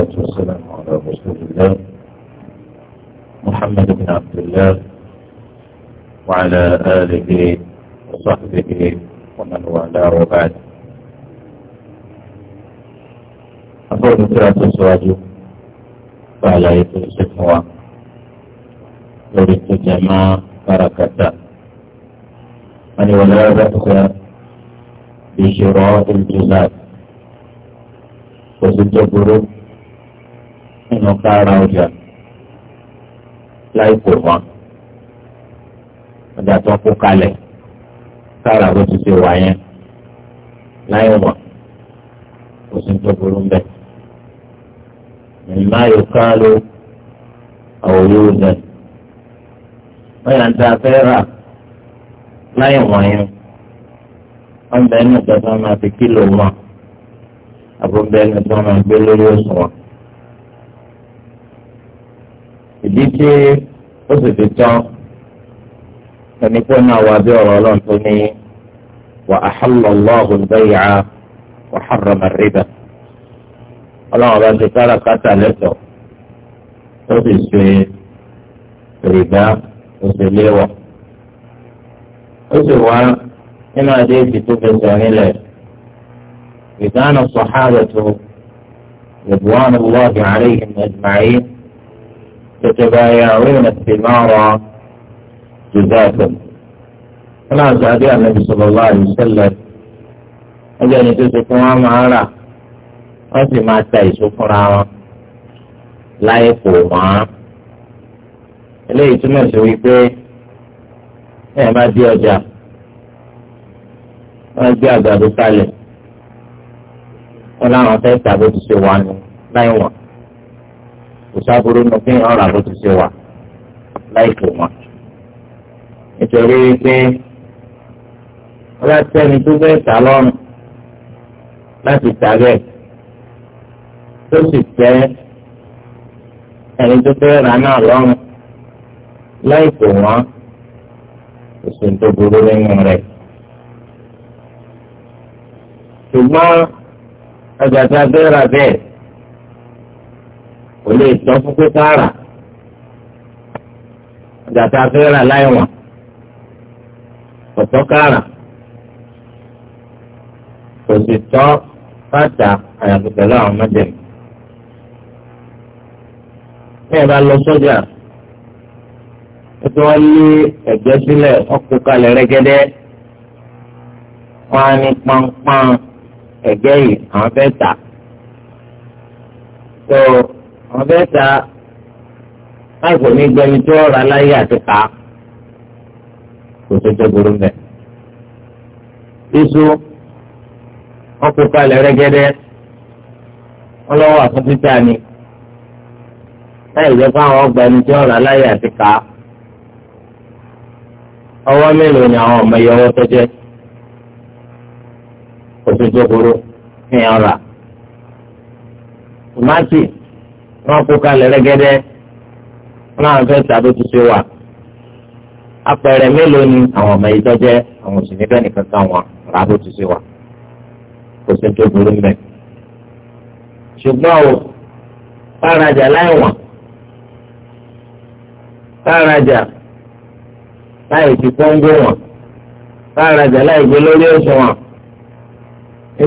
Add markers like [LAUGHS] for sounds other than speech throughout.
والصلاة والسلام على رسول الله محمد بن عبد الله وعلى آله وصحبه ومن والاه وبعد أقول ثلاثة أزواج فعلى يد الشكوى يريد جماع بركة من ولا بأس بشراء الجزاء وزد وسجل nínú kára ọjà láì pè wọn ọjà tó kó kalẹ̀ kára bó ti ṣe wà yẹn láì wọn kò sí tó burú mbẹ. Mìmá yóò ká ló àwọn yóò dẹ̀. Wọ́n yà ń ta fẹ́ rà láì wọ̀n yẹn. Wọ́n bẹ̀rẹ̀ nígbà tí máa fi kílò wọn. Àbúrò bẹ̀rẹ̀ nígbà tí máa gbé lórí òṣùwọ̀n ìdí tí ó sì fi tán ẹni pé náà wà bí ọ̀rọ̀ ọlọ́run tó ní wà á hàlọ́lọ́hù bẹ́yà wà á rọ̀mọ̀ rìbà ọlọ́run ọba ti káràkátà lẹ́tọ̀ ó sì ṣe rìbá òṣèlú wọ̀ ó sì wá nínú adé ìdìtò fẹsẹ̀ nílẹ̀ ìdáná sọ̀hárẹ̀ tó. رضوان الله عليهم أجمعين يتبايعون الثمار جزافا أنا أسعد النبي صلى الله عليه وسلم أجل تسكوا معنا أنت ما تعيشوا فراما لا يقوما eléyìí túmọ̀ sí wípé ẹ má di ọjà wọ́n gbé àgbàdo kalẹ̀ wọ́n láwọn fẹ́ tàbí ti ṣe wà kò sábúrú nù kí ọ̀rọ̀ àbò ti ṣe wà láìpò wọn. nítorí pé ọlọ́tẹ́ni tó bẹ́ẹ̀ tà lọ́rùn láti tà bẹ́ẹ̀ tó sì tẹ́ ẹni tó fẹ́ rà náà lọ́rùn láìpò wọn kò tó burú nínú rẹ̀. ṣùgbọ́n ọjà tá a bẹ́ẹ̀ rà bẹ́ẹ̀ kò lè tọ́ fún pé káàrà ọjà tá a fẹ́ rà láìwọ̀n ọ̀tọ́ káàrà kò sì tọ́ bàtà àyàfi pẹ̀lú àwọn mọ́jẹ̀mí. bí ẹ bá lọ sọ́jà ó ti wọ́n lé ẹ̀gbẹ́ sílẹ̀ ọkọ̀ kalẹ̀ rẹ́gẹ́dẹ́ wọ́n á ní pọ́npọ́n ẹ̀gbẹ́ yìí àwọn fẹ́ tà. tó àwọn fẹ́ẹ́ ta láìpọ ní gbẹmí tó ọ̀rọ̀ aláyé àti ká kò tó tó burú mẹ. iṣu wọn kó kalẹ̀ rẹ́gẹ́dẹ́ wọn lọ́wọ́ àfún títà ni láì jẹ́ fáwọn ọgbà ẹni tí ọ̀rọ̀ aláyé àti ká ọwọ́ mélòó ni àwọn ọmọ ìyọwọ́ tó jẹ́ kò tó tó burú ní ọ̀rà tòmátì. wọn kó kalẹ̀ rẹ́gẹ́dẹ́ wọn náà fẹ́ tà bó mélòó ni àwọn ọmọ yìí tọ́jẹ́ àwọn òṣèlú bẹ́ẹ̀ nìkan kan wọn rà bó ti kò sí tó burú ṣùgbọ́n o láì wọ̀n láì fi wọ̀n láì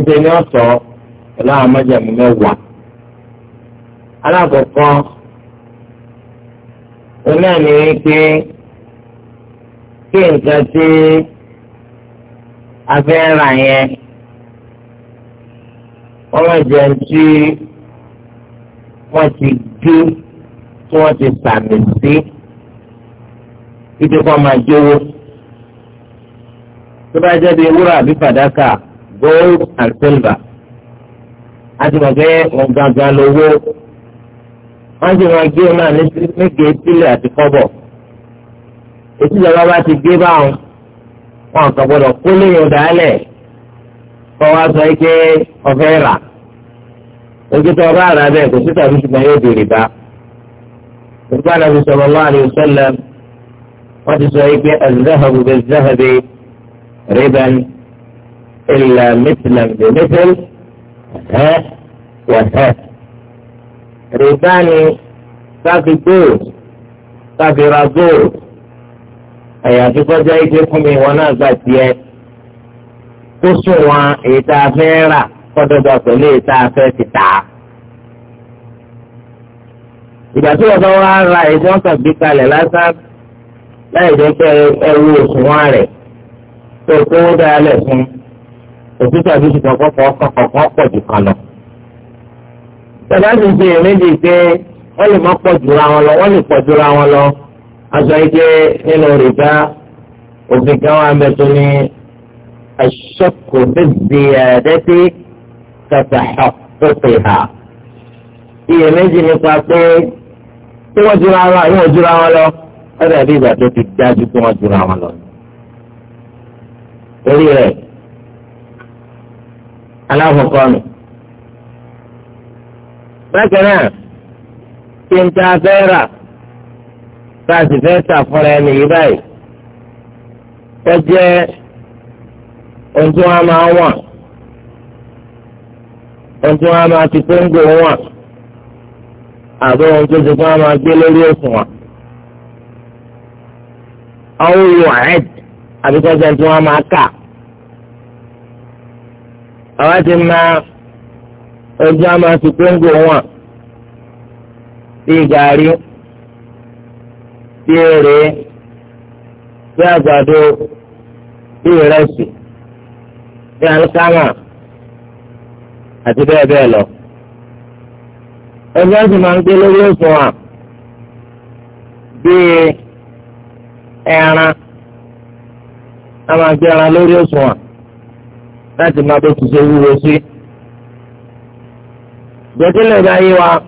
gbé ni ọ alákọ̀ọ́kọ́ òun náà wípé kí nǹkan tí a fẹ́ rà yẹn wọ́n má jẹ́ tí wọ́n ti gé tí wọ́n ti sàmì sí títí kọ́ máa jówó tó bá jẹ́ bí wúrà àbí fàdákà gold and silver a ti mọ̀ lówó. wọ́n ti máa gé náà ní méje tílé àti kọ́bọ̀ ètí ìjọba bá ti gé báwọn wọn kàn gbọ́dọ̀ kó léyìn dálẹ̀ kọ́ wa sọ pé ọ̀fẹ́ rà ojú tó ọba àrà bẹ́ẹ̀ kò sí tàbí ṣùgbọ́n yóò dèrè bá nígbà náà fi sọ̀rọ̀ lọ́wọ́ àlè sẹ́lẹ̀ wọ́n ti sọ pé ẹ̀zẹ́hàbù bẹ́ẹ̀ zẹ́hàbì rìbẹ̀n ìlà mẹ́tìlẹ̀ mẹ́tìlẹ̀ ẹ̀ wọ̀ ẹ̀. rìbá ni káfi gold káfi ra gold àyàfi kọjá ike fún mi wọn náà gbà tiẹ̀ kó sùn wọn èyí tá a fẹ́ rà kọ́dọ̀dọ̀ pẹ̀lú èyí tá a fẹ́ ti tà á ìgbà tí wọ́n bá wá ra èdè wọn kàn kalẹ̀ lásán láì jẹ́ pé ẹrú òṣùwọ̀n rẹ̀ tó kówó dáa lẹ̀ fún òtítọ́ àbí ṣùgbọ́n kọ́kọ́ pọ̀ jù kan lọ tọ́lá ti ń fihàn méjì pé wọ́n lè má pọ̀ jura wọn lọ wọ́n lè pọ̀ jura wọn lọ aṣọ ike nínú rìbá òfin kan wà bẹ tó ní aṣọ́kù bíbí ẹ̀ẹ́dẹ́tì kàtà ọ̀pẹ̀ ha fihàn méjì nípa pé tí wọ́n jura wọn àyè wọ́n jura wọn lọ wọ́n dàbí ìgbà tó ti dájú pé wọ́n jura wọn lọ. torí rẹ̀ aláfọ̀kọ́ mi. bákan náà kí n ta fẹ́ rà bá a sì fẹ́ tà ẹni yìí báyìí tó jẹ́ ohun tí wọ́n máa wọ̀n ohun tí wọ́n máa fi kóńgò wọ̀n àbí ohun tó ti fún wọn máa gbé lórí ọ̀hún ẹ̀d tí wọ́n máa kà àwọn ti máa. ẹja máa fi kóńgò wọn bí gàrí bí èrè bí àgbàdo bí ìrẹsì bí alikama àti bẹ́ẹ̀ bẹ́ẹ̀ lọ. ẹja sì máa ń gbé lórí òṣùwọ̀n bí ẹran a máa gbé ẹran lórí òṣùwọ̀n láti máa bó ti ṣe wúwo sí. Si gbẹdẹlẹ bá yé wa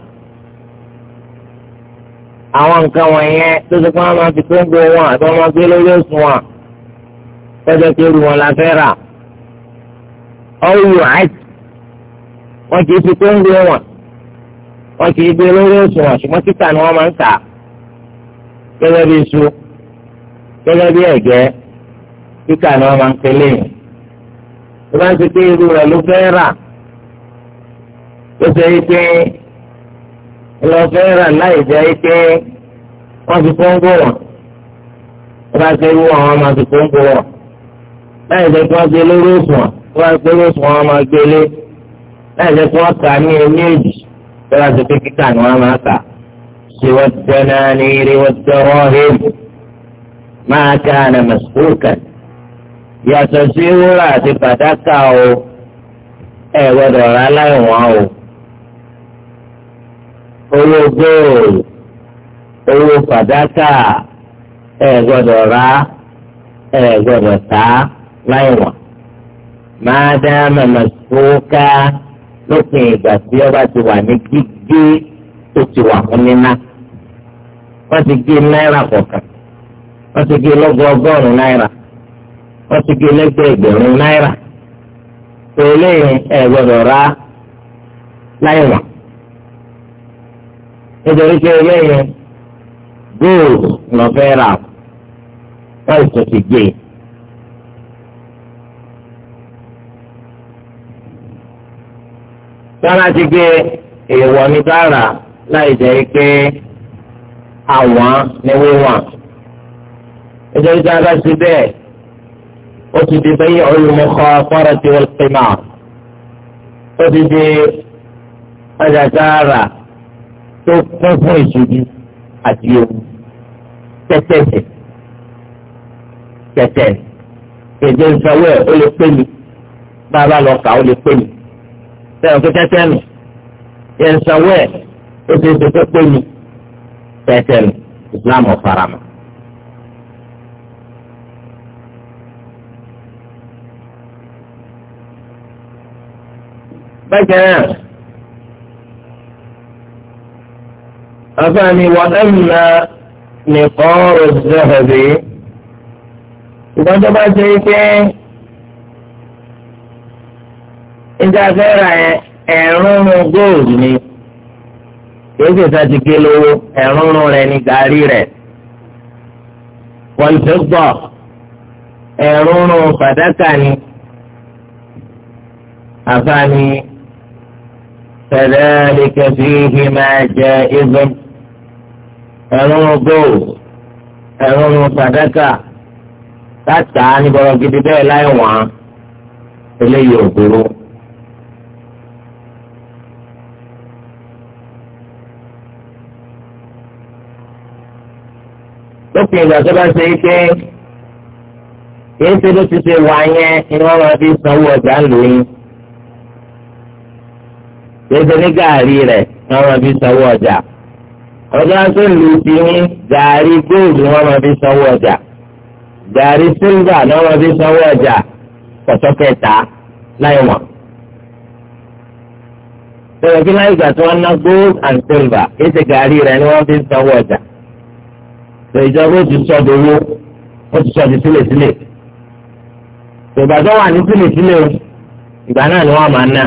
àwọn nǹkan wọ̀nyẹn tó ti pọ́n máa fi kóńgò wọn àti wọn máa gbé lórí òsùn wọn tọ́jọ́ tó rù wọn la fẹ́ rà ọ̀yọ̀ àìsí wọn kì í fi kóńgò wọn wọn kì í gbé lórí òsùn wọn ṣùgbọ́n títà ni wọ́n máa ń tà gẹ́gẹ́ bí iṣu gẹ́gẹ́ bí ẹ̀gẹ́ títà ni wọ́n máa ń pè léyìn tó bá ti pé irú rẹ̀ ló fẹ́ rà ó ṣe yí pé ńlọfẹ́ rà láì jẹ́ yí pé wọ́n fi kóńgò wọ̀n wọ́n bá ṣe irú àwọn máa fi kóńgò wọ̀n láì jẹ́ kí wọ́n gbé lórí òṣùwọ̀n wọ́n bá gbé lórí òṣùwọ̀n wọ́n máa gbé láì jẹ́ kí wọ́n kà ní ẹni èjì wọ́n ṣe pé kíkà ni wọ́n máa kà ṣe wọ́n dáná ní eré wọ́n dánwọ́ hẹ́m máa ká àná mẹ́sìkúrúkà yàtọ̀ sí wúrà àti fàdákà o ẹ̀ gbọ́dọ̀ rà láì wọ́n o owó góòlù owó fàdákà ẹ gbọ́dọ̀ rà ẹ gbọ́dọ̀ tà láì wọ̀n máa dá màmá sókà lópin ìgbà tí ọba ti wà ní gbígbé tó ti wà fún níná wọ́n ti gé náírà kọ̀ọ̀kan wọ́n ti gé lọ́gọ́ náírà wọ́n ti gé lẹ́gbẹ̀ẹ́ ẹgbẹ̀rún náírà tòlẹ́yìn ẹ gbọ́dọ̀ rà láì wọ̀n nítorí pé eléyìí gold lọ fẹ́ rà wọ́n ìtò ti gbé e. sára ti gbé èèwọ̀ ní dára láì jẹ́ pé àwọn ní wíwọ̀n. nítorí tí a bá bẹ́ẹ̀ ó ti di bẹ́yìn olùmọ̀kọ́ fọ́rọ̀ tí wọ́n pè náà ó ti di ọjà tá tó kún fún ìṣojú àti ohun tẹ́tẹ́sẹ̀ tẹ́tẹ́ kẹjẹ ìsanwó ẹ̀ ó lè pè mí bá a bá lọ kà ó lè pè mí sẹ́yìn tó tẹ́tẹ́ nù yẹ ìsanwó ẹ̀ ó ti ṣe pè mí tẹ́tẹ́ nù Islam ọ̀farama. bákan náà. أفاني وأما نقار الذهب ìgbọ́n tó bá ṣe é pé níta fẹ́ ra ẹ̀rúnrún gold ni kìí ṣe sá ẹ̀rúnrún rẹ̀ ní gàárì rẹ̀ pọ̀lìfẹ́gbọ̀ ẹ̀rúnrún fàdákà ni àfààní fẹ̀rẹ̀ lè kẹ́fì hìmà jẹ́ ìgbọ́n ẹ̀rọ wọn góòlù ẹ̀rọ wọn sàdákà láta níbọ̀rọ̀ gidi bẹ́ẹ̀ láì wọ́n eléyìí ò burú. lópin ìgbà tó bá ṣe é pé kì í ṣe ló ti ṣe wà yẹn ni wọ́n máa fi sanwó ọjà lóyún kì í ṣe ní gàárì rẹ̀ ni wọ́n máa sanwó ọjà ọjà tó lù ti ní gàrí góòlù wọn máa fi sanwó ọjà gàrí sílvà náà máa fi sanwó ọjà pọ̀tọ́kẹ́ta láì wọ̀n. Sọ̀rọ̀ kí láì gbà tí wọ́n ná gold and silver kí ṣe gàrí rẹ̀ ni wọ́n fi ń sanwó ọjà. Sọ ìjọba ó ti sọ dowó ó ti sọ di sílẹ̀sílẹ̀. Ìbàdàn wà ní sílẹ̀sílẹ̀ o ìgbà náà ni wọ́n máa ná.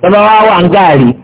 Tọ́ba wá wà ń gàrí.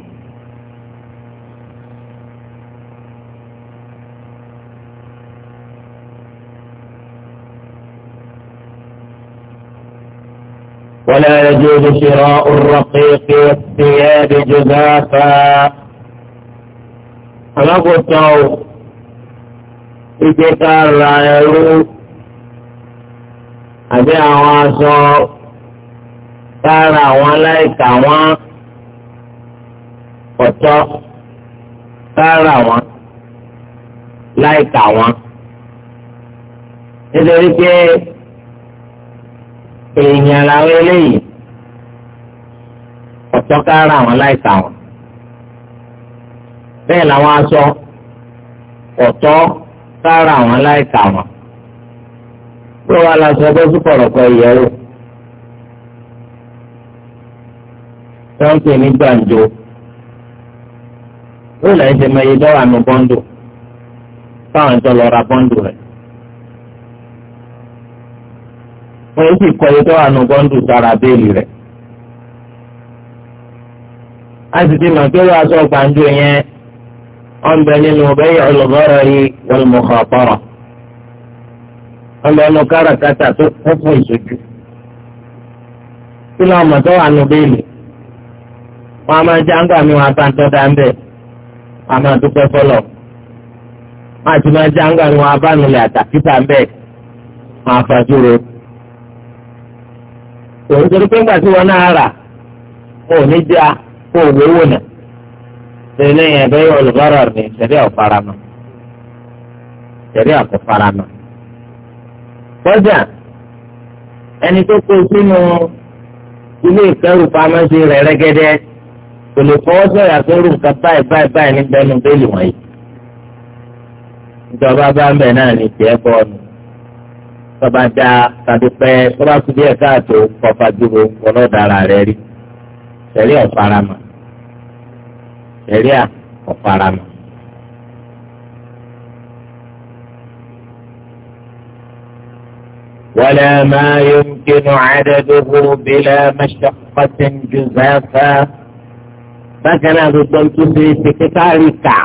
ولا يجوز شراء الرقيق والثياب جزافا ọlọ́gbọ̀tàn ìgbéka ra ẹrú àbí àwọn aṣọ kára àwọn aláìka wọn ọ̀tọ̀ kára wọn láìka wọn nítorí pé èèyàn làwọn eléyìí ọ̀tọ́ ká ra àwọn láìsà bẹ́ẹ̀ làwọn aṣọ ọ̀tọ́ ká ra àwọn láìsà pé wàá laṣọ ẹgbẹ́ súpọ̀rọ̀pọ̀ ìyẹ́wò tó ń pè ní gbàǹjo ó lẹ́yìn tí mo yẹ dọ́wà mi bọ́ńdù fáwọn ìjọ lọ ra bọ́ńdù rẹ̀. wọ́n yóò sì kọ iye tó wà nù bọ́ńdù sára béèlì rẹ̀. a sì ti mọ̀ pé gbàǹjo yẹn wọ́n bẹ nínú bẹ́ẹ̀ ọlọ́gọ́rọ̀ yìí wọ́n mọ̀ kọ́ ọ̀pọ̀rọ̀. wọ́n bẹ nínú tó kún fún ìṣojú. kí lọ́mọ tó wà nù béèlì wọ́n a máa jẹ́ mi wọn abáńtọ́ dá ń bẹ̀ wọ́n a máa dúpẹ́ wọ́n máa òun torí pé ńgbà tí wọn náà rà kò ní já kò wówó nà tẹ́lẹ̀ yẹn bẹ yọ olùbárà mi tẹ́lẹ̀ ọfaramọ tẹ́lẹ̀ ọfaramọ kọjá ẹni tó kó sínú ilé ìkẹrù pamẹ́sí rẹ̀ rẹ́gẹ́dẹ́ kò lè fọwọ́ sọ̀yà sórí nǹkan báyìí báyìí báyìí níbẹ̀ nu bẹ́ẹ̀lì wọ̀nyí ìjọba bá ń bẹ̀ náà ní tiẹ̀ bọ́ọ̀nù tọba da tàbí pẹ tọba kú díẹ̀ káàtó kọfà dúró ọlọ́dàra rẹ̀ rí sẹ̀rí ọ̀farama sẹ̀rí ọ̀farama. ولا ما يمكن عدده بلا مشقة جزافا bákan náà gbogbo tó ṣe é ṣe kíkà rí kà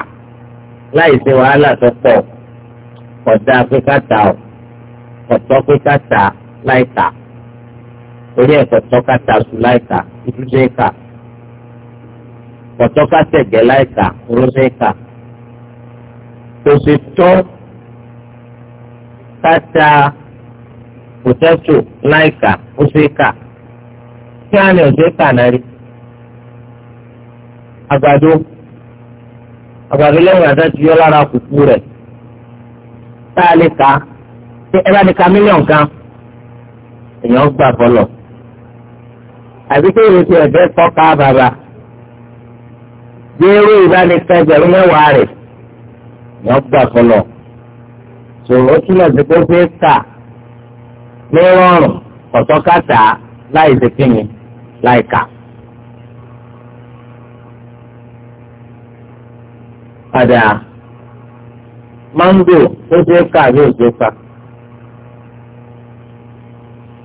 kọ̀tọ́ pé ká ta láì ta torí ẹ̀ kọ̀tọ́ ká ta sùn láì ta ìdúdú ẹ̀ kà kọ̀tọ́ ká tẹ̀gẹ́ láì ta ìrúnṣẹ́ ẹ̀ kà kò sì tọ́ ká pòtẹ́tò láì ka kí á ní ọ̀ṣẹ́ náà rí àgbàdo àgbàdo lẹ́yìn àtẹ́tù lára kùkú rẹ̀ tá a ka pé ẹ bá ní ka mílíọ̀n kan èèyàn gbà bọ́lọ̀ àbí pé ìrètí ẹ̀bẹ́ kọ́ka bàbà jẹ́rú ìbánikẹ́ ẹgbẹ̀rún mẹ́wàá rẹ̀ èèyàn gbà bọ́lọ̀ sòrò ó túnbọ̀ sí pé fẹ́ kà ní rọrùn ọ̀tọ́kàtà láì ṣe kíni láì kà. padà máńgò ó fẹ́ kà ní òjò kan.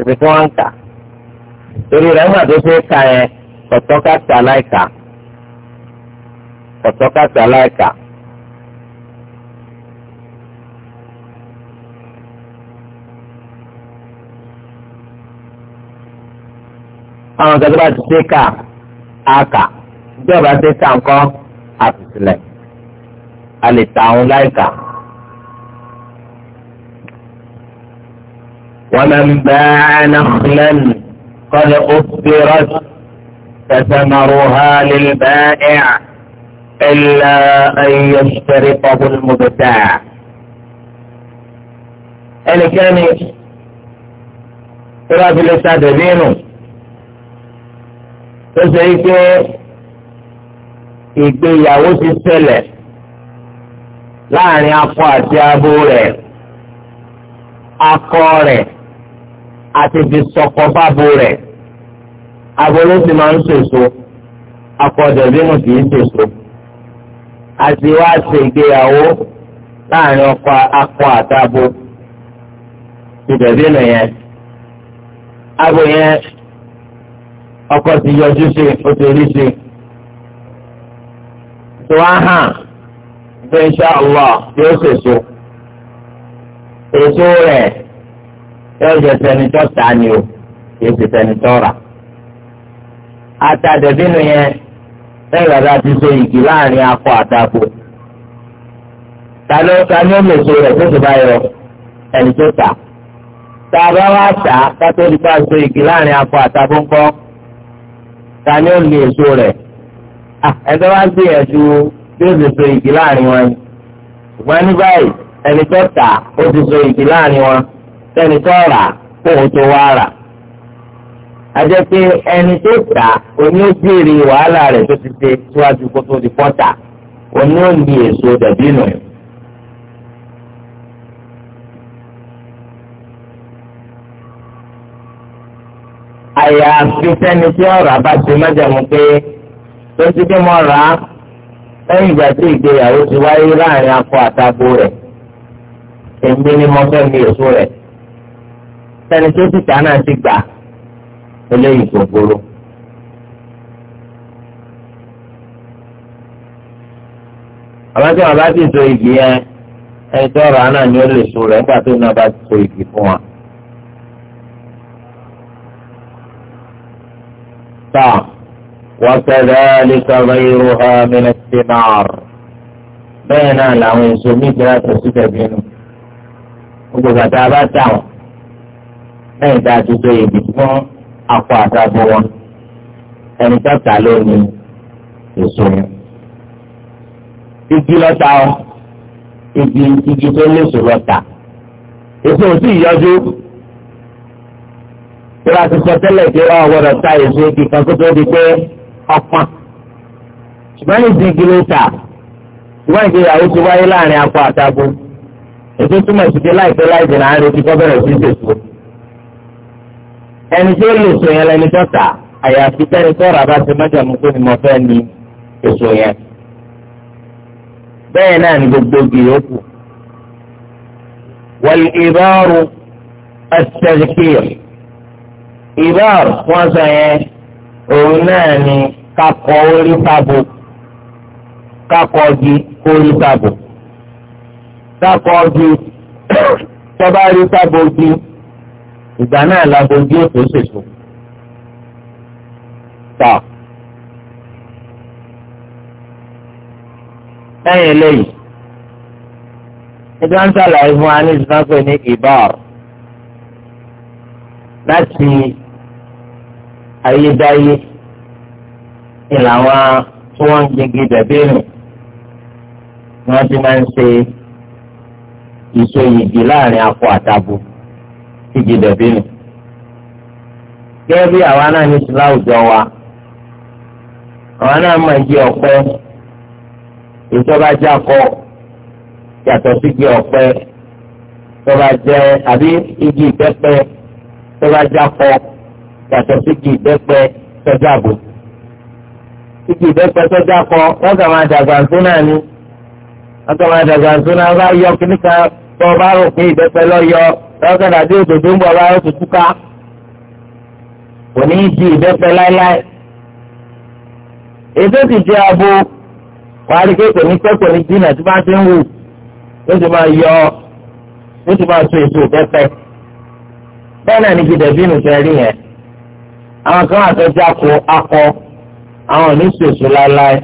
ibi tí wọ́n ń kà torí rẹ̀ nígbà tó ṣe ka yẹn kọ̀tọ́kàtà láìka kọ̀tọ́kàtà láìka. àwọn kan tó bá ti ṣe kà á kà bí ọba ṣe kà ńkọ́ àtìsílẹ̀ a lè ta àwọn láìka. ومن باع نخلا قد أصبرت فثمرها للبائع إلا أن يشترطه المبتاع اللي كان قراب الأستاذ زينو فزيك يبي يعوز السلح لا أن يقوى أبوه أقوله àti fi sọkọ fáàbò rẹ̀ aboló sì máa ń sòso akọ̀dọ̀ bínú kì í sòso àti wá ṣe ìgbéyàwó láàrin ọkọ akọ àtàbò ìdẹ̀ bínú yẹn abo yẹn ọkọ ti yọjú ṣe ó ṣe tó wá hàn pé insha yóò sòso èso rẹ̀ yóò jẹ sẹnitọ́ ta ni o yóò jẹ sẹnitọ́ rà. atadẹ̀bínú yẹn lẹ́yìn bàbá ti so ìgì láàrin akọ àtàkù. ta ni ó lè so rẹ̀ tó ti bá yọ ẹni tó tà. tá a bá wá tà kátó ti bá so ìgì láàrin akọ àtàkù ńkọ́. ta ni ó lè so rẹ̀. ẹgbẹ́ wá gbìyànjú bí ó ti so ìgì láàrin wọn. ṣùgbọ́n ní báyìí ẹni tó tà ó ti so ìgì láàrin wọn. sẹ́ni tó rà kó tó wá rà pé ẹni tó tà oní ó béèrè wàhálà rẹ̀ tó ti ṣe síwájú kó tó di pọ́tà oní ó ní èso dàbí nù. àyàfi sẹ́ni tí ọ̀rọ̀ bá ti mẹ́jọ̀mú pé tó ti dé mọ́ ra lẹ́yìn ìgbà tẹni tó sì tà náà ti gbà eléyìí kò gbóró. àmọ́ ti so igi yẹn ẹni tó rà náà ni ó lè so rẹ̀ nígbà tó náà bá ti so igi fún wa. tá وكذلك غيرها من الثمار bẹ́ẹ̀ náà làwọn èso mi jẹ́ àtọ̀síbẹ̀ bínú gbogbo bàtà bá tà wọ́n lẹ́yìn tá a ti sọ èdè fún akọ àtàbọ̀ wọn ẹni tó ta lónìí èso yẹn. igi lọ́ta ọ igi igi tó léso lọ́ta èso ò sì yọjú tí wàá ti sọ tẹ́lẹ̀ pé wàá wọ́dọ̀ ta èso igi kan kó tó di pé ọpọ́n ṣùgbọ́n ní ti igi lọ́ta ṣùgbọ́n ìgbéyàwó ti wáyé láàrin akọ àtàbọ̀ èso túmọ̀ sí pé láìpẹ́ láìpẹ́ láàrin ti kọ́ bẹ̀rẹ̀ sí ìṣèṣọ́ ẹni tó lò sọ yẹn lẹni tó tà àyàfi tẹni tó rà bá ti májàmú pé ni mo fẹ́ ni èso yẹn bẹ́ẹ̀ náà ni gbogbo gbìyànjú wọ́n ìbáàrú ẹsẹ̀dìkìr ìbáàrú wọ́n sọ yẹn òun náà ni kakọ orí sábò kakọ di orí sábò kakọ di [COUGHS] tọ́ba orí sábò di ìgbà náà làbọ̀ ojú ètò ṣètò. tọ́ lẹ́yìn eléyìí ẹgbẹ́ ń sàlàyé fún wa ní ìsìnkú ní ìbáàrù láti ayédáyé ni làwọn tí wọ́n ń gbégi dàbí ni wọ́n ti máa ń ṣe ìsoyìgì láàrin akọ àtàbò ìjì dẹ̀bí nù. gẹ́gẹ́ bí àwa náà ní ti láwùjọ wa àwa náà máa ń jẹ ọ̀pẹ ìjọba jẹ́ akọ yàtọ̀ sí jẹ ọ̀pẹ tọba jẹ àbí igi ìbẹ́pẹ tọba jẹ́ akọ yàtọ̀ sí igi ìbẹ́pẹ tọ́jú àbò igi ìbẹ́pẹ tọ́jú akọ wọ́n kà máa dàgbà tó náà ni wọ́n kà máa dàgbà tó náà wọ́n bá yọ kíníkà tọ́ bá rò pé ìbẹ́pẹ lọ́ yọ lọ́sọ̀dà bí òdòdó ń bọ̀ báyọ̀ tó túká kò ní í di ìbẹ́pẹ láéláé ètò ti jẹ́ abo wàhálì pé kò ní pẹ́ kò ní dínà tí bá ti ń wù ó ti máa yọ ó ti máa so èso ìbẹ́pẹ bẹ́ẹ̀ náà ní gidẹ̀ bínú tẹ́ rí yẹn àwọn kan àtọ́jú akọ akọ àwọn ò ní so èso láéláé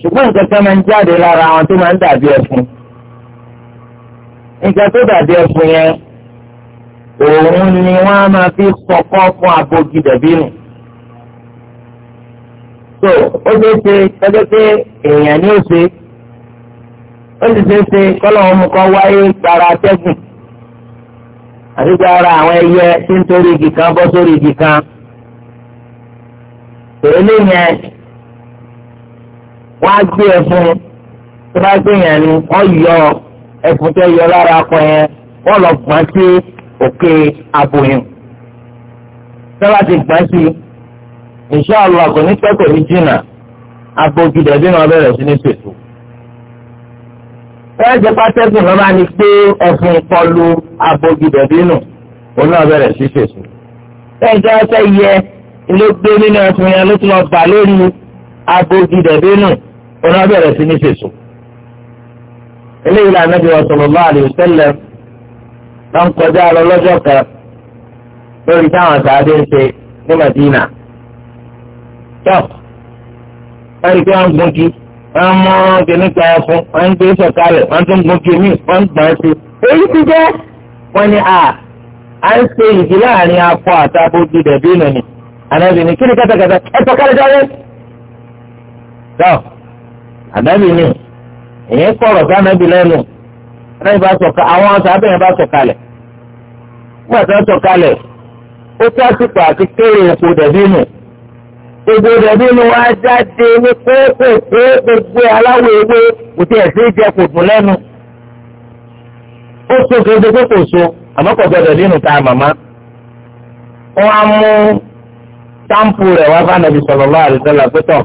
ṣùgbọ́n nǹkan kan máa ń jáde lára àwọn tó máa ń dàbí ẹ̀fún nǹkan tó dàbí ẹkùn yẹn òun ni wọ́n á máa fi sọkọ fún abọ́gi dàbínù so ó ṣe é ṣe kọjá pé èèyàn ni ó ṣe ó sì ṣe é ṣe kọ́lọ́hún mu kọ́ wáyé gbára atẹ́gùn àti gbára àwọn ẹyẹ tí ń torí igi kan bọ́ sórí igi kan èlé yẹn wọ́n á gbé ẹ tó bá gbé yẹn ni wọ́n yọ ọ ẹkùn tẹ yọ lára akọ yẹn wọ́n lọ gbọ́n sí òkè aboyún sábà ti gbọ́n sí inṣàlá kò ní pẹ́ kò ní jìnnà abogidẹ bí wọ́n bẹ̀rẹ̀ sí ní ṣètò wọ́n jẹ́ pátẹ́gùn lọ́ba ni pé ẹ̀fún kọlu abogidẹ bínú òun náà bẹ̀rẹ̀ sí ṣètò lẹ́yìn tí wọ́n fẹ́ yẹ ló gbé nínú ẹ̀fún yẹn ló tún lọ bà lórí abogidẹ òun náà bẹ̀rẹ̀ sí ní ṣètò eléyìí la Ànábì sallallahu alayhi wa sallam wọn kọjá lọ lọ́jọ́ kan lórí táwọn sàádé ń ṣe ní Madina tó wọn rí pé wọn gun kí wọn mú kínní kan fún wọn ń gbé sọ̀kalẹ̀ wọn tún gun kí mí wọn ń gbọn sí èyí ti jẹ wọn ni a à ń ṣe ìdí láàrin akọ àtàkó ju dẹbí nù ni ni kí ni kátàkátà ẹ sọ̀kalẹ̀ jáde tó Ànábì ni èyí kọ̀rọ̀ sí anabi lẹ́nu anabi bá sọ̀ka àwọn sábẹ́ yẹn bá sọ̀kalẹ̀ nígbà tí wọ́n sọ̀kalẹ̀ ó kó àsìkò àti kéré òkú dẹ̀bí nù gbogbo dẹ̀bí nù wá jáde ní kókó kó gbogbo aláwọ̀ ewé kò tí ẹ̀ sí jẹ kò dùn lẹ́nu ó so kéde pé kò so àmọ́ kò gbọdọ̀ dínú ta màmá wọ́n á mú táǹpù rẹ̀ wá bá nàbì sallallahu alaihi wasallam pẹ́tọ̀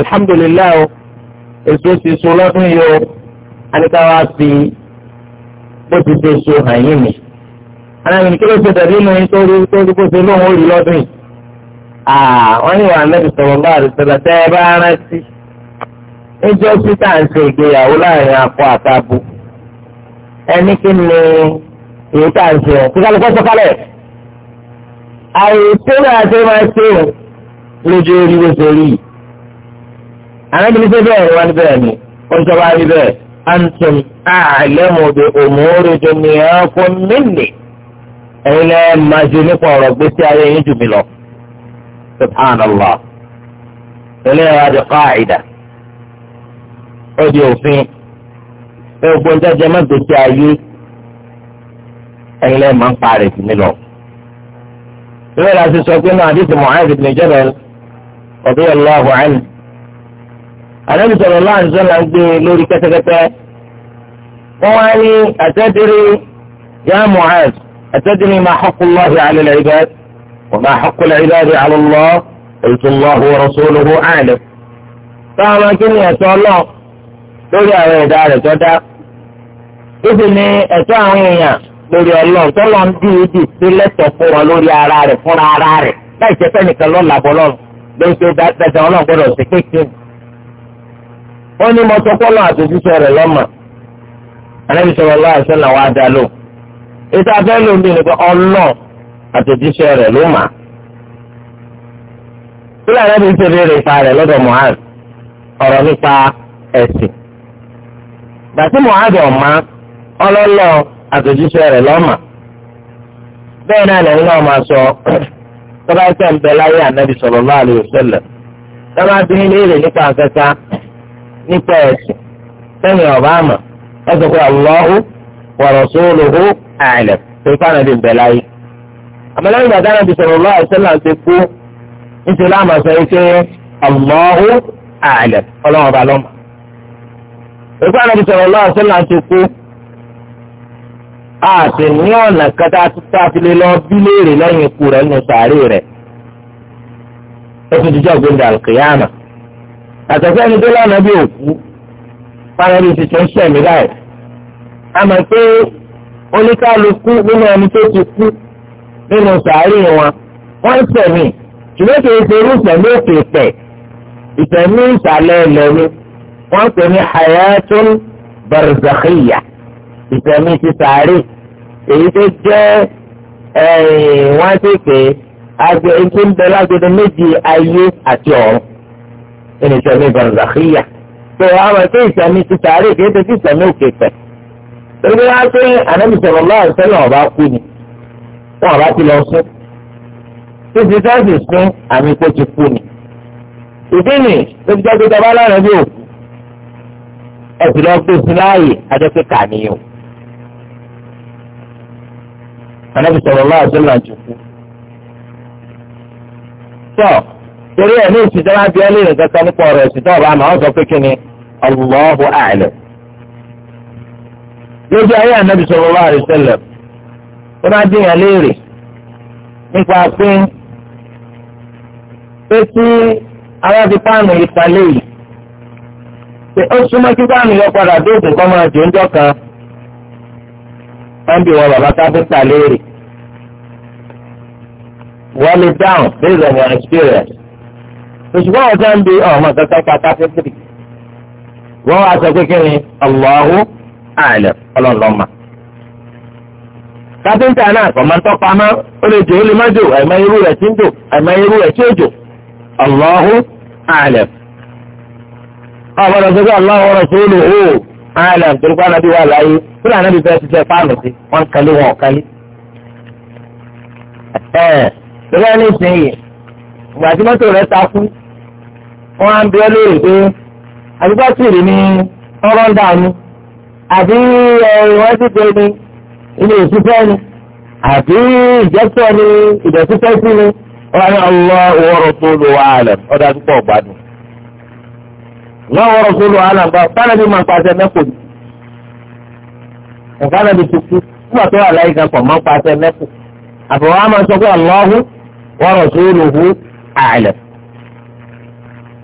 alhamdulilayi èso ti so lọ́dún yìí o adékáwá fi bó ti ṣe so hàn yín mi alámìnì kí ló ṣe dàbí inú yín torí torí bó ṣe lóun ó rí lọ́dún yìí wọ́n ní wàá mẹ́rin sọ̀rọ̀ bá àdìsọ̀rọ̀ tẹ́ ẹ bá rántí níjọ́ síta ń ṣe ìgbéyàwó láàrin akọ àtàbù ẹni kí ni èyí tá à ń ṣe ọ̀ kí kálukọ́ àìsí náà ṣe máa ṣe lójú orí bó ṣe rí yìí anábìrin ṣe bẹ́ẹ̀ ni wọ́n ní bẹ́ẹ̀ ni ó ń sọ́wọ́ àrí bẹ́ẹ̀ antum a'lamu bi umuri dunyakum minni ẹ̀yin lẹ́ẹ̀ máa ju nípa ọ̀rọ̀ gbèsè ayé yín jù mí lọ subhanallah eléyàwó adi qa'ida ó di òfin ẹ gbọ́n jẹjẹ má gbèsè ayé ẹ̀yin lẹ́ẹ̀ máa ń parẹ́ jù mí lọ. ìwé ìlàsí sọ pé náà àdìsí Mu'adh ibn Jabal radiyallahu anhu àlẹ́bí sọ̀rọ̀ láàrin sọ́la ń gbé lórí kẹ́tẹ́kẹ́tẹ́ wọ́n wá ní àtẹ́dìrí yá Mu'az àtẹ́dìrí máa haqqullahi 'ala al-'ibad wa máa haqqul 'ibadi 'ala Allah qultu Allahu wa rasuluhu a'lam. táwọn akíní ẹ̀tọ́ lọ lórí àwọn ẹ̀dá rẹ̀ tó dá ó sì ẹ̀tọ́ àwọn èèyàn lórí ọlọ́run tó lọ́n dì í dì sí lẹ́tọ̀ fún lórí ara rẹ̀ fúnra ara rẹ̀ láì jẹ́ fẹ́nìkan lọ́ọ́ làbọ̀ lọ́run lórí dáadáa ọlọ́run gbọ́dọ̀ sí kékeré ó ní mọ́tòkọ́lá àtòjíṣẹ́ rẹ̀ lọ́mà anábì sọ̀rọ̀ lọ́wọ́ àṣẹlá wa dá lò ètò abẹ́ lómi nìkan ọlọ́ àtòjíṣẹ́ rẹ̀ ló mà. kí lóò ní ṣe béèrè ipa rẹ̀ lọ́dọ̀ Mu'adh ọ̀rọ̀ nípa ẹ̀sìn. bàtí Mu'adh ọ̀ma ọlọ́lọ́ àtòjíṣẹ́ rẹ̀ lọ́mà. bẹ́ẹ̀ náà lẹ́yìn náà máa sọ tọ́ba ẹ̀sẹ̀ ń bẹ láyé ànábì sọ̀rọ̀ lọ́wọ́ àlè nípa ẹ̀sìn sẹ́yìn ọ̀bá àmọ̀ ẹ sọ pé Allahu wa rasuluhu a'lam tó fáwọn ẹbí ń bẹ̀ láyé. àmọ́lẹ́yìn ìgbà dáná ti sọ̀rọ̀ lọ́wọ́ àìsàn láti kú níṣẹ́ láàmà sọ yìí pé Allahu a'lam ọlọ́run ọba lọ́mọ. ìfẹ́ àná ti sọ̀rọ̀ lọ́wọ́ àìsàn láti kú àti ní ọ̀nà kẹta tá a fi lè lọ bí léèrè lẹ́yìn ikú rẹ̀ nù sàárè rẹ̀. ó ti dijọ́ gbẹ̀ndà àtọ̀sẹ́ni tó lánàá bí òkú fáwọn ẹni tó ń sẹ̀mí láì. a mọ̀ pé oníkálukú nínú ẹni tó ti kú nínú sàárì wọn wọ́n ń sẹ̀mí ṣùgbọ́n kì í ṣe irú sẹ̀mí òkè pẹ̀ ìsẹ̀mí ìsàlẹ̀ ẹlẹ́ni wọ́n pè ní hayatun barzakhiya ìsẹ̀mí ti sàárì èyí tó jẹ́ wọ́n ti pè é agbe ètò ń bẹ lágbèdo méjì ayé àti ọ̀run ẹni sẹ́mi barzakhiya tó àwọn ẹgbẹ́ ìsẹ̀mí ti tààrí kì í ṣe ti sẹ̀mí òkè pẹ̀. torí wá pé ànábì sọ̀rọ̀ lọ́wọ́ sẹ́lẹ̀ ọ̀bá kú ni wọn ọ̀bá ti lọ sún. títí sáàsì sún àmì kó ti kú ni. ìdí ni ló ti jẹ́ tọ́ba lára bí òkú. ẹ lọ gbé sí láàyè adẹ́pẹ́ kàníyàn. ànábì sọ̀rọ̀ lọ́wọ́ sẹ́lẹ̀ àjòkú. tọ́ torí ẹ̀ ní ìsìndọ́lá bí ẹlẹ́yìn nǹkan kan nípa ọ̀rọ̀ ìsìndọ́ ọba àmọ́ ọ̀sọ̀ pé kíni Allahu a'lam. lójú ayé ànábì sallallahu alaihi wasallam ó máa dín yàn léèrè nípa pé pé tí àwọn ti páànù yìí palẹ̀ yìí pé ó súnmọ́ kí páànù yọ padà dóòtù kọ́ máa jò ń kan wọ́n bí wọn bàbá káfíńtà léèrè wọ́n lè dáhùn based on your experience òṣùgbọ́n ọ̀tá ń bi ọmọ kankan ká thirty three wọ́n wá sọ pé kí ni Allahu a'lam ọlọ́ọ̀lọ́mà. kápẹ́ńtà náà kọ̀mọ́ tó pamọ́ ó lè jò ó lè má jò àìmọ irú rẹ̀ tí ń jò àìmọ irú rẹ̀ tí ó jò Allahu a'lam. ọ̀bọ̀dọ̀ sọ pé Allahu rasuluhu a'lam torí pé anábì wà láyé fúlẹ̀ anábì bẹ́ẹ̀ ti fáànù sí wọ́n kálí wọn kálí. ẹ̀ẹ́d wọn á ń bí ọ léèrè pé àdúgbò ni ọ̀rọ̀ ń dà àbí ìwọ́n ti tẹ ní ilé ni àbí ìjẹ́sọ̀ ni sí ni wọn ní ọlọ́ tó ọ̀dà tó máa mẹ́kò ni tó wà láyé kan pọ̀ máa mẹ́kò sọ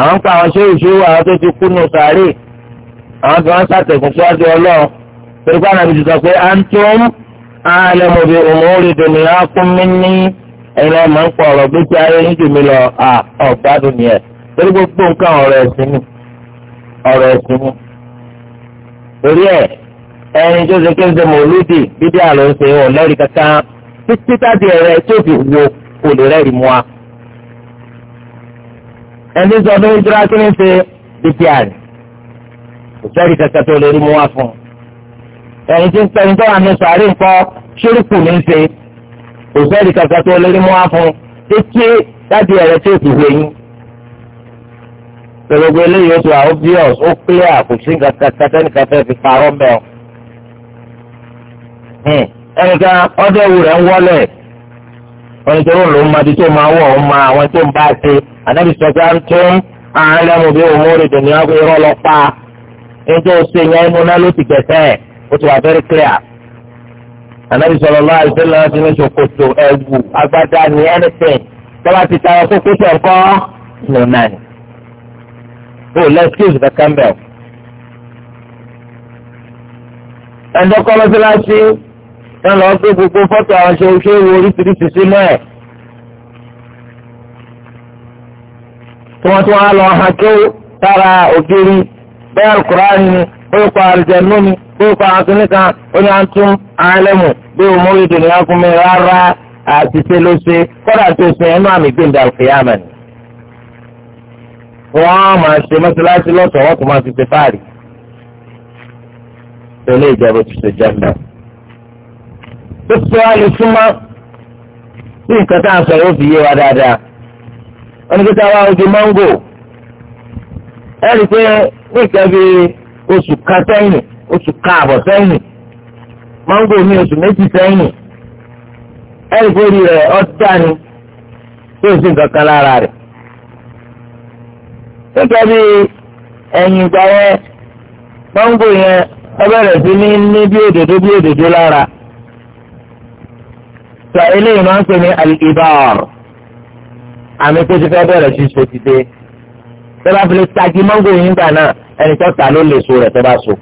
àwọn pa àwọn ṣéwù ṣéwù àwọn tó ti kú nù sàárè àwọn tí wọ́n sàtẹ̀kùn síwájú ọlọ́run pẹ̀lú pé ànàbì ti sọ pé antum a'lamu bi umuri dunyakum minni ẹ̀yin ọmọ ń pọ̀ ọ̀rọ̀ gbèsè ayé yín jù mí lọ ọ̀gbádùn ni ẹ̀ torí gbogbo nǹkan ọ̀rọ̀ ẹ̀sìn ni ọ̀rọ̀ ẹ̀sìn ni torí ẹ̀ ẹni tó ṣe kí n ṣe mòlúdì bíbí àlọ́ ń ṣe ọ̀ lẹ́rìí kankan títí táti ẹ̀rẹ́ tó fi wo kò lè rẹ́rìí mu wa ẹni sọ fún ìjọra kí ni ṣe ìpè àrè kò sẹ́rí kẹ̀kẹ́ tó lè rí mú wá fún un ẹni tí ń pẹ́ ní tọ́wọ́ àmì sàárè ńkọ́ ṣírùkù ní ṣe kò sẹ́rí kẹ̀kẹ́ tó lè rí mú wá fún un títí láti ẹ̀rẹ́ tí òkú wẹ̀ yín. gbogbo eléyìí oṣù obvious ó clear kò sí kẹ̀kẹ́ tẹ́nìkan fẹ́ fi parọ́ mẹ́ ọ. Hmm. ẹnìkan ọdẹ ewu rẹ̀ ń wọlé ọ̀nìtẹ́wọ̀n ló ń ma di tó máa wọ̀ ọ́ ma àwọn tó ń bá a ṣe anabi sọ̀tì àrùtú àárẹ̀ mo bí òmùrè dùn ní ọgbẹ́ irọ́ lọ pa ẹjọ́ ṣe yẹn inú náà ló ti gẹ̀tẹ́ ó ti wà very clear anabi sọ̀rọ̀ lọ́wọ́ àìsílẹ̀ láti ní ṣòkòtò ẹ̀wù agbádá ní anything tọ́ba ti ta ọkọ̀ kókó ẹ̀kọ́ nù náà ni ó lẹ́skíwìsì kankan bẹ́ẹ̀ ẹ̀ńdọ́kọ́ lọ́sílẹ̀ láti ẹ̀ lọ́ọ́ gbé gbogbo fọ́tò àwọn ṣe oṣù oríṣiríṣi sínú ẹ̀ tí wọ́n tún wá lọ hàn kéwò tára ògiri bẹ́ẹ̀ alukurani ni orúkọ àrùjẹ̀nu ni orúkọ àtúnika oní àtún àlẹ́mù bí o mórí dùnìyà fún mi rárá àtìsẹ́ ló ṣe kọ́dà tó ṣe ẹnu àmì gbẹ̀ndà òkèèyàmẹ̀ ni. wọ́n máa ṣe mọ́ṣáláṣí lọ́sọ̀ọ́ wọ́n kò máa fi ṣe fáàrí. tẹ̀lé ìjọba ti ṣe jẹ́ńdà. ó sọ àlùsúmọ́ bí nǹkan tá a sọ yóò fi yé wa dáadáa. ẹnikẹ́ta wa ojú mango ẹ rí i pé ní ìkẹ́bí oṣù kan sẹ́yìn oṣù mango ní oṣù méjì sẹ́yìn ẹ rí i pé orí ọ̀dà ni tí o sì ń kankan lára rẹ̀ ẹ̀yìn ìgbà yẹn mango yẹn ẹ sí ní ní bí òdòdó bí òdòdó lára tọ́ eléyìí máa ń pè àmì tó ti fẹ́ bẹ̀rẹ̀ sí so ti dé tó bá fi lè tagi mọ́ngò yín gbà náà ẹni tó ta ló lè so rẹ̀ tó bá so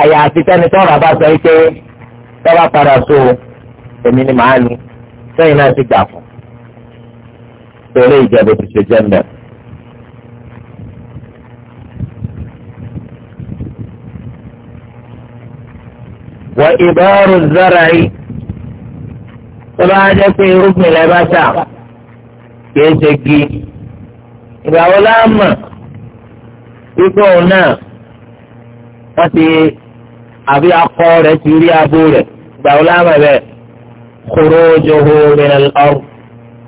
àyàfi tẹni tó rà bá sọ pé tó bá padà so èmi ni màá ní sẹ́yìn náà ti gbà fún torí ìjọba ti ṣe jẹ́ mbẹ́. wọ́n ìbọ̀rù zọ́ra yìí tó bá jẹ́ pé irúgbìn lẹ́ bá ta kìí ṣe gi ìgbà wo la mọ̀ wípé òun náà wọ́n ti àbí akọ rẹ̀ ti rí abo rẹ̀ ìgbà wo la mọ̀ bẹ́ẹ̀ khurujuhu min al-ard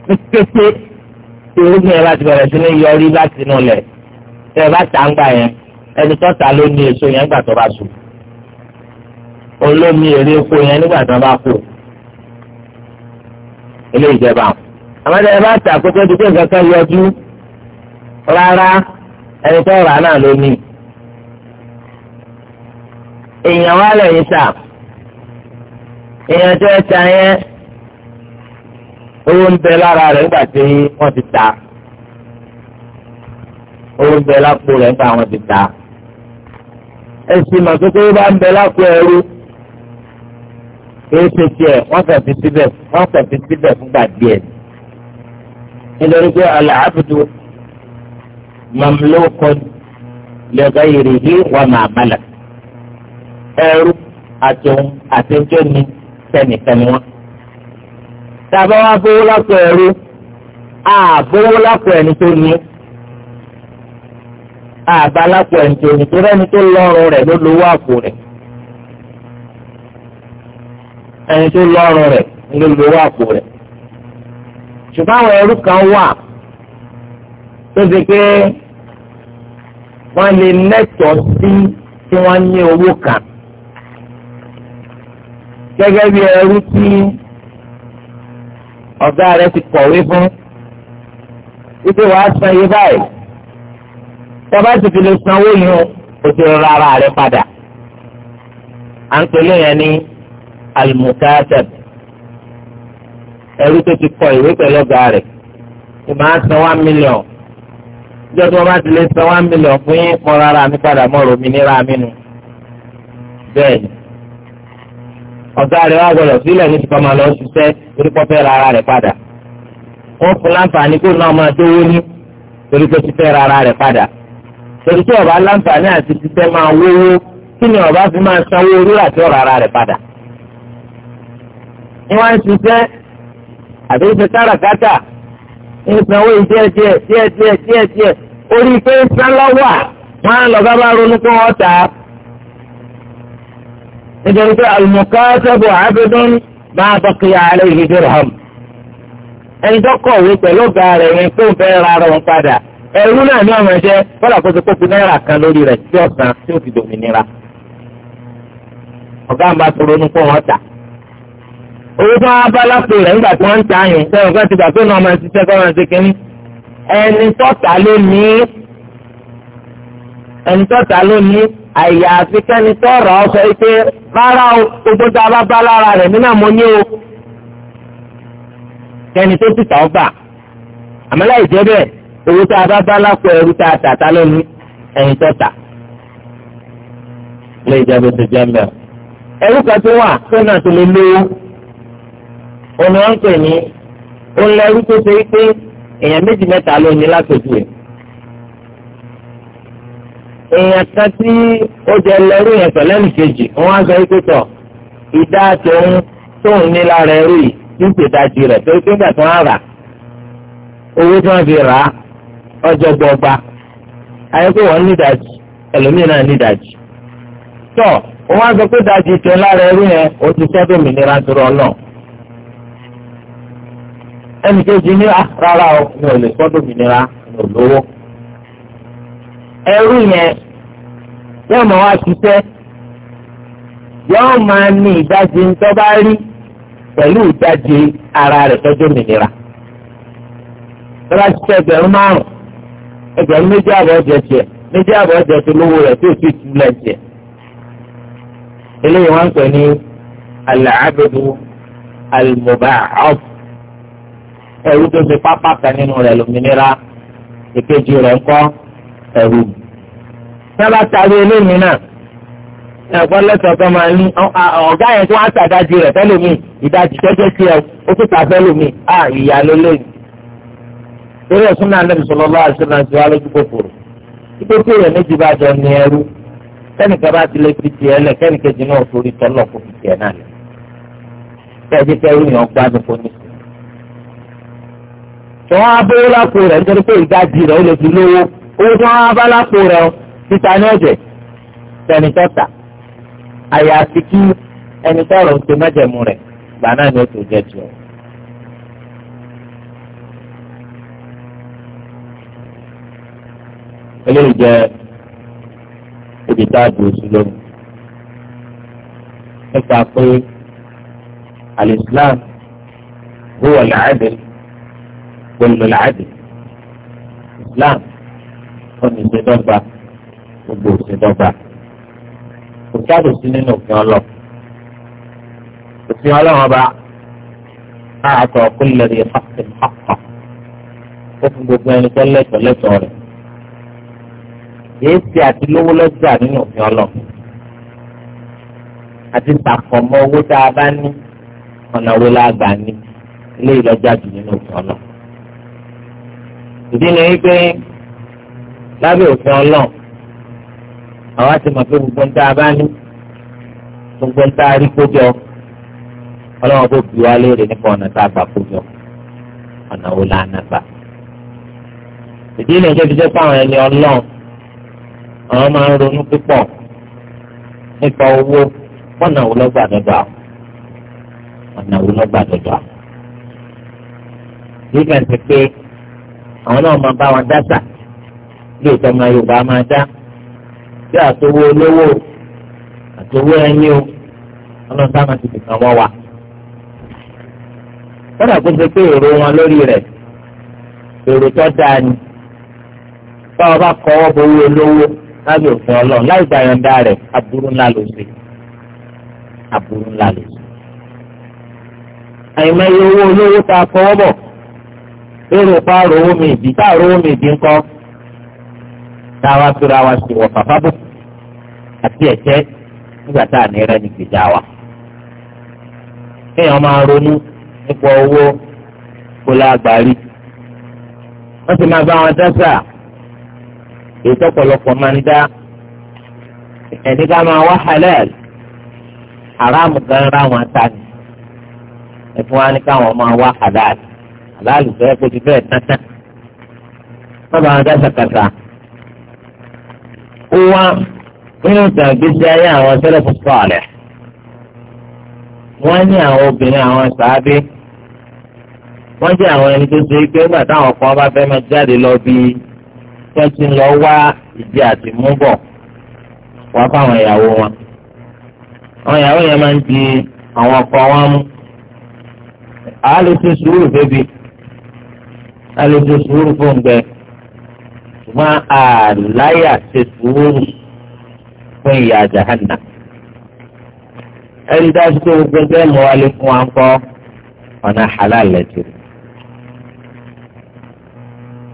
ní kété tí irúgbìn yẹn bá ti bẹ̀rẹ̀ sí ní yọrí láti inú lẹ̀ tẹ́ ẹ bá tà ń gbà yẹn ẹni tó ta ló ní èso yẹn nígbà tó bá sùn olómi èrè epo yẹn nígbà tó bá kù ilé ìjẹba àwọn àmọ́tẹ́ ẹ bá tà kótó di pé nǹkan kan yọjú rárá ẹni tó rà náà ló ní. èèyàn wá lẹ́yìn tà èèyàn tó ẹ ta yẹn owó ń bẹ lára rẹ̀ nígbà tí wọ́n ti ta owó ń bẹ lápò rẹ̀ nígbà wọ́n ti ta ẹ sì mọ̀ pé kó bá ń bẹ lápò ẹrú kìí ṣe tiẹ̀ wọ́n kàn fi síbẹ̀ fúngbà díẹ̀ nítorí pé al-abdu mamlukun li ghayrihi wa ma malak ẹrú àtòun àtẹjọ́ ni tẹnìkan ni wọn. tàbá wa bówó lápò ẹrú àbówó lápò ẹni tó ní àbá lápò ẹni tó ní tó rẹ́ni tó lọ́rùn rẹ̀ ló lówó àpò rẹ̀ ẹni tó lọ́rùn rẹ̀ ló lówó àpò rẹ̀ ṣùgbọ́n àwọn ẹrú kan wà tó ṣe pé wọ́n lè lẹ́tọ̀ọ́ sí tí wọ́n ní owó kan gẹ́gẹ́ bí ẹrú tí ọ̀gá rẹ̀ ti kọ̀wé fún wípé wàá san iye báyìí tọ́ba sì fi lè sanwó yìí o ti rọra ara rẹ̀ padà à ń pèlè yẹn ní alimutasẹ́bù ẹrú tó ti kọ ìwé pẹ̀lú ọ̀gá rẹ̀ kò máa san one million ìjọ tí wọ́n bá ti lè san one million fún yín mọ́ rárá mi padà mọ́ romi nira mi nu bẹ́ẹ̀ ni ọ̀gá rẹ̀ wá gbọ́dọ̀ sílẹ̀ ní tìkọ́ máa lọ ṣiṣẹ́ torí pọ́ fẹ́ rárá rẹ̀ padà wọ́n fún láǹfààní kó náà máa dówó ní torí pé ti fẹ́ rárá rẹ̀ padà torí tí ọba láǹfààní àti ṣiṣẹ́ máa wówó kí ni ọba fi máa sanwó orí àti ọ̀rọ̀ ara rẹ̀ padà. ní ṣiṣẹ́ àbí ṣe káràkátà ìsanwó díẹ̀ díẹ̀ díẹ̀ díẹ̀ díẹ̀ díẹ̀ orí pé sálọ́wà wọn á lọ bá bá ronú pé wọ́n tà á. nítorí pé al-mukatabu abdun ma baqiya alayhi dirham. ẹni tó kọ̀wé pẹ̀lú ọ̀gá rẹ̀ yẹn kó fẹ́ ra ọ̀rọ̀ padà ẹ̀rú náà ní ọmọ ẹ̀ṣẹ́ kọ́lá kó ti kókó náírà kan lórí rẹ̀ tí ọ̀sán tí ó fi dòmìnira. ọ̀gá àgbà tó ronú pé wọ́n tà á owó tó wá bá lápò rẹ̀ nígbà tí wọ́n ń ta yẹn sẹ́wọ̀n kan ti gbà tó náà máa ṣiṣẹ́ kọ́ máa ṣe kínní ẹni tọ́ta ló ní ẹni tọ́ta ló ní àyà àfikẹ́ni tọ́rọ̀ ọ sọ pé rárá o gbogbo tá a bá bá lára rẹ̀ nínú àmọ́ ní o kẹ́ni tó ti tà ọ́ gbà àmọ́ láì jẹ́ owó tá a bá bá lápò ẹrú tá a tà tá ló ní ẹni tọ́ta lè jẹ́ bó ti jẹ́ mẹ́rin ẹrú kan tó wà tó náà tó lè lówó òní wọn ń pè ní ònlẹ́rú tó ṣe pé èèyàn méjì mẹ́ta ló ní látòjú ẹ̀. èèyàn kan tí ó jẹ lẹ́rú yẹn pẹ̀lú ẹnì kejì wọ́n á sọ pé tọ̀ ìdá tòun tóun ní lára ẹrú yìí ní ìpèdájì rẹ̀ torí pé nígbà tí wọ́n rà owó tí wọ́n fi rà á ọjọ́ gbọ́gba ayẹ́pẹ́ wọ́n ní ìdajì ẹlòmíì náà ní ìdajì tọ́ wọ́n á sọ pé ìdajì tẹ̀ lára ẹrú yẹn ó ti sẹ́dọ̀ mìíràn tó rọ náà ẹnì kejì ní rárá o mi ò lè sọ dòmìnira mi ò lówó. ẹrú yẹn yóò máa wá ṣiṣẹ́ yóò máa ní ìdajì ń tọ́ bá rí pẹ̀lú ìdajì ara rẹ̀ tọ́jú òmìnira. tó bá ṣiṣẹ́ ẹgbẹ̀rún márùn-ún ẹgbẹ̀rún méjì àbọ̀ ọ̀jẹ̀ tiẹ̀ méjì àbọ̀ ọ̀jẹ̀ tó lówó rẹ̀ tó sì túlẹ̀ tiẹ̀. eléyìí wọ́n ń pè ní al-abdu al-muba'ad ẹrú tó ṣe pápá kan nínú rẹ̀ lómìnira ìkejì rẹ̀ ńkọ́ ẹrú. sábà tari eléyìí náà ẹ̀gbọ́n lẹ́sọ̀ọ́ kan máa ní ọ̀gá yẹn tí wọ́n á ṣàdájì rẹ̀ fẹ́lómi ìdajì jẹ́jẹ́ sí ẹ ó tún ta fẹ́lómi à ìyá ló lóyún. torí ẹ̀sùn náà nàbì sọ̀rọ̀ lọ́wọ́ àṣírí àti wàá lójú kòkòrò ipò tí èèyàn méjì bá jọ ní ẹrú kẹ́nìkan bá ti lè fi tiẹ̀ lẹ̀ kẹ́nìkejì náà torí tọ́lọ̀ kò fi tiẹ̀ náà lẹ̀. kẹ́ẹ̀jẹ̀ kẹ́rù yàn gbádùn fún mi tí wọ́n á bówó lápò rẹ̀ nítorí pé ìdajì rẹ̀ ó lè fi lówó owó tí wọ́n á bá lápò rẹ̀ ọ títa ní ọ̀jẹ̀ tẹni tọ́ta àyàfi kí ẹni tọrọ ń pe mẹ́jẹ̀mú rẹ̀ gbà náà ni ó tó jẹ́ tiọ̀. eléyìí jẹ́ ibi tá a dùn sí lónìí nípa pé alìsílám huwa al-'adl gbogbo làádì Islam wọn ní ìṣèdọ́gba gbogbo ìṣèdọ́gba kò sáàdù sí nínú òfin ọlọ òfin ọlọ́wọ́n bá àtọ̀ kúlẹ̀ rẹ̀ fàkì fàkà ó fún gbogbo ẹni tó lẹ́tọ̀ọ́ lẹ́tọ̀ọ́ rẹ̀ èsì àti lówó lọ́jà nínú òfin ọlọ àti tàkọ̀mọ́ owó tá a bá ní ọ̀nà wo la ní ilé ìlọ́jà jù nínú òfin ọlọ́ọ̀ ìdí ni wípé lábẹ́ òfin ọlọ́ọ̀ àwa ti mọ̀ pé gbogbo ń tá a bá ní gbogbo ń tá a rí kójọ ọlọ́wọ́n kò fi wá léèrè nípa ọ̀nà tá a gbà kójọ ọ̀nà wo la nà gbà. ìdí ni ìjọba ìjọba àwọn ẹni ọlọ́ọ̀ àwọn máa ń ronú púpọ̀ nípa owó ọ̀nà wo lọ́gbà dọ́dọ̀ ọ̀nà wo lọ́gbà dọ́dọ̀ àwọn. nígbà tí pé àwọn náà máa bá wọn dáṣà bí ìtọ́mọ Yorùbá máa dá bí àtòwó olówó àtòwó ẹni o ọlọ́sà máa ti dìkan wọ́n wà. kódà kó ṣe pé èrò wọn lórí rẹ̀ èrò tó dáa ni báwo bá kọ́wọ́ bowó olówó lábẹ́ òfin ọlọ́run láì gbàyànjá rẹ̀ aburú ńlá ló ṣe aburú ńlá ló ṣe. àyìnbáyé owó olówó tá fọwọ́ bọ̀ èrò pa rówó mi ìdí tá rówó mi ìdí ńkọ́ tá a wá tóra wa sí wọ bàbá bò àti ẹ̀tẹ́ nígbà tá a ní rẹ́ ní gbèjà wa. kéèyàn máa ronú nípa owó kólé agbárí wọ́n sì máa bá wọn dẹ́sà èyí tọ́pọ̀lọpọ̀ máa ń dá ẹni ká máa wá halal haram gan ra wọn ta ni ẹ̀fọn wa ní káwọn máa wá halal aláàlú fẹ́ kó ti bẹ́ẹ̀ tẹ́tẹ́ wọ́n bá wọn dá sàkàtà ó wá nínú ìtàn ìgbésí ayé àwọn sẹ́lẹ̀fù sọ̀rẹ̀ wọ́n ní àwọn obìnrin àwọn sàábé wọ́n jẹ́ àwọn ẹni tó ṣe é pé nígbà táwọn kan bá fẹ́ máa jáde lọ bí wọ́n ti lọ wá ìdí àti mú wá fáwọn ìyàwó wọn àwọn ìyàwó yẹn máa ń di àwọn ọkọ wọn mú àá sùúrù bébí alójú sùúrù fún bẹ ṣùgbọ́n àláyà ṣe sùúrù fún ìyá jahanna ẹni dájú pé gbogbo ẹgbẹ́ mọ́ wálé fún wa ń kọ́ ọ̀nà halal lẹ́jọ́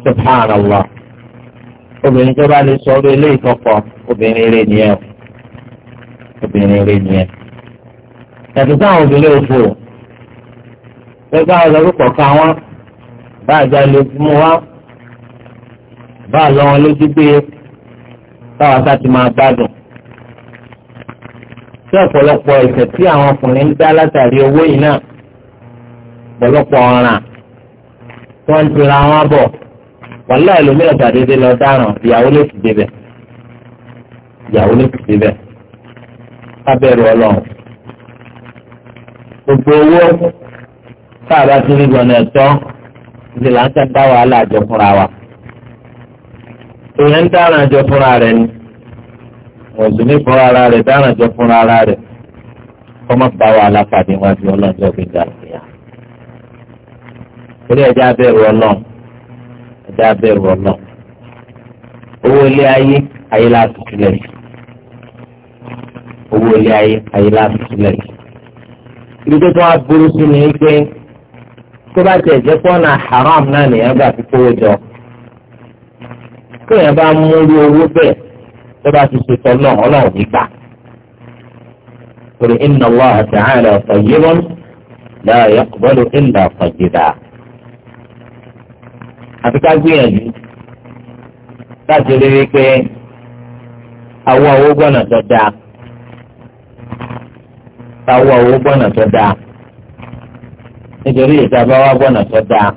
subhanallah obìnrin tó bá lè sọ ọdún eléyìí kọkọ obìnrin rẹ nìyẹn obìnrin rẹ nìyẹn yàtọ̀ sáwọn obìnrin òfò gbẹgbẹ́ àwọn ọ̀dọ́ kọ̀ọ̀kan wọn bá àjà lè mú wa bá àlọ́ wọn lójú pé báwa sá ti máa gbádùn. tí ọ̀pọ̀lọpọ̀ ẹ̀ṣẹ̀ tí àwọn ọkùnrin ń dá látàrí owó yìí náà ọ̀pọ̀lọpọ̀ ọ̀ràn tí wọ́n ń tura wọn bọ̀ wàlá ẹlòmíràn tàdédé lọ dáràn ìyàwó lè ti débẹ̀ ìyàwó lè ti débẹ̀ kábẹ́rù ọlọ́run gbogbo owó tá a bá ti rí gbọ̀nà ẹ̀tọ́ ní là ń kàn dá wàhálà àjọ fúnra wa èèyàn ń dáràn àjọ fúnra rẹ̀ ni mùsùlùmí fúnra ara rẹ̀ dáràn àjọ fúnra ara rẹ̀ kọ́mọ́ bá wàhálà pàdé wọn àti ọlọ́jọ́ gbẹ̀ngà ìyá torí ẹ̀jẹ̀ abẹ́rù ọlọ́run ẹ̀jẹ̀ abẹ́rù ọlọ́run owó ilé ayé ayé láti sílẹ̀ owó ilé ayé ayé láti sílẹ̀ ibi tó wá burú sí ni pé. tó bá tiẹ̀ jẹ́ pọ́nà haram náà nìyẹn gbà fi kówó jọ kéèyàn bá mú orí owó bẹ́ẹ̀ tó bá ti ṣètò náà ọlọ́run nígbà inna Allaha ta'ala tayyibun la yaqbalu illa tayyiba àti ká gbìyànjú láti rí i pé àwọn owó gbọ́nà tó dáa àwọn owó gbọ́nà tó dáa. nítorí ìta bá wá gbọ́nà tó dáa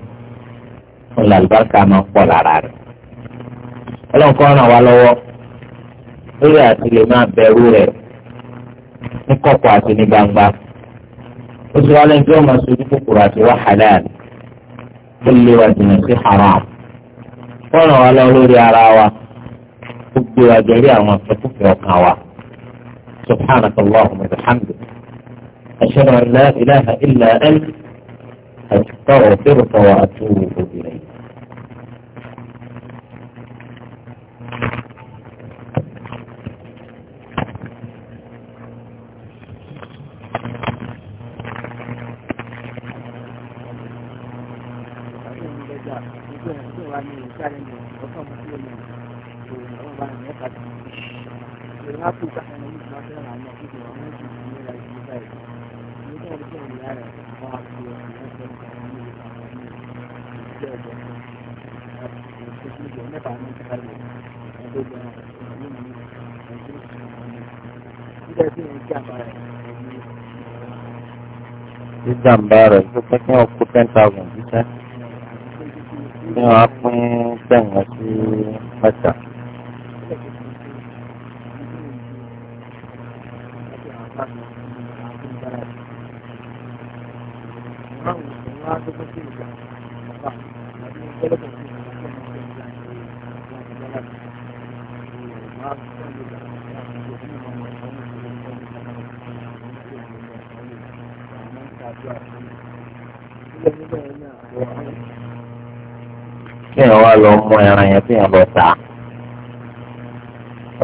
fún làlùbáríkà máa ń pọ̀ lára rẹ̀ ọlọ́nkọ́ ràn wá lọ́wọ́ lórí àti lè máa bẹ̀rù rẹ̀ ní kọ̀kọ̀ àti ní gbangba ó ti wá lẹ́yìn tí wọ́n máa sojú kòkòrò àti wá halal ó lé wa jìnnà sí haram wọ́n ràn wá lọ́wọ́ lórí ara wa ó gbé wa jẹ́rí àwọn akẹ́kọ̀ọ́ ọkàn wa subhanaka allahumma wa bihamdika ashhadu an la ilaha illa أستغفرك وأتوب إليك Thank you. dídàmbà rẹ̀ ló pẹ́ kí wọ́n kó ten thousand jíṣẹ́ kí wọ́n á pín tẹ̀wọ̀n sí mẹ́ta. Thank you. kí ẹ̀ wá lọ mú ẹran yẹn ẹ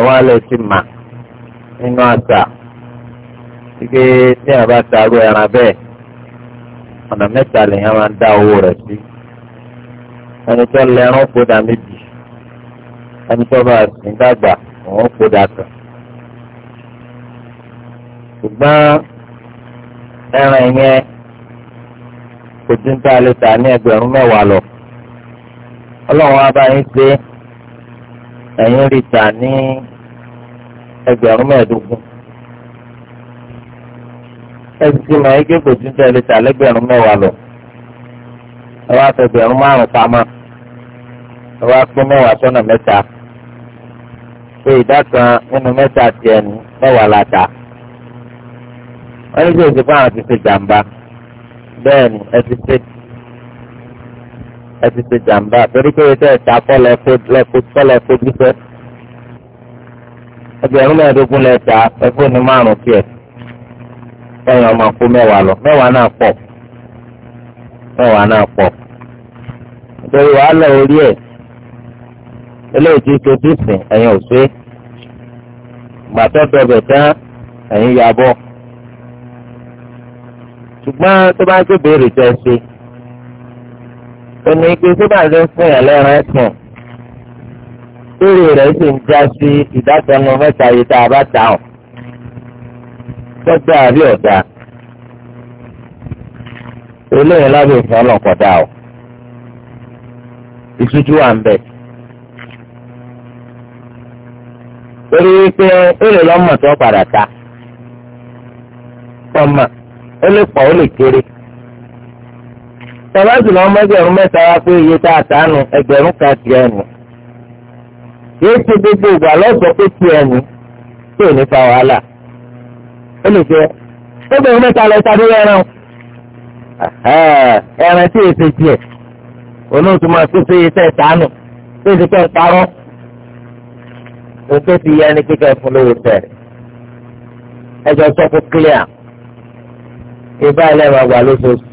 wá nínú tí bá ta ẹran ọ̀nà mẹ́ta máa ń dá owó rẹ̀ sí ẹni tó lẹ́rán kódà méjì ẹni tó bá dàgbà òun kódà kan ṣùgbọ́n ẹran yẹn. sí ń tà lè tà ní ẹgbẹ̀rún mẹ́wàá lọ. ọlọ́run á bá yín pé ẹ̀yin rí tà ní ẹgbẹ̀rún mẹ́ẹ̀ẹ́dógún. ẹ sì ti mọ̀ ẹ́ gé kò sí ń tà lè tà lẹ́gbẹ̀rún mẹ́wàá lọ. ẹ wá fẹ́ ẹgbẹ̀rún márùn-ún pamọ́. ẹ wá pín mẹ́wàá sọ́nà mẹ́ta. pé ìdá kan nínú mẹ́ta tiẹ̀ ní mẹ́wàá la ta. wọ́n ní kí òṣèpá àwọn ti ṣe jàǹbá bẹ́ẹ̀ ni ẹ ti ṣe ẹ ti ṣe jàǹbá torí pé ètò ẹ̀ta kọ́ lẹ́ẹ̀kọ́ gbígbẹ́ ẹgbẹ̀rún mẹ́ẹ̀ẹ́dógún lẹ́ẹ̀ta ẹgbẹ́ ní márùn-ún tiẹ̀ ẹ̀yìn ọmọ kó mẹ́wàá lọ mẹ́wàá náà pọ̀ mẹ́wàá náà pọ̀ nítorí wàhálà orí ẹ̀ eléyìí ti ṣe fífìn ẹ̀yìn òṣè gbàtọ́ dọ̀bẹ̀ tán ẹ̀yìn yabọ́ ṣùgbọ́n tó bá tó béèrè tẹ́ ṣe òní pé tó bá tó fún yàn lẹ́rọ ẹ̀sùn béèrè rẹ̀ sì ń já sí ìdákanu mẹ́ta yìí tá a bá ta ọ̀ tọ́jà àbí ọ̀dà eléyìí lábẹ́ òfin ọlọ́kọ̀dá ọ̀ ìtújú wà ń bẹ̀. torí pé èrè lọ́mọ̀ tó padà ta pọ́nmọ̀ ó lè pọ̀ ó lè kéré tọ́lá sì lọ́mọ ẹgbẹ̀rún mẹ́ta wá pé iye tá a tà nù ẹgbẹ̀rún kan tiẹ̀ nù yóò ṣe gbogbo ìgbà lọ́sọ̀ pé tiẹ̀ nù tí ò ní fa wàhálà ó lè jẹ́ ẹgbẹ̀rún mẹ́ta lọ sábẹ́ ẹran ẹran tí èsè tiẹ̀ onóòtú máa tó ṣe iye tẹ̀ tà nù tó ti kẹ́ parọ́ òun tó ti yẹ ẹni kíkẹ́ fún lówó tẹ̀ ẹjọ́ sọ́kù clear ìbá ẹlẹ́rìn ọgbà lóṣooṣù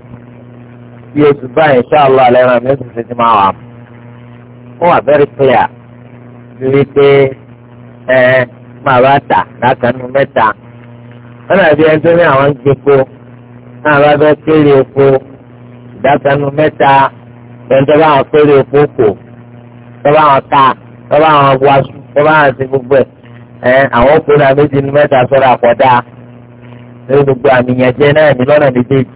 bí oṣù báyìí ṣáàlọ́ ẹlẹ́rìn mi oṣù tuntun máa wà. ó wà very clear lórí pé ẹ máa bá tà lákàánú mẹ́ta. wọ́n náà bí ẹni tó ní àwọn ń gbépo náà bá fẹ́ kéré epo ìdákanu mẹ́ta ẹni tó bá wọn kéré epo kò tó bá wọn ta tó bá wọn wáṣú tó bá wọn ṣe gbogbo ẹ̀ àwọn òkú náà méjì ní mẹ́ta sọ́dọ̀ àkọ́dá lórí gbogbo àmìyàn jẹ náà ní lọ́nà méjèèjì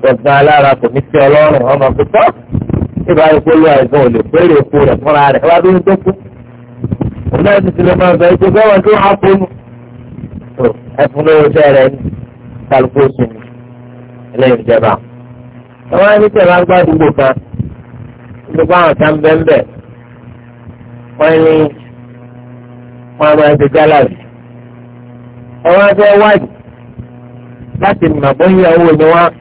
gbọ̀ngàn alára kò ní sí ọlọ́run ọmọ pípọ́ ìbá ikú lu àìsàn ò lè péré epo rẹ̀ fúnra rẹ̀ wá bí ń tó kú òun náà ti tilẹ̀ máa bẹ ètò bẹ́ẹ̀ wọn tó hàn fóònù ẹfun lówó iṣẹ́ rẹ̀ ní kálukú oṣù ni ẹlẹ́yìn ìjẹba àwọn ẹni tẹ̀ máa ń kan nípa àwọn tá ń bẹ́ńbẹ́ wọ́n ní wọ́n láti mọ̀ bọ́ ìyàwó ni wọ́n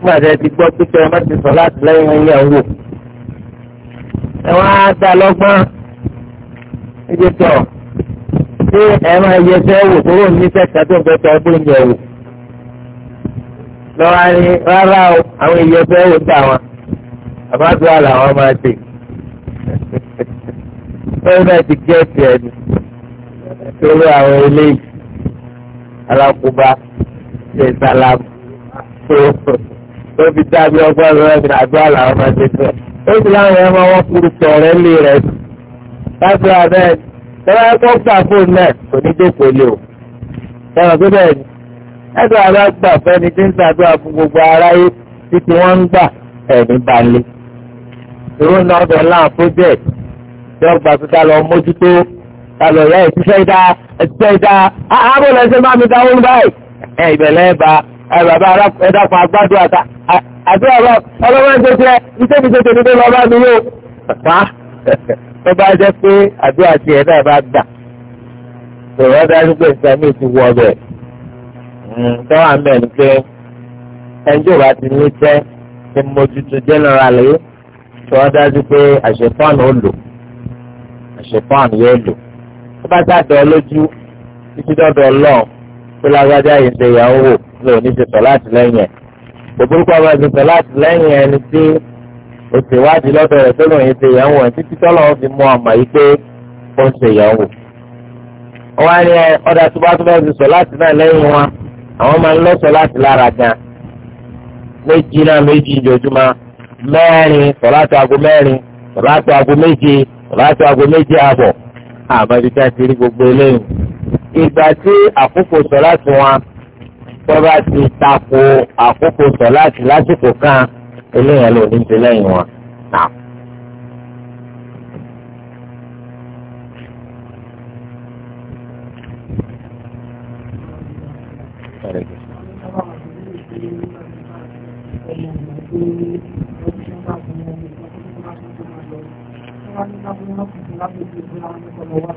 nígbà tí ẹ ti gbọ́ pé kẹ́ ẹ má ti sọ láti lẹ́yìn ìyàwó ẹ wọ́n á dá lọ́gbọ́n ibi tọ̀ ṣé ẹ máa yẹ fẹ́ wò tó wò ní sẹ́ka tó ń bẹ tọ́ ọdún yẹ̀ wò lọ́wọ́ ni rárá o àwọn èèyàn fẹ́ wò dá wọn àbádùá làwọn máa ṣe fẹ́ẹ́ náà ti gẹ́ẹ̀tì ẹ̀ ní torí àwọn eléyìí alákòóbá ṣe sálámù tó fi dábí ọgbọ́n rẹ̀ ní àdúrà làwọn máa ṣe fẹ́. ó sì láwọn ẹ̀ máa wọ́n kúrú tọ̀ rẹ̀ lé rẹ̀ sí. láti abẹ́ ẹ̀ tọ́lá ẹ̀ kọ́ gbà fóònù náà kò ní dépò lé o. ẹ̀rọ tó bẹ́ẹ̀ ni ẹ̀dọ̀ àbá gbà fẹ́ni tí ń ṣàdúrà fún gbogbo aráyé títí wọ́n ń gbà ẹ̀mí balẹ̀. ìró náà bẹ̀ láà project dọ́gba tó dá lọ mójútó dá lọ yá ìṣiṣẹ́ ìdá ìṣiṣẹ́ ìdá ẹ ìbẹ̀lẹ̀ bá ẹ bàbá ẹ̀dàkùn agbádùn àtà àti ọ̀rọ̀ ọlọ́wọ́ ń tètè ìtẹ́bi tètè nílé lọ́ba mi yóò pa [LAUGHS] tó bá jẹ́ pé àdúrà ti ẹ̀dá bá gbà tòwọ́ dájú pé nǹkan mi ti wọ ọbẹ̀ hmm, tọ́wọ́ àmì ẹ̀ ní pé ẹjọ́ bá ti ní tẹ́ ti mójútó jẹ́nẹ́rálì tọ́wọ́ dájú pé àṣepọ́n ò lò àṣepọ́n yóò lò tó bá sáà dọ̀ lójú títí dọ́dọ̀ ọlọ́run pé lágbájá yìí ń ṣe ìyàwó wò ló ní ṣe sọ̀láàtì lẹ́yìn ẹ̀ òbúrúkọ ọmọ ẹ̀sìn sọ̀láàtì lẹ́yìn ẹni tí òṣèwádìí lọ́dọ̀ rẹ̀ tó lòun ṣe ìyàwó ẹ̀ títí tọ́lọ́ fi mú ọmọ yìí pé ó ń ṣe ìyàwó. wọ́n á ní ọ̀dà tó bá tó bá ti sọ̀láàtì náà lẹ́yìn wọn àwọn máa ń lọ sọ̀láàtì lára gan méjì náà méjì ìjọjúmọ́ mẹ́rin sọ̀láàtì ìgbà tí àkókò sọ̀láàtì wọn tọ́ba ti tako àkókò sọ̀láàtì lásìkò kan eléyàn ló ní ti lẹ́yìn wọn. Thank you.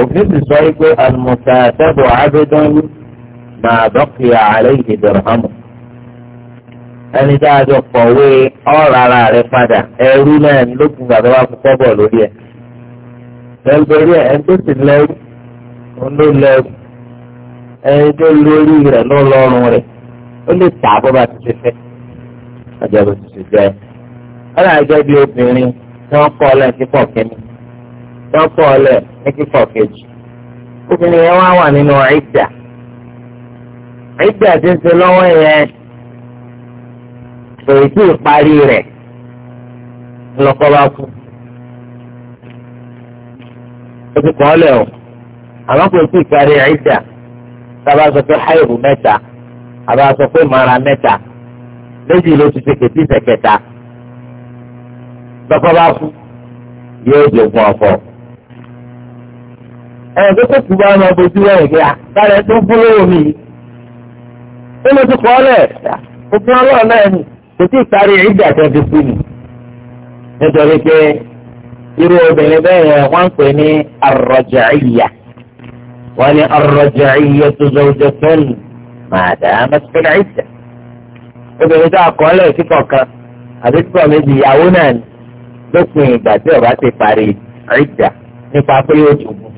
òfin sì sọ wípé àlùmọ̀tàdàbò abẹ́dánwó máa bọ́kì àárẹ̀ ìdìbẹ̀rẹ̀hámù. ẹni tá a jọ kọ̀wé ọ̀rọ̀ ara rẹ̀ padà ẹrú náà ní lókun gbàgbé wa kú kọ́bọ̀ lórí ẹ̀. lẹ́gbẹ̀rí ẹ̀ ẹni tó sì lẹ́rú òun ló lẹ́rú ẹni tó lórí rẹ̀ ló lọ́rùn rẹ̀ ó lè tà bó bá ti ṣe fẹ́. àjẹbù ti ṣe jẹ́ ẹ̀ ọ́n àjẹbí obìnrin tí wọ́n kọ́ ọ wọ́n kọ́ ọ lẹ̀ ní kíkọ́ kejì obìnrin yẹn wá wà nínú ìdà ìdà tí ń ṣe lọ́wọ́ yẹn kò tí ì parí rẹ̀ lọ́kọ́ bá kú ó ti kọ́ ọ lẹ̀ o àmọ́ kò tí ì parí ìdà sábà sọ pé háìrù mẹ́ta àbá sọ pé mara mẹ́ta méjì ló ti ṣe kètí ìṣẹ̀kẹta lọ́kọ́ bá kú yóò jogún ọkọ ẹ̀rọ tó kù bá ọmọ bojú rẹ̀ gẹ́ àtàrẹ tó gbólóhùn mi. ó lè ti kọ́ lẹ̀ òfin ọlọ́run náà ni kò tí ì parí ìdí àtẹ̀bí sí mi. nítorí pé irú obìnrin bẹ́ẹ̀ yẹn wọ́n ń pè ní arraja'iyya wọ́n ní arraja'iyyatu zawjatun ma damat fil 'idda. obìnrin tó àkọọ́lẹ̀ kíkọ̀ kan àbí kíkọ̀ méjì ìyàwó náà lópin ìgbà tí ó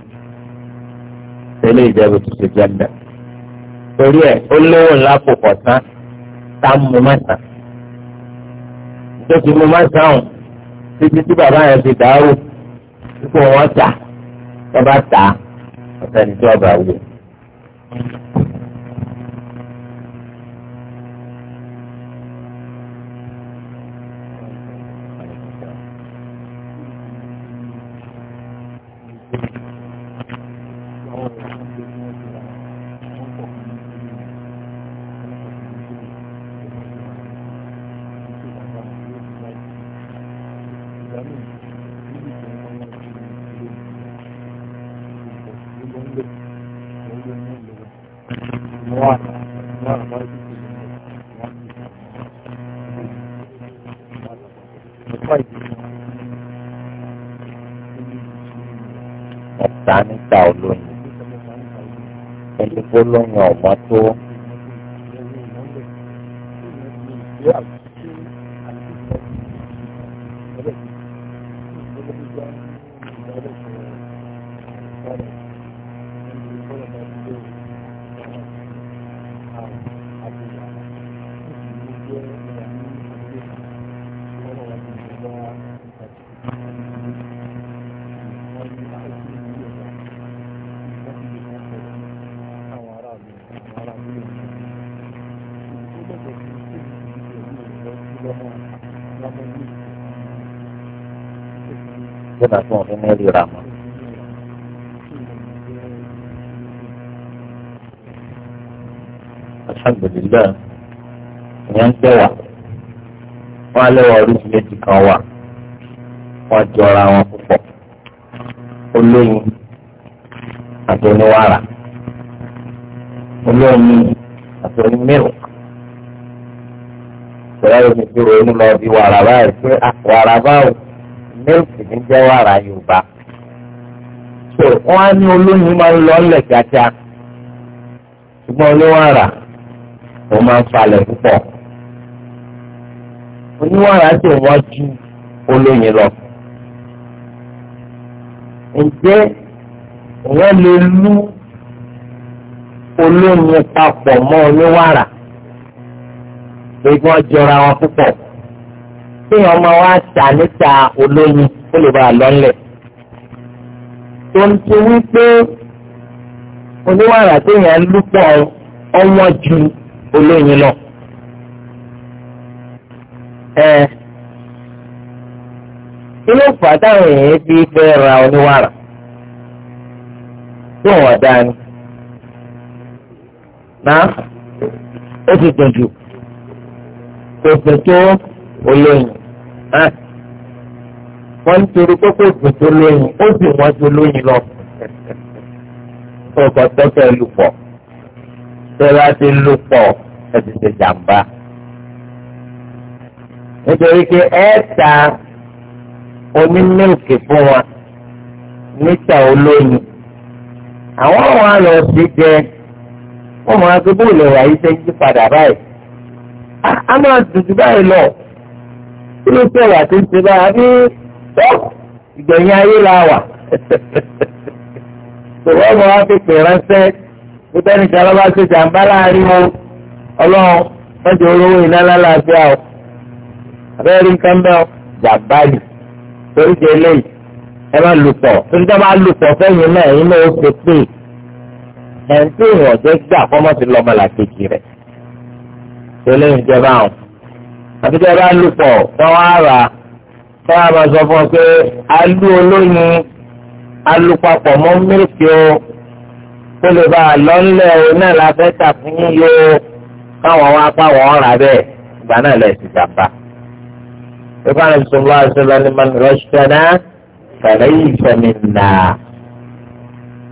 tẹ́lẹ̀ ìjẹ́bù tó ṣe jẹ́mbẹ̀. torí ẹ̀ ó lówó ńlá kò pọ̀ tán tá ń mu mẹ́ta. tó fi mu mẹ́ta hàn títí tí bàbá yẹn fi dàrú kíkó wọn tà tó tà ọ̀sẹ̀ ní ọba wù. gbólóhùn ọ̀mọ́tó. kódà tó ń fi ní ríra mọ́. alhamdulilayi ìyẹn ń tẹ̀wà wọ́n á lẹ́wọ̀ oríṣi méjì kan wà wọ́n jọra wọn púpọ̀ olóyin àti oníwàrà olóyin àti onímẹ́rùn pẹ̀lú ẹni tí ronú lọ bí wàrà báyìí pé wàrà báyìí mílìkì ní jẹ́ wàrà yorùbá so wọ́n á ní olóyin máa ń lọ ńlẹ̀ kíákíá ṣùgbọ́n oníwàrà ó máa ń falẹ̀ púpọ̀ oníwàrà sì wọ́n ju olóyin lọ ǹjẹ́ wọ́n lè lú olóyin papọ̀ mọ́ oníwàrà pé wọ́n jọra wọn púpọ̀. kéèyàn ọmọ wa tà níta olóyin kó lè bàa lọ́nlẹ̀. tontì wípé oníwàrà téèyàn lúpọ̀ ọwọ́n ju olóyin lọ. ẹ inú fàtàwọn èèyàn fi fẹ́ ra oníwàrà tó wọ́n dání. náà ó ti dùn jù kò dùn tó olóyin. wọ́n ń torí kókó ògùn tó lóyún ó sì wọ́n tó lóyún lọ. ọkọ̀ tọ́kẹ́ lù pọ̀ tẹ́lá ti lù pọ̀ ẹ ti ṣe jàǹbá. nítorí pé ẹ ta oní mílìkì fún wa níta olóyún àwọn àwọn àlọ́ sí jẹ wọ́n máa gbé bóòlù ẹ̀wà yìí ṣe ń yí padà báyìí. a máa dùdú báyìí lọ kí ló tẹ̀ wà tó ń ṣe báyà ní ìgbẹ̀yìn ayé la wà. Tòwọ́ mọ wá fi pè ránṣẹ́ kó tẹ́ni tí alábá ṣe jàǹbá láàrin o. Ọlọ́run mọ́jọ olówó iná lálàáfíà o. Abẹ́rẹ́ nǹkan bẹ́ẹ̀ jàǹbá lì. Torí ṣe eléyìí ẹ máa lù pọ̀. Torí tí máa lù pọ̀ fẹ́yìn náà ẹ̀yin náà ó ṣe pé ẹ̀ ń tí ìwọ̀n jẹ́ gbà kọ́mọ́sí lọ́mọ rẹ̀. Ṣé eléyìí jẹ́ báwọn? àti tẹ́ ẹ bá lù pọ̀ kọ́ wá rà kọ́ wá máa sọ fún ọ pé alú olóyin alùpapọ̀ mọ́ mílíkì o kó lè bá a lọ ńlẹ̀ o náà la fẹ́ tà fún yín yó káwọn wá pa wọ́n rà bẹ́ẹ̀ ìgbà náà lẹ̀ sí jàmbá. ìgbà náà sọ wá sí lọ́nìmọ́ rọ́ṣítẹ́nà kàlẹ́ yìí fẹ́mi nà.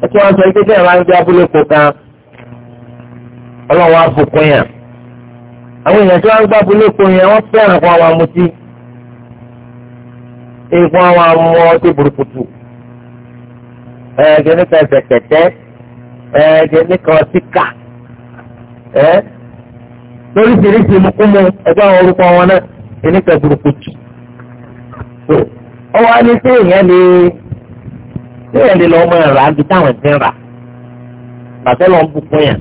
ó ti wọ́n sọ pé kí ẹ̀ máa ń jẹ́ abúlé kó kan ọlọ́run á fòpin yàn àwọn èèyàn tí wọ́n ń gbábu lépo yẹn wọ́n fẹ́ràn kó àwọn amutí èèpo àwọn amú ọtí burúkutu ẹ̀ẹ́dẹ̀ nípa ẹsẹ̀ kẹ̀kẹ́ ẹ̀ẹ́dẹ̀ nípa ọtí kà ẹ́ lóríṣiríṣi mukumu ẹgbẹ́ àwọn orúkọ wọn náà ẹnìkà burúkutu ọwọ́ á ní sí èèyàn lè sí èèyàn lè lọ́ọ́ mọ ẹ̀rọ àbí táwọn ti ń rà bàtẹ́ lọ́ọ́ bùkún yẹn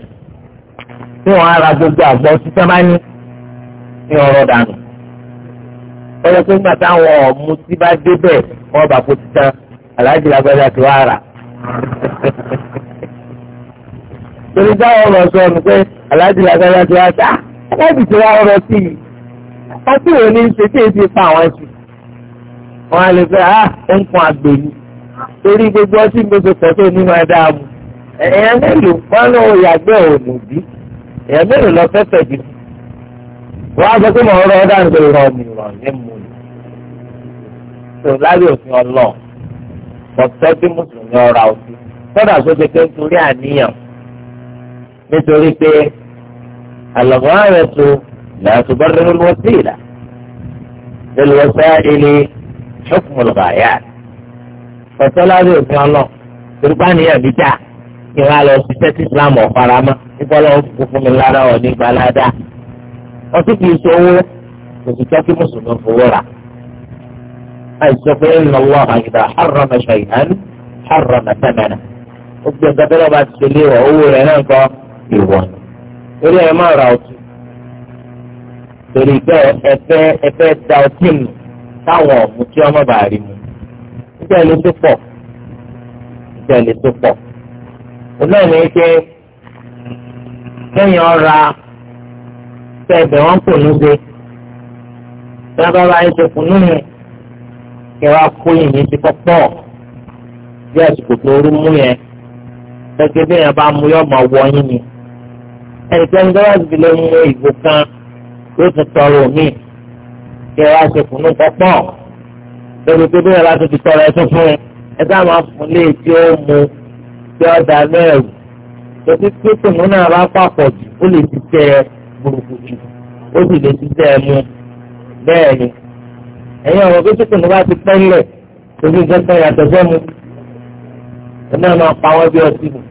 tí wọ́n á ra gbogbo àgbọ̀ títí wọ́n bá ní ní ọ̀rọ̀ dànù. wọ́n yẹ pé nígbà táwọn ọ̀mú tí bá débẹ̀ wọ́n bá kó tán aláàjì lágbájá ti wá rà. torí táwọn ọ̀rọ̀ sọ ọ́nù pé aláàjì lágbájá ti wá sá aláàjì ti wá ọ̀rọ̀ sí i. ọtí wo ni ṣe tí èsì pa àwọn ẹ̀sìn. wọ́n á lè fẹ́ ah ó ń pọn àgbè ni torí gbogbo ọtí gbèsè pọ̀ tó ní máa dáa mu. ẹ̀yàn mélòó wọn náà yàgbẹ́ òòlù bí ẹ̀yàn mélòó lọ fẹ́ wọ́n á sọ pé mọ̀ ọ́rọ́ ọ̀dà nítorí rọ mi rọ̀ ní mu ni. tó lábẹ́ òfin ọlọ́ ọ̀tọ́ tí mùsùlùmí ọ̀rà òfin tọ́dà sóde pé nítorí àníyàn nítorí pé àlọ́mọ́ rẹ̀ tó làásù bá rẹ̀ lọ́wọ́ sí ìlà lọ́wọ́sá ilé ṣọ́kùnmọ̀lọ́bà yá. ọ̀tọ́ lábẹ́ òfin ọlọ́ torí àníyàn mi dà kí wọ́n á lọ sí tẹ́tí Islam ọ̀farama nípa ọlọ́wọ́ fún mi lára ọ̀ nígbà ládàá ọtí kìí ṣòwò kò sì tọ́ kí mùsùlùmí fowó rà. láì sọ pé inna Allaha idha harrama shay'an harrama thamana. ó gbé nǹkan tó lọ́ba ti ṣẹlẹ̀ wọ̀ owó rẹ̀ náà kọ́ ìwọ̀ ni. torí ẹ máa ra ọtí. torí pé ẹfẹ́ ẹfẹ́ da ọtí mi táwọn ọ̀mù tí ọmọ bá rí mu. nígbà ilé tó pọ̀ nígbà ilé tó pọ̀. òun náà ní tẹ ẹbẹ wọn kò ní ṣe tẹ bá bá yín ṣe fún nínú kẹ wá kó yìnyín ti pọpọ bí àsìkò tó rú mú yẹn gẹ́gẹ́ bí èèyàn bá mú yọ ọmọ wọ yín ni ẹnikẹ́ni tó wá síbi lè mú ìgò kan yóò tún tọrọ mí kẹ wá ṣe fún nínú pọpọ lórí pé bí èèyàn bá tọrọ ẹtún fún ẹ ẹ sáà máa fún lé tí ó mu tí ó dá mẹ́rin tòtí pé tòun náà bá pàpọ̀ jù ó lè ti tẹ ẹ gbùrùgbùrù ó sì lè ṣiṣẹ́ ẹ mú bẹ́ẹ̀ ni ẹ̀yin àwọn ọ̀gbẹ́ tó kùnú bá ti pẹ́ ńlẹ̀ ojú ìjọba yàtọ̀ sẹ́mu ẹ náà máa pa wọ́n bí ọtí mu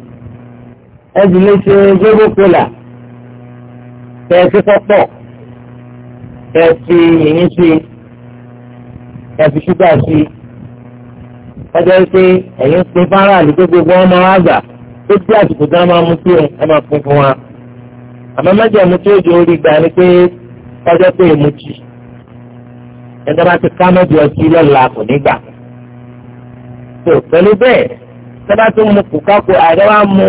ẹ sì lè ṣe gbogbo kọlà kẹ ẹ ti kọ́pọ̀ kẹ ẹ fi yìnyín sí kẹ ẹ fi ṣúgà sí ọjọ́ pé ẹ̀yin pín fáráàlú pé gbogbo ọmọ wa gbà tó tí àsìkò tí máa mú sí ẹ máa pín fún wa àmọ́ májẹ̀mú tí ó jẹ́ orí gbà ni pé ọjọ́ pé èmu jì ẹ̀dá bá ti ká mẹ́jọ sí lọ́la kò ní gbà. tó pẹ̀lú bẹ́ẹ̀ sábà tó mu kùkákù àìdá wa mu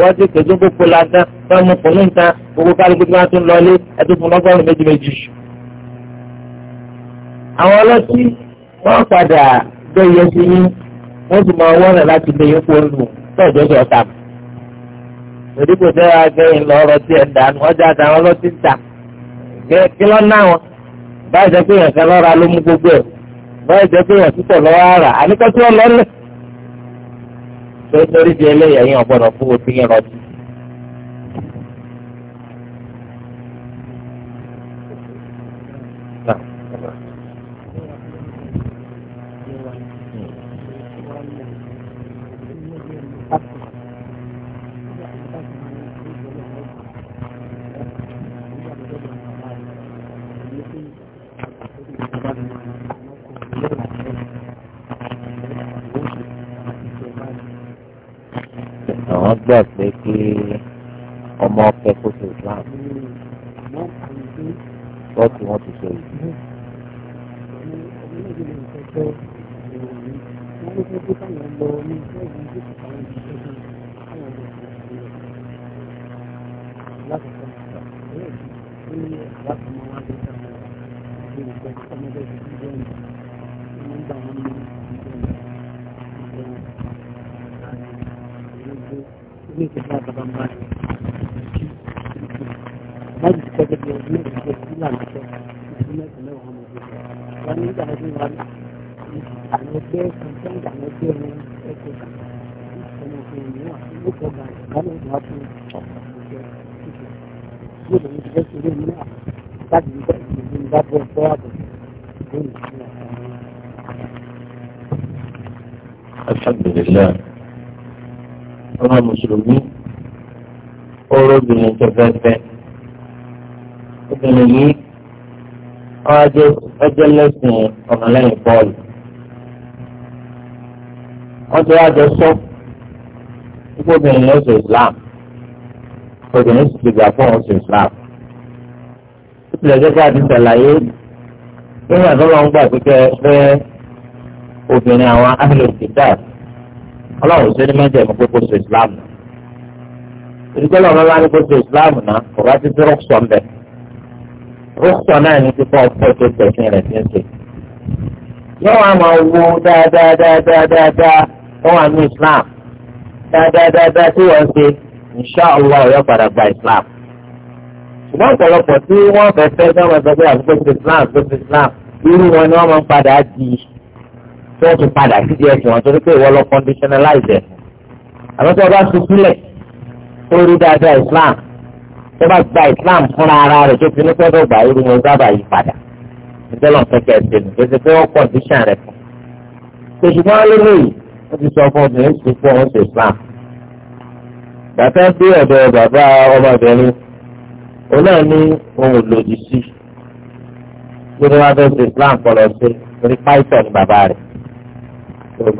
wọ́n ti kẹ̀jú gbogbo la tán wọ́n mu kùnú nǹkan gbogbo kálukú tí wọ́n tún lọ lé ẹtú fún lọ́gọ́rùn-ún méjì méjì. àwọn ọlọ́tí wọ́n padà bẹ́ẹ̀ yẹ sí yín wọ́n sì máa wọ́n rẹ̀ láti lè yín kó lù tó ìjọ́sọ̀ ọ̀tá mi. òdìbò tẹ wá gẹyìn lọrọ tí ẹ dànù ọjà àtàwọn ọlọtí ń tà kí lọ ná wọn báyìí jẹ pé yẹn kan lọ́ra ló gbogbo ẹ báyìí pé ara àníkọ́ tí di eléyìí ẹ̀yìn ọ̀gbọ́dọ̀ fún oṣù yẹn ọmọ ọfẹ kó ṣe Islam bọ́ọ̀tù wọn ti wá jẹ́ ọjọ́ lẹ́sìn ọmọlẹ́yìn bọ́ọ̀lù. wọ́n ti wá jọ sọ púpọ̀ obìnrin yẹn sọ Islam obìnrin sì ti gbà fún òun sọ Islam. ó tilẹ̀ jẹ́ ká àdìsẹ̀ láyé nínú àtọ́lọ́ ń gbà pípẹ́ fẹ́ obìnrin àwọn ahlòkìtà ọlọ́run ṣe ní mẹ́jẹ̀mú pé kó sọ Islam. ìdíkọ́ lọ́wọ́ bá ní kó sọ Islam náà kò bá ti dúró sọ̀mbẹ́ rúkọ náà ní kíkọ́ ọ̀pọ̀ tó tẹ̀sìn rẹ̀ ti ń ṣe. yóò wá máa wo dáadáadáadáa wọn wà ní Islam dáadáadáa tí wọ́n ṣe insha Allah ọ̀yọ́ padà gba Islam. ṣùgbọ́n ọ̀pọ̀lọpọ̀ tí wọ́n fẹ́ fẹ́ sọ́wọ́n sọ àbúkọ́ ti Islam tó Islam irú wọn ni wọ́n máa ń padà di tí wọ́n tún padà sí díẹ̀ tí wọ́n torí pé ìwọ lọ conditionalize ẹ̀. àbẹ́tẹ̀ ọba sùn sílẹ̀ tó rí dáadáa Islam tó bá gba islam fúnra ara rẹ̀ tó ti ní pẹ́ dọ̀gba irú wọn sábà yí padà ìtọ́lọ̀ kẹ̀kẹ́ ẹ̀sẹ̀ nù kí ẹ ti pé wọ́n kọ̀ǹdíṣàn rẹ̀ fún. tòṣùpọ̀ lélẹ́yìí wọ́n ti sọ fún obìnrin tó fún ọ̀hún sí islam. bàtà bí ọ̀dọ̀ bàbá ọmọbìnrin òun náà ní ohun lòdì sí kí ni wọ́n fẹ́ sí islam kọlọ̀ sí orí pàìtọ́ bàbá rẹ̀.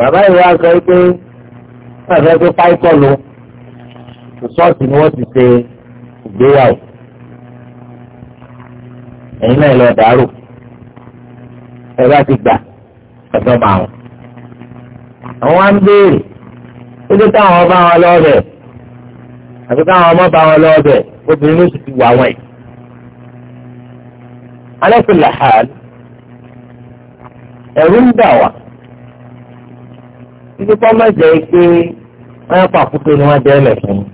bàbá ìwà sọ pé wọ́n fẹ́ pé pàìtọ́ lo sọ́ọ̀tì ni wọ́n ti ṣe gbéyàwó ẹ̀yin náà lọ dàrú ẹ bá ti gbà ẹ̀fọ́ bá wọn. àwọn wá ń béèrè ó dé táwọn ọba wọn lọ́ọ̀bẹ̀ àti táwọn ọmọ bá wọn lọ́ọ̀bẹ̀ obìnrin ló sì ti wà wọ̀nyí. alẹ́kùn làhàl ẹ̀rú ń dà wá títí pọ́nmẹ́jẹ̀ pé wọ́n yẹ pàkúté ni wọ́n jẹ́ ẹlẹ́fún yìí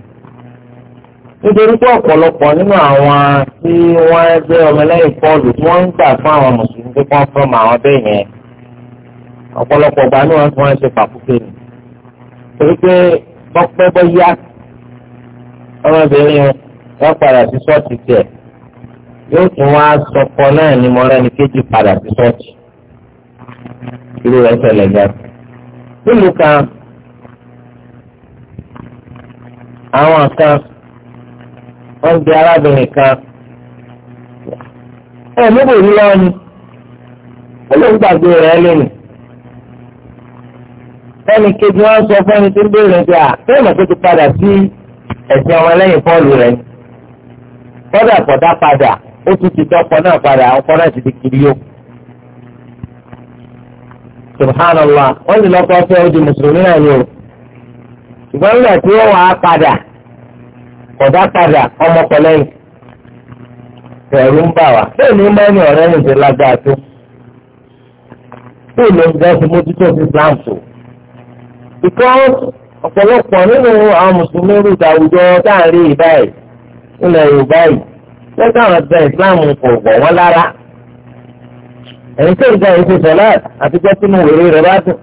nítorí pé ọ̀pọ̀lọpọ̀ nínú àwọn tí wọ́n jẹ́ ọmọlẹ́yìn pọ́ọ̀lù tí wọ́n ń gbà fún àwọn mùsùlùmí pé wọ́n fọ́ọ̀mù àwọn bẹ́ẹ̀ yẹn ọ̀pọ̀lọpọ̀ gba ní wọn fún wọn ṣe pàkúté nù torí pé bọ́pẹ́ bọ́ yá ọmọbìnrin wọn padà sí ṣọ́ọ̀ṣì tiẹ̀ yóò tún wá sọpọ̀ náà ní mọ́rẹ́ni kejì padà sí ṣọ́ọ̀ṣì irú rẹ̀ ṣẹlẹ̀ gan. wọ́n bí arábìnrin kan ẹ níbo rí lọ́wọ́ ni ó ló ń gbàgbé rẹ̀ lónìí ẹnì kejì wọn sọ tó ń tó ti padà sí ẹ̀sìn ọmọ ẹlẹ́yìn ọkọ náà ti di subhanallah wọ́n ti lọ́kọ́ fẹ́ mùsùlùmí náà ni o ṣùgbọ́n nígbà tí wọ́n wà ọ̀dá padà ọmọ pẹ̀lẹ́yìn ẹ̀rù ń bà wá bẹ́ẹ̀ ni mọ́ni ọ̀rẹ́ yìí ti lágbára tó bẹ́ẹ̀ ló ń gbọ́ sí mójútó sí Islam tó because ọ̀pọ̀lọpọ̀ nínú àwọn mùsùlùmí rúdà àwùjọ táàrin ìbáyìí nílẹ̀ Yorùbá yìí lẹ́gbẹ́ àwọn ọ̀dọ́ Islam kò gbọ̀ wọ́n lára ẹ̀yin tó ń gba èyí ti sọ̀lá àti jẹ́ sínú wèrè rẹ̀ bá dùn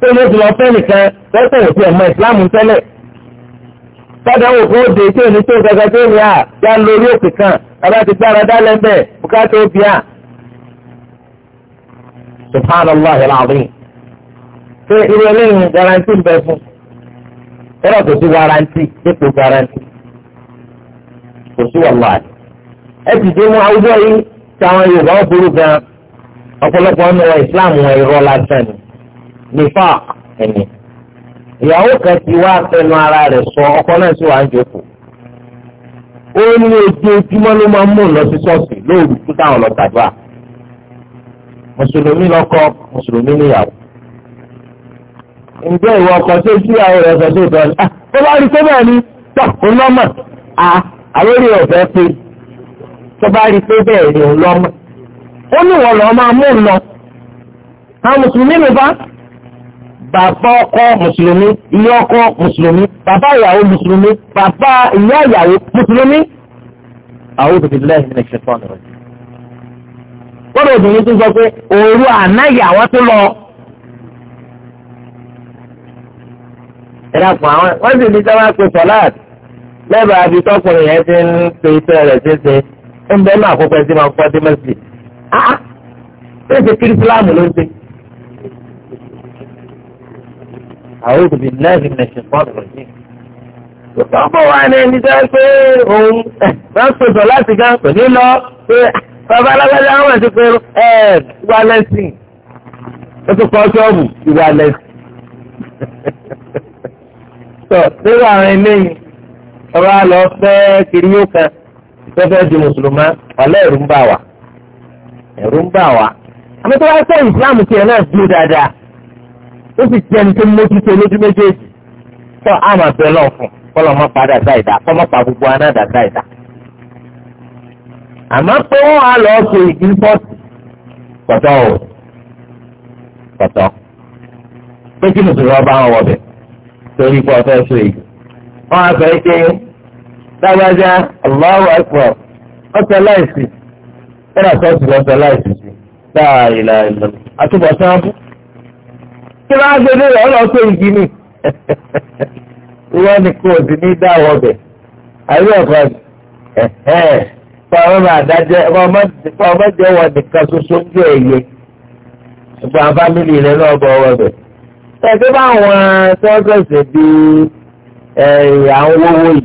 tó ló ti lọ fẹ́ nìkan Islam tẹ́lẹ̀ tọ́jà wò fún òde tí òní tó gẹ́gẹ́ tó ní à yá lórí òkè kan bàbá ti gbára dálẹ́ bẹ́ẹ̀ bùkátà ó bíà. subhanallah alazim ṣé irú eléyìí garanti ń bẹ fún ẹ̀rọ kò sí garanti dípò garanti kò sí wàlúwà ẹ ti dé mú àwùjọ yìí táwọn yorùbá ó burú gan ọ̀pọ̀lọpọ̀ ọmọ ìsìláàmù ẹ̀rọ lásán ni nífà ẹ̀yìn ìyàwó kan ti wá fẹnu ara rẹ̀ sọ ọkọ náà sì wà ń jókòó ó ní ojoojúmọ́ ló máa ń mú lọ sí ṣọ́ọ̀ṣì lóòrù tó dáhùn lọ tàdúrà mùsùlùmí lọ́kọ mùsùlùmí níyàwó ǹjẹ́ ìwọ ọkọ tó sí ìyàwó rẹ̀ sọ sí ìtọ́ ni ah, ó bá rí pé bẹ́ẹ̀ ni tọ́ òun lọ́mọ̀ à ah, àwérí ọ̀fẹ́ pé tó bá rí pé bẹ́ẹ̀ ni òun lọ́mọ̀ ó ní ìwọ lọ́ọ́ máa mú lọ àwọn mùsùlùmí bàbá ọkọ mùsùlùmí ilé ọkọ mùsùlùmí bàbá ìyàwó mùsùlùmí bàbá ìyá ìyàwó mùsùlùmí. àwọn òbí lẹ́yìn ní ẹ̀ṣẹ̀ fọ́ọ̀nù rẹ̀. wọ́n lọ obìnrin tó sọ pé òru àná ìyàwó tó lọ. ẹ̀rọ àpò àwọn wọ́n sì ní sábà pé sọ́láàtì lẹ́bàá àbí tọkùnrin yẹn ti ń pe iṣẹ́ rẹ̀ ṣeéṣe ń bẹ́ẹ̀ máa kópa ẹ̀sìn máa kọ́ dé mẹ́sì. ah ṣé ìṣe kírísílámù ló ń àwọn òbí lẹ́yìn ní ṣe fọ́ọ̀nù rẹ̀ Tọ́pọ̀ wa ni ẹni tó ń pé òun eh, bá sọ̀tọ̀ láti gan pè ní lọ pé ah, bàbá alágbádá wọn ti pé ẹ eh, ìwà lẹ́sìn. Ó tún kọ́ ṣọ́ọ̀bù ìwà lẹ́sìn. Sọ [LAUGHS] nínú àwọn eléyìí, ọba lọ fẹ́ kiri yóò kan tó di mùsùlùmá, wàlẹ́ ẹ̀rù ń bà wá. Àmì tó wá sẹ́yìn ìsìlámù tiẹ̀ náà dúró dáadáa ó sì jẹ́ ẹni tó mójútó lójú méjèèjì tó àmà bẹ́ẹ̀ lọ fún kọ́lọ̀ mọ́ padà dáìdá kọ́ mọ́ pa gbogbo anáda dáìdá. àmọ́ pé wọ́n á lọ sọ ìgbín pọ́ọ̀tì pọ̀tọ́ o pọ̀tọ́ pé kí mùsùlùmí ọba wọn wọbẹ̀ torí pé ọ̀fẹ́ sọ èyí. wọ́n á sọ pé dábàjá Allahu Akbar ọ̀sẹ̀ láìsí ẹ̀rọ sọ́ọ̀sì lọ́sẹ̀ láìsí sí dáa ìlà ìlọ àtúbọ̀sán kí ló ń gbé lórí ọlọ́ọ̀tọ́ igi ni wọ́n ní kó o ti ní dáwọ́ bẹ̀ àbí ọ̀kan fọwọ́n máa fọwọ́n jẹ́ wọ́n nìkan ṣoṣo ń jẹ́ ẹ̀yẹ ìgbà fámìlì rẹ̀ náà bọ̀ ọwọ́ bẹ̀. ẹ̀sìn báwọn sọ́ọ̀sẹ̀sẹ̀ di àwọn owó yìí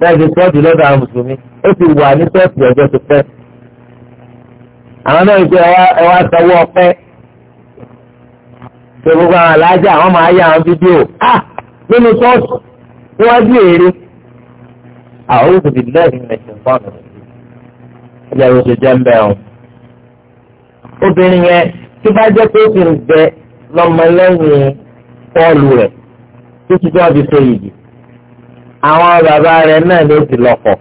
náà ti sọ́ọ̀tì lọ́dọ̀ àwọn mùsùlùmí ó ti wà ní sọ́ọ̀tì ọjọ́ ti pẹ́. àwọn náà ń gbé ẹwà sanwó ọpẹ́ pé gbogbo àwọn alájà àwọn máa yá àwọn fídíò ah nínú sọ́ọ̀sì níwájú èrè àwọn òkùnkùn ti lẹ́yìn ẹ̀sìn fọ́ọ̀nù ẹ̀jẹ̀ ló ṣe jẹ́ ń bẹ̀ ọ́n. obìnrin yẹn tí bá jẹ́ pé ó ti ń bẹ lọ́mọlẹ́yìn pọ́ọ̀lù rẹ̀ tó ti jọ́ fi so yìí àwọn bàbá rẹ̀ náà ló ti lọ́kọ̀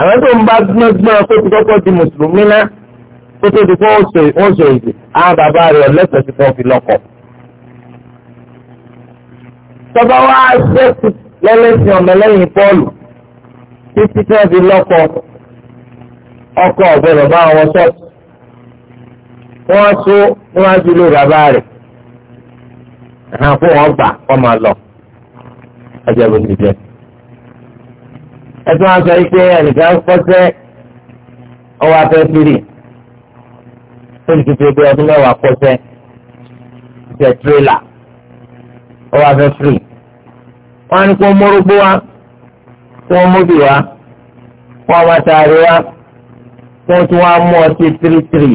àwọn tó ń bá gbọ́ngbọ́n kó ti kọ́kọ́ di mùsùlùmí náà kó tó di pé ó ń sọ èdè àwọn bàbá rẹ̀ ọ̀lẹ́sẹ̀ ti fọ́ fi lọ́kọ̀. tọ́ba wá ṣẹ́kù lẹ́lẹ́sìn ọmọlẹ́yìn bọ́ọ̀lù títí tí wọ́n fi lọ́kọ̀ ọkọ̀ ọ̀gbẹ́rẹ̀ bá wọn ṣọ́ọ̀tù wọ́n sọ níwájú ilé bàbá rẹ̀ àwọn fún wọn gbà kọ́ máa lọ ọjọ́ ìbò ti jẹ. ẹ̀sùn pé ẹnìkan kọ́sẹ́ ọwọ́ afẹ́ fìrì ó sì kékeré bí ọdún mẹ́wàá pọ́sẹ́ ṣe tírélà ó wá fẹ́ firi wọ́n á ní kó mórógbó wa kó móbì wa kó ọmọ àtàrí wa kó tún wá mú ọtí tírítírí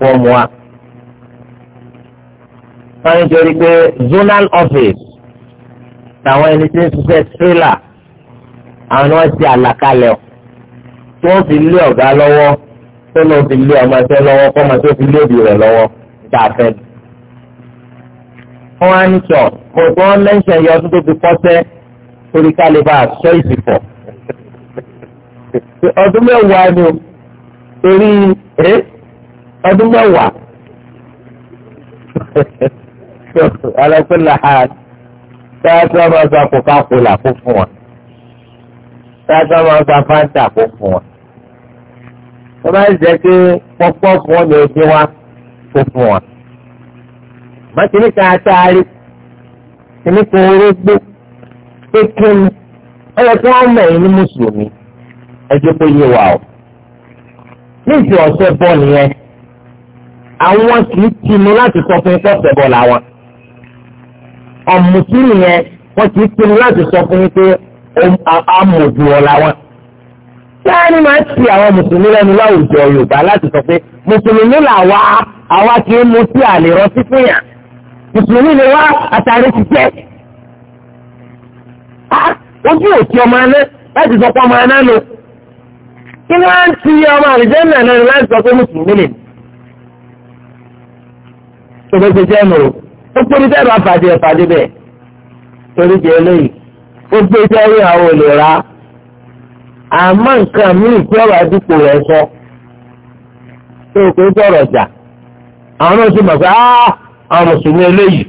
kó mú wa. wọ́n ní torí pé zonal office làwọn ẹni tí ń ṣiṣẹ́ tírélà àwọn ni wọ́n ti àlàkalẹ̀ tí wọ́n fi lé ọ̀gá lọ́wọ́ tọ́lọ́ ti lé ọmọ ẹsẹ̀ lọ́wọ́ kọ́mọ tó fi lóbi rẹ̀ lọ́wọ́ níta fẹ́. wọ́n á ní sọ kò tó wọ́n mẹ́ńsẹ̀ yọ ọdún tó fi kọ́sẹ́ torí ká lè bá aṣọ ìsìnkọ̀. [LAUGHS] ọdún mẹ́wàá ni torí ọdún mẹ́wàá. alẹ́kùn làhà táyàtì ọmọ ọ̀sán kò ká kó là fún wọn táyàtì ọmọ ọ̀sán fáńtà kó fún wọn tó bá jẹ́ pé pọ́pọ́ fún wọn lè dín tó fún wọn. bàtìní kan àtàrí kìíní kan orógbó pé kí ni ó yẹ kí wọ́n ní mùsùlùmí ẹjọ́ pé yé wa o. ní ìsìn ọ̀sẹ̀ bọ́ nìyẹn àwọn kì í tinú láti sọ fún ikú ọ̀sẹ̀ làwọn. ọ̀mùsùlùmí yẹn wọ́n kì í tinú láti sọ fún ikú amòjù ọ̀ sáàni máa ń ti àwọn mùsùlùmí lẹ́nu láwùjọ yorùbá láti sọ pé mùsùlùmí là wá àwa kì í mu sí àlè rọtí fún yàn mùsùlùmí ni wá àtàrí ti jẹ́. ojú òkè ọmọ aná láti sọ pé ọmọ aná lò kí ni wọ́n ti ọmọ àlùjẹ́nà náà láti sọ pé mùsùlùmí lè. tòbó ti jẹ́ mòrò ó torí bẹ́ẹ̀ bá fàdé ẹ̀ fàdé bẹ́ẹ̀ torí jẹ́ eléyìí ó gbé jẹ́rí àwọn olè rà á àmọ́ nǹkan míì tí ọ̀rọ̀ àdúgbò rẹ̀ sọ tó o pé sọ̀rọ̀ ọ̀jà àwọn náà sì mọ̀ pé ah, àwọn mùsùlùmí eléyìí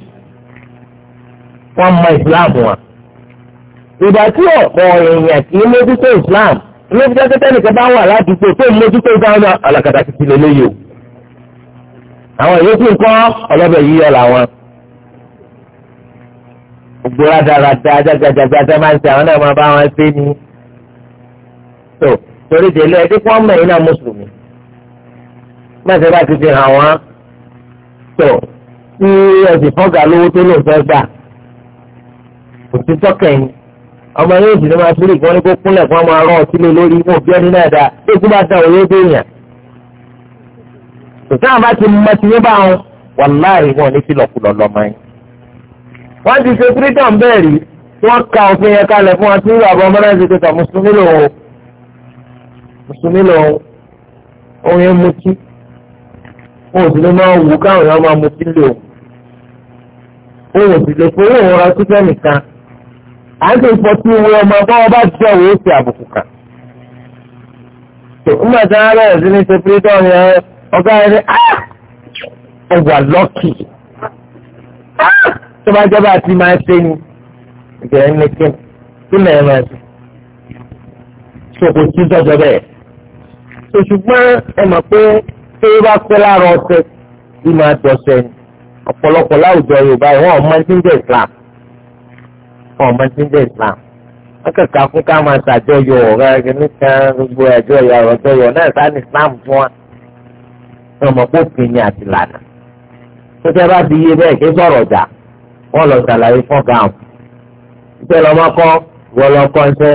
wọ́n mọ ìsìláàmù wọn. ìgbà tí ọ̀pọ̀ èèyàn kì í mójútó ìsìláàmù ilé ìfẹ́ kẹ́kẹ́ nìkan bá wà ládùúgbò tó mójútó ìsìláàmù alàkàtà ti ti lélẹ́yìí o. àwọn ìyókù nǹkan ọlọ́bẹ̀ yíyọ làwọn. gbogbo rádaràda jágajàgba máa ń ṣe àwọn náà máa bá wọn ṣe ni tó torí délé ẹdí kó ọmọ yìí náà mùsùlùmí mẹsẹ bá ti fi hàn wọn tó tí ẹsìn fọgà lówó tó lò fẹ́ gbà òtítọ́ kẹ́yìn ọmọ yóò sì ní máa sórí ìkànnì kó kúnlẹ̀ fún ọmọ arọ ọtí lé lórí wọn òbí ẹni náà dáa tó kú bá ta òye dé yàn tòtí àwọn bá ti mọ ti yín bá wọn wàláì wọn ní tìlọ̀kulọ̀ lọ́mọ yín wọ́n ti ṣe freedom bẹ́ẹ̀ rí wọ́n ka òfin yẹn kalẹ̀ fún wọn tí wọ́n àbọ̀ ọmọ náà ṣe tó ta mùsùlùmí lòun mùsùlùmí lọ òun yẹn mutí òun sì lè máa wù káwọn èèyàn máa mutí lé òun òun sì lè fowó òun ra síbẹ̀ nìkan à ń tẹ̀sí fọtí wo ọmọ báwọn bá jẹ́ òun ó ti àbùkù kà tó nígbà tí wọ́n bẹ̀rẹ̀ sí ní ṣe freedom yẹn ọ̀gá yẹn ní ah! ẹ wà lọ́kì ah! tó bá jẹ́ bá ti máa ṣe ni ìgbẹ́ ẹ̀ kí ni kí ni ẹ̀ máa ṣe so kò sí bẹ́ẹ̀ ṣùgbọ́n ẹ mọ̀ pé tó bá pẹ́ lára ọ̀sẹ̀ bí máa dọ̀sẹ̀ ọ̀pọ̀lọpọ̀ láwùjọ Yorùbá wọn ò máa ń dín jẹ́ Islam wọn ò máa ń dín jẹ́ Islam wọn kẹ̀kẹ́ fún ká máa ṣàjọyọ̀ ọ̀rẹ́ ẹni nìkan gbogbo ẹ̀jọ̀ ìyá ọ̀jọ̀ yọ̀ náà sáà ní Islam fún wa wọn mọ̀ pé òfin ni àti lànà tó tẹ́ bá ti yé bẹ́ẹ̀ kí sọ̀rọ̀ jà wọ́n lọ ṣàlàyé fún gàùn ìṣẹ́ lọ́mọ́kọ́ wọ́n lọ kọ́ iṣẹ́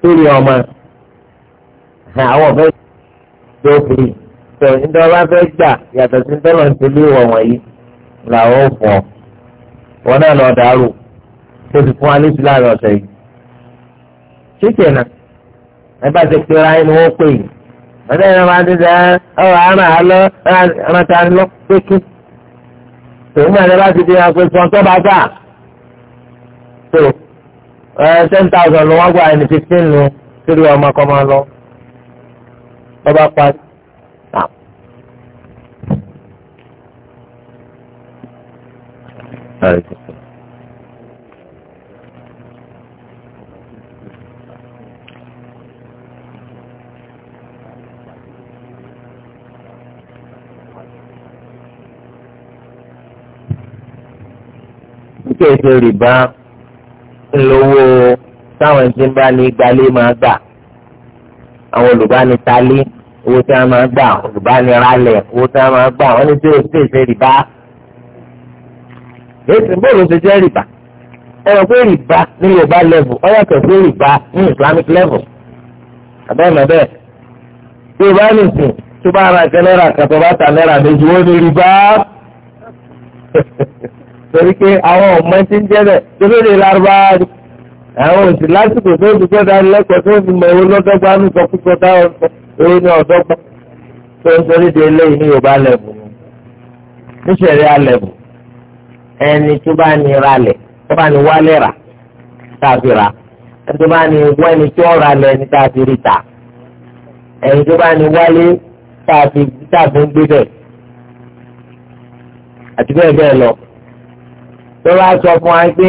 tó ọmọ àwọn ọ̀fẹ́ tó fi tó ìdọ́wà fẹ́ gbà yàtọ̀ sí tọ́lọ̀ ń tẹ̀lé ìwọ̀ wọ̀nyí làwọn ò fọ́ wọn náà lọ dàrú tó fi fún alẹ́ sí láàrin ọ̀sẹ̀ yìí. ṣíkẹ̀ náà ẹ bá ti pera ẹni wọ́n pè yìí wọ́n náà máa ti sẹ́ ọ̀rọ̀ àrùn àlọ́ rántà lọ pékin. tòun náà ẹ ti di àpè gbà tó ten thousand gbà ẹni fifteen kí ló ọmọ ọba parí. nítorí èso rìbá ńlọ́wọ́ táwọn ẹni tí ń bá ní gbalé máa gbà àwọn olùbánitalé. owó tí a máa gbà olùbánirálẹ̀ owó tí a máa gbà wọ́n ní tí o sì ṣe rìbá. èsì bóòlù ṣe jẹ́ rìbá ẹ̀rọ pé rìbá ní yorùbá level ó yàtọ̀ sí rìbá ní islamic level. àbẹ́ẹ̀ tí o bá ní sìn tó bá ra ìkẹ́ náírà kan bá ta náírà méjì wọ́n ní rìbá. [LAUGHS] torí pé àwọn eré ní ọ̀dọ́gbọ̀n tó ń torí de eléyìí ní yorùbá lẹ́bù níṣẹ̀rí alẹ́bù ẹni tó bá ní ra lẹ̀ tó bá ní wálé rà tàbí rà ẹni tó bá ní wọ́n ẹni tó ra lẹ̀ ní tàbí rí ta ẹni tó bá ní wálé tàbí tàbí ń gbé bẹ̀ àti bẹ́ẹ̀ bẹ́ẹ̀ lọ tó bá sọ fún wa pé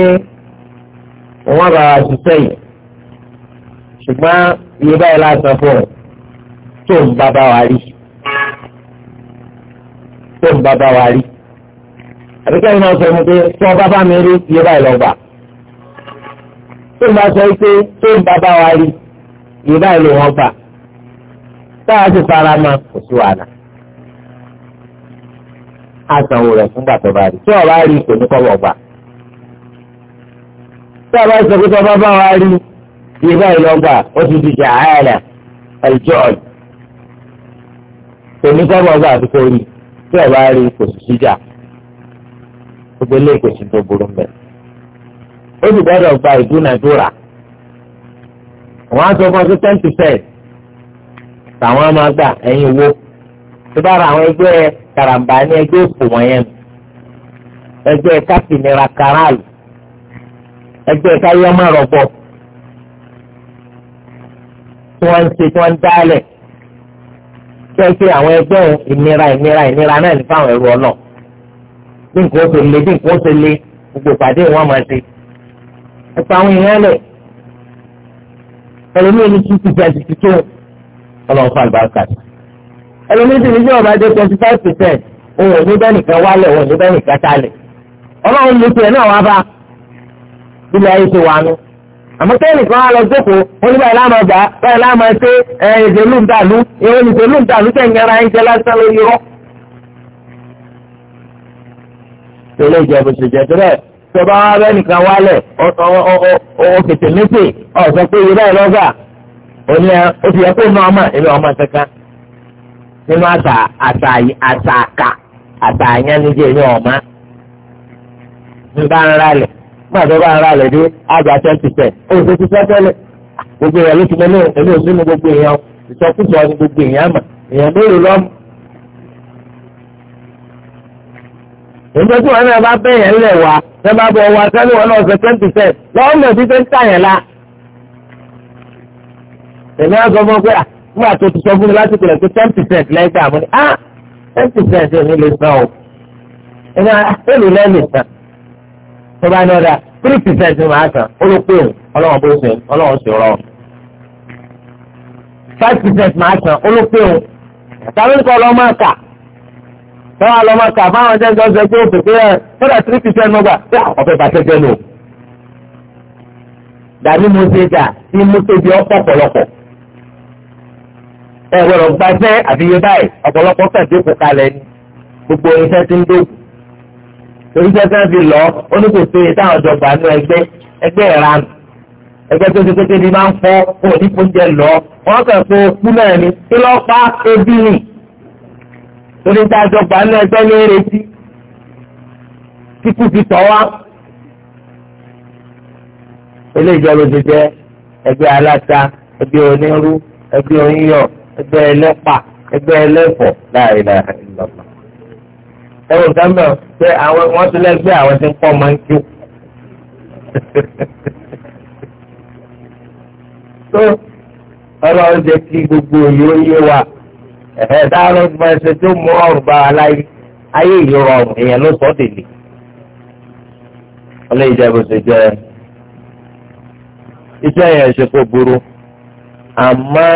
wọ́n bá wa ṣiṣẹ́ yìí ṣùgbọ́n iye báyìí láti sọ fún ọ tó ń bá bá wa rí tó ń bá bá wa rí àbíkẹ́ yìí náà sọ fún pé tí wọ́n bá bá mi rí iye báyìí lọ́gbà tó ń bá sọ pé tó ń bá bá wa rí iye báyìí ló wọ́n gbà táwa sì fara mọ́ kò sí wàhálà àsanwó rẹ̀ fúngbà bá rí tí ọba rí kò ní kọ́ wọ̀ gbà tí ọba sọ pé tí ọba bá wa rí iye báyìí lọ́gbà ó ti di jàhálà ẹ̀jọ́ọ̀dù kò ní kọ́ bọ́ọ̀bù àti kò rí tí ọba rí kò sí síjà gbogbo ilé kò sí tó burú mbẹ. ó sì gbọ́dọ̀ gba ìdúnadúrà wọ́n á sọ fún ọdún ten percent làwọn á máa gbà ẹ̀yìn owó tó bá ra àwọn ẹgbẹ́ karambà ní ẹgbẹ́ òkú wọ̀nyẹn ẹgbẹ́ kápìnira karaal ẹgbẹ́ káyọ́mọ̀rọ̀bọ tí wọ́n ń ṣe tí wọ́n ń dálẹ̀ bẹ́ẹ̀ pé àwọn ẹgbẹ́ ìnira ìnira ìnira náà ní fáwọn ẹrú ọlọ́ bí nǹkan ó ṣe le bí nǹkan ó ṣe le gbogbo ìpàdé wọn máa ṣe ẹ̀pọ̀ àwọn èèyàn lẹ̀ ẹlòmíì ní two percent ti tó ọlọ́run fún àlùbáríkà ẹlòmíì sì ní bí ọba dé twenty five percent òun ò ní bẹ́ẹ̀ nìkan wálẹ̀ òun ò ní bẹ́ẹ̀ nìkan sálẹ̀ ọlọ́run lè tiẹ̀ náà wá bá ilé ayé ṣe wà nù àmọ́ tẹ́lẹ̀ kan á lọ jókòó wọ́n ní báyìí láàmú ọjà báyìí láàmú ẹsẹ̀ ẹ̀ ìdèlú ńdàlú ìwọ́n ìdèlú ńdàlú tẹ̀yẹ́ra ẹ̀ ń jẹ́ lásán lórí rọ́. tẹ́lẹ̀ ìjẹ́bù ṣèjẹ́ tẹ́lẹ̀ tọba abẹ́ nìkan wálẹ̀ ọ̀kẹ̀tẹ̀ méjì ọ̀sán pé irú ẹ̀ lọ́gà òní ẹ̀ ó ti yẹ kó nu ọmọ ẹ̀mí ọmọ kankan nínú àṣà àṣà àṣà àkà àṣà àyànnijẹ́ ẹ̀mí ọmọ ń bá ń gbàdúrà ara rẹ̀ dé àgbà ten percent oṣù ti sọ tẹ́lẹ̀ gbogbo èèyàn ló ti lọ ẹni òsín ní gbogbo èèyàn ìsọkúsọ ní gbogbo èèyàn mà èèyàn mélòó lọ́mù. ìjọba wọn náà bá bẹ yẹn lẹ wá ṣé bá bọ wá sani wọn náà ṣe ten percent lọ́wọ́ mọ̀ sí ṣe ń tà yẹn la. èmi á sọ fún pé à nígbà tó ti sọ fún mi láti pèlè pé ten percent lẹ́gbàá mo ní ah ten percent èmi lè san o. ẹ̀ka èlò lẹ́nu ìtàn tó bá ní ọ̀dà three percent ní màá san ó ló pé òun ọlọ́wọ́n bó ṣe ọlọ́wọ́n ṣe rọ five percent màá san ó ló pé òun tàbí nǹkan ọlọ́mọ àkà tọ́wọ́ ọlọ́mọ àkà fáwọn ẹ̀jẹ̀ ń sọ pé òfin pé ẹ̀ tọ́lá three percent mọ́gbà pé ọ̀fẹ́ bàtẹ́ jẹ́ nù. dàbí mo ṣe dà bí mo ṣe di ọ̀pọ̀ ọ̀pọ̀lọpọ̀ ẹ̀ gbọ́dọ̀ gbaṣẹ́ àfiyé báyìí ọ̀pọ̀lọpọ̀ fẹ̀ dé kò kalẹ̀ ni gbogbo irinṣẹ́ ti ń dógùn torí sẹ́sẹ́ fi lọ ó ní kò sí táwọn jọgbà ní ẹgbẹ́ ẹgbẹ́ ìran ẹgbẹ́ tó ti pété ní máa ń fọ́ ó ní kó jẹ lọ wọ́n kàn fún okú náà ni kí lọ́ pa ebi nì torí táwọn jọgbà ní ẹgbẹ́ ní retí kíkú fi tọ́ wá eléjọ́ ló ti jẹ́ ẹgbẹ́ aláta ẹgbẹ́ onírú ẹgbẹ́ oníyọ̀ ẹgbẹ́ ẹlẹ́pà ẹgbẹ́ ẹlẹ́fọ̀ la ilaha ẹ̀wọ̀n kan mọ̀ pé àwọn wọ́n ti lẹ́gbẹ́ àwọn ti ń pọ̀ máa ń kí. tó ọlọ́run jẹ́ kí gbogbo òye yé wa ẹ̀ẹ́ dáhùn ọgbọ́n ẹsẹ̀ tó mú ọrùn bá wa láyé ayé ìyọrọ ọrùn èèyàn ló sọ délé. ọlọ́run jẹ́ bó ṣe jẹ́ iṣẹ́ yẹn ṣe kó burú àmọ́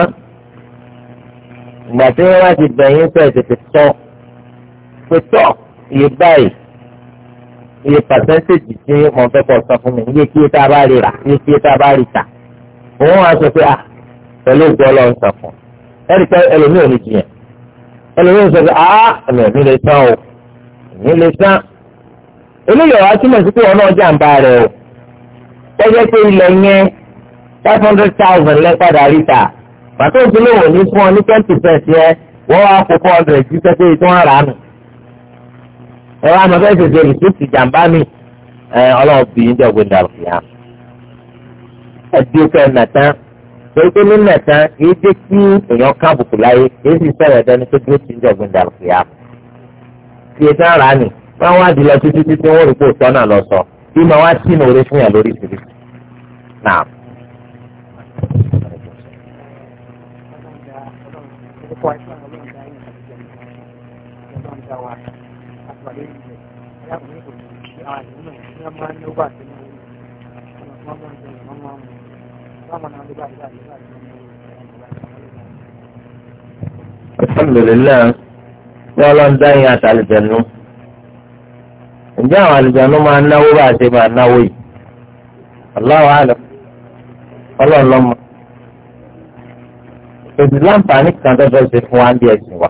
ìgbà tí wọ́n bá ti bẹ̀yìn pẹ̀ tètè tọ́ pé tọ́ iye báyìí iye pàṣẹ́ntéèjì tí mo fẹ́ kọ́ sọ fún mi iye kí tá a bá rí rà iye kí tá a bá rí tà òun wá sọ pé à pẹ̀lú ìgbọ́ ọlọ́run sọ fún ẹnì pé ẹlòmíràn ní jiyàn ẹlòmíràn sọ pé à ẹlòmíràn lè tán o ẹlòmíràn lè tán eléyìí ọ̀rọ̀ àti mọ̀sí pé ọ̀nà ọjà ń bá rẹ̀ o tọ́jọ́ pé ilẹ̀ yẹn five hundred thousand lẹ́pàdà rí tà pàtó ìdílé òní fún ọ ní twenty percent yẹn wọ́n wá kó four hundred jí sẹ́kẹ́ tí wọ́n nù ẹ wá máa fẹ́ ṣètò rìsíìtì jàǹbá mi ẹ ọlọ́run bí yín jọ̀gbìn dàrú fìyà. ẹ di o fẹ́ nàtán torí pé ní nàtán kìí dé kí èèyàn kábùkù láyé kìí sì sọ̀rọ̀ ẹ̀dá ní pé bí ó ti ń jọ̀gbìn dàrú fìyà. kì í sára nì wọ́n wá di lọ títí títí wọ́n rí pé òótọ́ náà lọ sọ bí màá wá sí ìnáwó rẹ fún yà lórí ìṣèlú. náà. wọ́n máa ń ní ọgbà tí wọ́n máa ń jẹ wọ́n máa ń mú báwọn náà ló bá ìgbà ìgbà tí alhamdulilayi ní ọlọ́ndá yín àtàlùjẹ̀nu ǹjẹ́ àwọn àlùjẹ̀nu máa ń náwó bá a ṣe máa náwó yìí aláwọ̀ àlọ́ ọlọ́ọ̀lọ́mọ òsì láǹfààní kan tó fẹ́ ṣe fún wa ń bí ẹ̀sìn wa.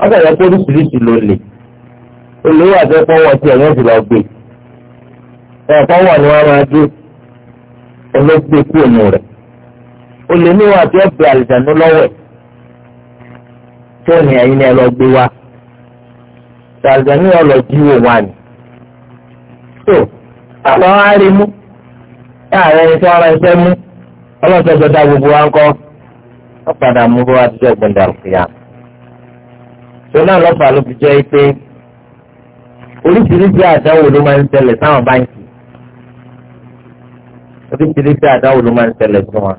wọ́n bẹ̀rẹ̀ pé oríṣiríṣi ló lè olówó àtẹ́kọ́ wọ̀ tí ẹ̀yìn ti lọ gbé ẹ̀kọ́ wọ̀ ni wọ́n máa gbé olóògbé kú òmù rẹ̀ olè níwọ̀ àti ọ̀bẹ àlìjánu lọ́wọ́ ẹ̀ tí ò ní ẹ̀yìn ni ẹ lọ gbé wa àlìjánu yọ lọ jí wò wá ni tó àwọn arímú láàrin ẹni tí wọ́n máa ń mú ọlọ́sọ̀ọ́sọ̀ gbogbo wa ń kọ́ ọ̀padà mú bó wa ti jẹ́ gbọ̀ndà òkè yàrá tó náà lọ́pàá ló fi jẹ́ pé oríṣiríṣi àdáwò ló máa ń ṣẹlẹ̀ sáwọn báńkì oríṣiríṣi àdáwò ló máa ń ṣẹlẹ̀ sí wọn.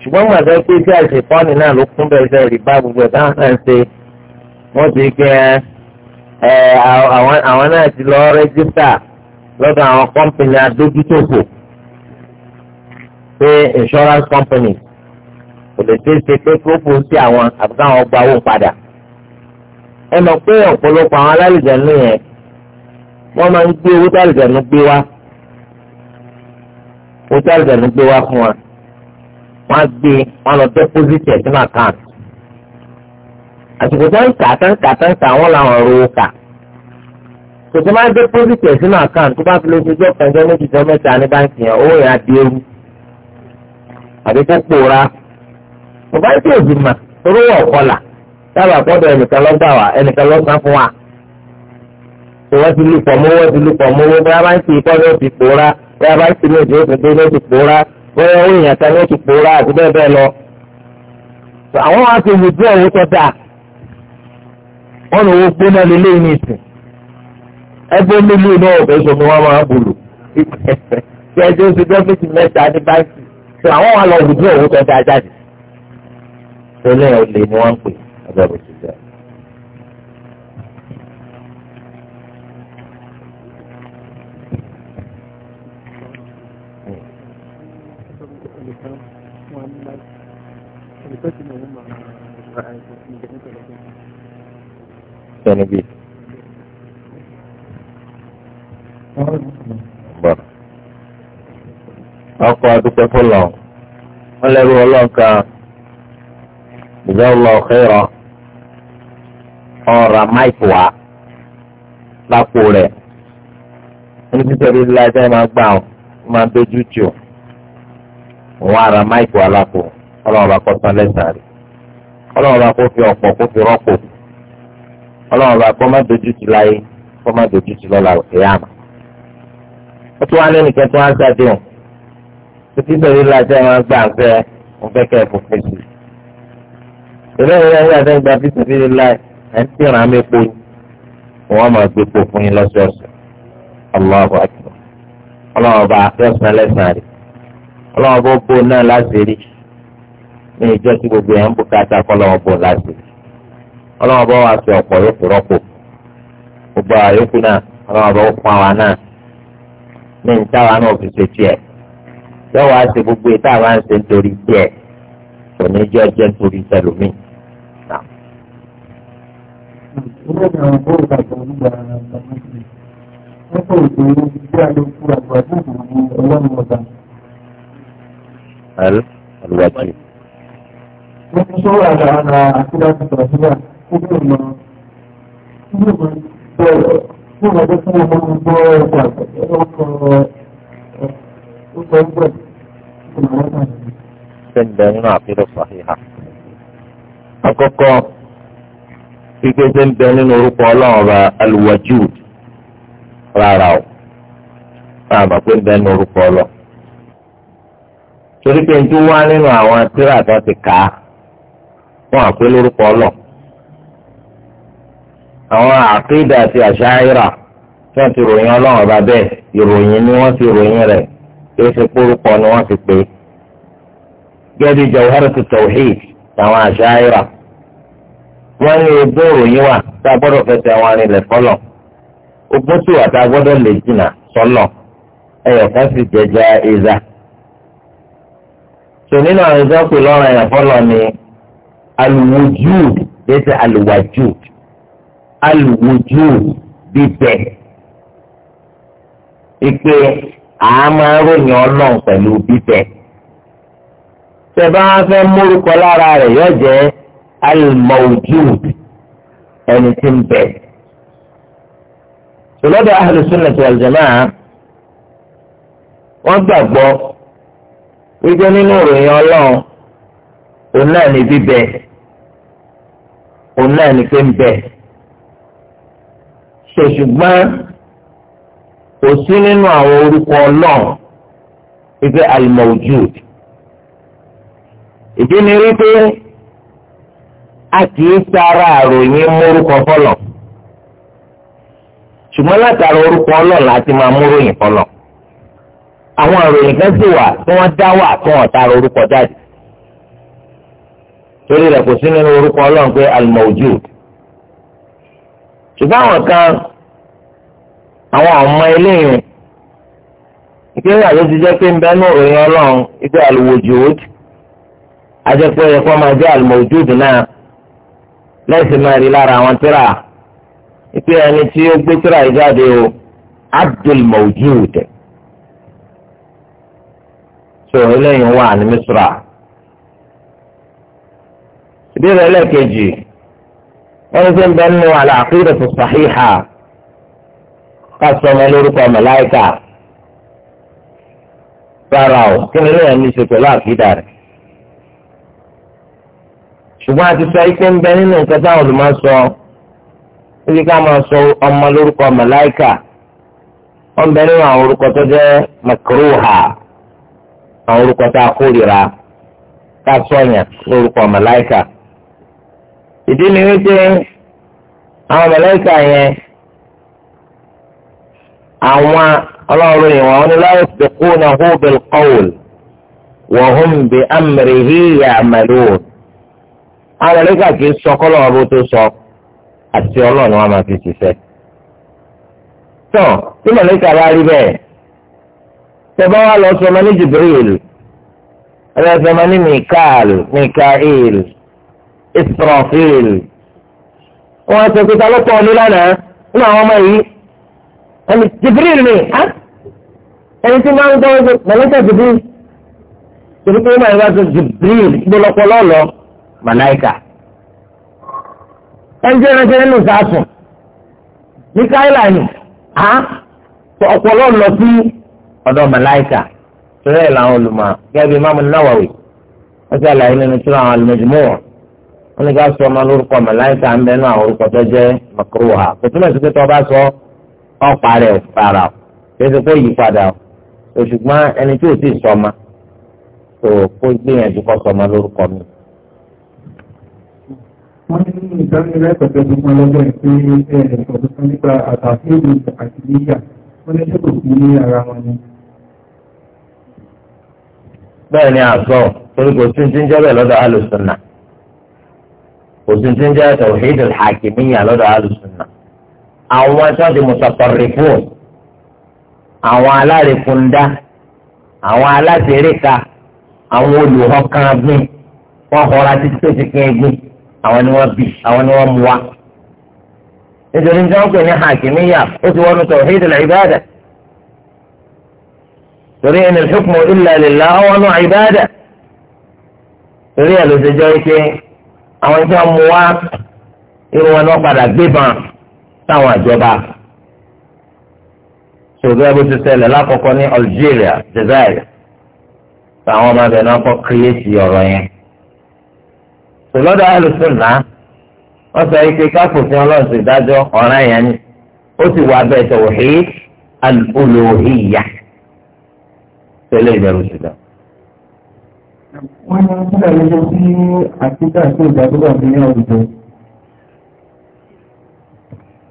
ṣùgbọ́n màdá pé tí àṣepọ́nì náà ló kún bẹ́ẹ̀ sẹ́ rí bá gbogbo ẹ̀ táwọn náà ń ṣe wọ́n ti gbé ẹ àwọn náà ti lọ rẹ́jísítà lọ́dọ̀ àwọn kọ́mpìnì adójútòfò pé insurance company kò lè ṣeé ṣe pé kó fòó sí àwọn àbúkà àwọn gba owó padà. ẹ mọ̀ pé ọ̀pọ̀lọpọ̀ àwọn alálìjẹ̀nu yẹn wọ́n máa ń gbé owó tí alìjẹ̀nu gbé wá owó tí alìjẹ̀nu gbé wá fún wa wọ́n á gbé lọ dẹ́pọ́sìtì ẹ̀ sínú àkáǹtì àsìkò wọ́n làwọn ro kà kò tó máa dẹ́pọ́sìtì ẹ̀ sínú àkáǹtì tó bá fi mẹ́ta ní báńkì yẹn owó yẹn á di ewu àbí kó pòórá dábàá pọ́dọ̀ ẹnìkan lọ gbà wá wa tí ti lù pọ̀ mọ́wọ́ ti lù pọ̀ mọ́wọ́ bí a bá ń ti ikọ́ ní oṣù pòórá bí a bá ń ti ní oṣù ní oṣù bóyá lọ. àwọn wa ti wù díẹ̀ owó tọ́ta wọn ní owó gbóná lélẹ́ yìí nìsín ẹgbẹ́ nílùú náà ò fẹ́ sọmi wọn máa bùrù kí ẹjọ́ oṣù dọ́fíìsì الأحزاب والشتاء كان بيه ọkọ̀ adúpẹ́ fún lọ wọ́n lẹ́rú ọlọ́ọ̀ka ìjọ́ ọlọ́ọ̀kẹ́rọ̀ ọ̀rọ̀ máìpù wá lápò rẹ̀ ní títẹ̀lé láìpẹ́ máa gbà ọ́ máa dojú tì ọ́ òun ara máìpù wá lápò ọlọ́run bá kọ́ tán lẹ́sàárì ọlọ́run bá kó fi ọ̀pọ̀ kó fi rọ́pò ọlọ́run bá kọ́ má dojú tì láyé kọ́ má dojú tì lọ́la ìyáàmà ó tún wá lẹ́nu kẹ́tọ́ á ṣàdéhùn ní títẹ̀lé láìpẹ́ máa gbà ń fẹ́ òun fẹ́ kẹ́ ẹ̀ fòfin sí i ìrẹ́lẹ̀ yẹn yàtọ̀ ìgbà fífi láì ẹ̀ ń tẹ̀ràn amẹ́po wọ́n máa gbé po fún yín lọ́sọ̀ọ̀sẹ̀ Allahu Akbar ọlọ́run ọba yọ̀sán lẹ́sàn-án rẹ̀ ọlọ́run ọba bó náà láti rí ní ìjọ tí gbogbo ẹ̀ ń bùkátà kọ́ lọ́wọ́ bó láti rí ọlọ́run ọba wà sí ọ̀pọ̀ yóò fi rọ́pò gbogbo àyókù náà ọlọ́run ọba ó fún àwa náà ní ìtawà náà fi ṣe tiẹ̀ yọ̀wọ́ àti gbogbo ìtawà ń ṣe nítorí tiẹ̀ kò ní jẹ́ nítorí tẹlómìn. Al-Wajib. Musuh ada anak akidah keberhasilan. Itu memang. Itu memang. Itu memang. Itu memang. Itu memang. Itu memang. Itu memang. Itu memang ìgbésẹ̀ ń bẹ nínú orúkọ ọlọ́run ọba aluwajud rárá o fún àbá pé ń bẹ nínú orúkọ ọlọ́run torí pé ń tún wá nínú àwọn tíra tó ti kà á fún àpé lórúkọ ọlọ́run àwọn àkídà àti àṣàyíra tí wọ́n ti ròyìn ọlọ́run ọba bẹ́ẹ̀ ìròyìn ni wọ́n ti ròyìn rẹ̀ kìí ṣe pórúkọ ni wọ́n ti pè é gẹ́gẹ́ bí jawharatul tawhid àwọn àṣàyíra wọ́n ní ojú òròyìn wà tá a gbọ́dọ̀ fẹsẹ̀ wọn rinlẹ̀ fọlọ̀ ogún sì wà tá a gbọ́dọ̀ lè jìnnà sọ́lọ̀ ẹ̀yọ̀ kan sì jẹjẹ ẹ̀zá. tò nínú àwọn ẹ̀zá pè lọ́rọ̀ ẹ̀yàn fọlọ̀ ni alùwòjú lẹ́sẹ̀ alùwàjú alùwòjú bíbẹ̀ ìpè àmọ́ ròyìn ọlọ́run pẹ̀lú bíbẹ̀ tẹ̀ bá lára rẹ̀ yọ al-mawjud ẹni tí ń bẹ. ìlọ́dọ̀ ahlu sunnah wal jamaa wọ́n gbàgbọ́ wípé nínú ìròyìn ọlọ́run òun náà ní bíbẹ òun náà ní pé ń bẹ. ṣèṣùgbọ́n kò sí nínú àwọn orúkọ ọlọ́run wípé al-mawjud. ìdí ni wípé. a kì í tara àròyìn mórúkọ fọlọ ṣùgbọ́n látara orúkọ ọlọ́ọ̀la ti máa múròyìn fọlọ àwọn àròyìn kan sì wà tí wọ́n dá wà tí wọ́n tara orúkọ jáde torí rẹ̀ kò sí nínú orúkọ ọlọ́run pé al-mawjud ṣùgbọ́n àwọn kan àwọn ọmọ eléyìí ìkéwà ló ti jẹ́ pé ń bẹ ní òròyìn ọlọ́run ìgbé al-wujud ajẹ́pẹ́ ẹ̀kọ́ máa jẹ́ al náà. lẹ́sìn máa rí lára àwọn tíra ipe ẹni tí ó gbé tíra yìí jáde o Abdul Mawjud tó eléyìí wà ní Misra ìbéèrè ẹlẹ́ẹ̀kejì ẹni tí ń bẹ nínú al-aqidatu sahiha ká sọ ọmọ lórúkọ màláíkà rárá o kí ni lóyún ẹni ṣe pẹ̀lú àkídà rẹ̀. ṣùgbọ́n àti sọ ikú ń bẹ nínú nǹkan táwọn olùmọ̀ sọ ibi ká máa sọ ọmọ lórúkọ màláìkà wọ́n bẹ nínú àwọn orúkọ tó jẹ́ makruha àwọn orúkọ tá a kórìíra ká sọ̀yàn lórúkọ màláìkà ìdí ni wípé àwọn màláìkà yẹn àwọn ọlọ́run yìí wọ́n ní la yasbiqunahu bil qawl wa hum bi amrihi ya'malun àwọn ẹlẹ́gà kì í sọ kọ́lọ́ wọn bó tó sọ àti ọlọ́run wọn máa fi ṣiṣẹ́. tán tí mọ̀lẹ́kà bá rí bẹ́ẹ̀ tẹ́bá wa lọ sọmọ ní Jibril ẹ̀rẹ́ sọmọ ní Mikael Mikael Israfil wọn àti òkúta ló pọ̀ ní lánàá nínú àwọn ọmọ yìí ẹni Jibril ni ẹni tí máa ń gbọ́ mọ̀lẹ́kà Jibril Jibril máa ń gbọ́ Jibril gbọ́lọ́pọ̀ lọ́lọ́ màláìkà ẹnjẹ ránṣẹ́ nínú sàásùn ní káyìlá ni a ọpọlọ lọ sí ọ̀dọ̀ màláìkà torí ẹ làwọn olùmọ̀ gẹ́gẹ́ bíi Imam Nawawi wọ́n ti àlàyé nínú tí àwọn àlùmọ̀jùmọ̀ wọ́n ní ká sọ ọmọ lórúkọ màláìkà ń bẹ nínú àwọn orúkọ tó jẹ́ makruha kò túmọ̀ sí pé tó bá sọ ọ̀pá rẹ̀ fara o kò sí pé yí padà o ẹni tí ò sì sọ ọmọ kò kó gbìyànjú kọ́ sọ ọmọ lórúkọ mi wọ́n ní ìdánilẹ́ pẹ̀lú ọdún ọlọ́jọ́ ìpé ẹ̀ẹ̀kọ̀ọ̀kan nípa àtàkìlù àti níyà wọ́n ní ṣe kò sí ní ara wọn ni. bẹ́ẹ̀ ni àgọ́ torí kò sí ti ń jẹ́ bẹ́ẹ̀ lọ́dọ̀ alùsùnà kò sí ti ń jẹ́ tawhid al-hakimiyya lọ́dọ̀ alùsùnà àwọn tó di mùsàtọ̀rìfò àwọn alárìkúndá àwọn aláṣẹríka àwọn olùhọ́kan gbìn wọ́n họra títí tó ti kí ẹ àwọn ni wọ́n bì àwọn ni wọ́n mú wa. nítorí ní wọ́n pè ní hakimiyya ó ti wọnú tawhid al-ibada torí in al-hukmu illa lillah ó wọnú ibada torí ẹ̀ ló ṣe jẹ́ ike àwọn tí mú wa irun wọn ni padà gbé táwọn àjọba ṣògbẹ́ bó ti ṣẹlẹ̀ lákọ̀ọ́kọ́ ní Algeria Jazair táwọn ọmọ abẹ náà kọ́ kírẹ́tì ọ̀rọ̀ yẹn. kò lọ́dọ̀ àlùsùn náà wọ́n sọ yìí pé káfòfin ọlọ́run sì dájọ́ yẹn ni ó sì wà bẹ́ẹ̀ tọ̀wọ̀ hí olùhìyà tẹ́lẹ̀ ìbẹ̀rù ṣùgbọ́n. wọ́n ní sílẹ̀ lójú sí àtúntà sí ìgbà tó wà ní àwùjọ.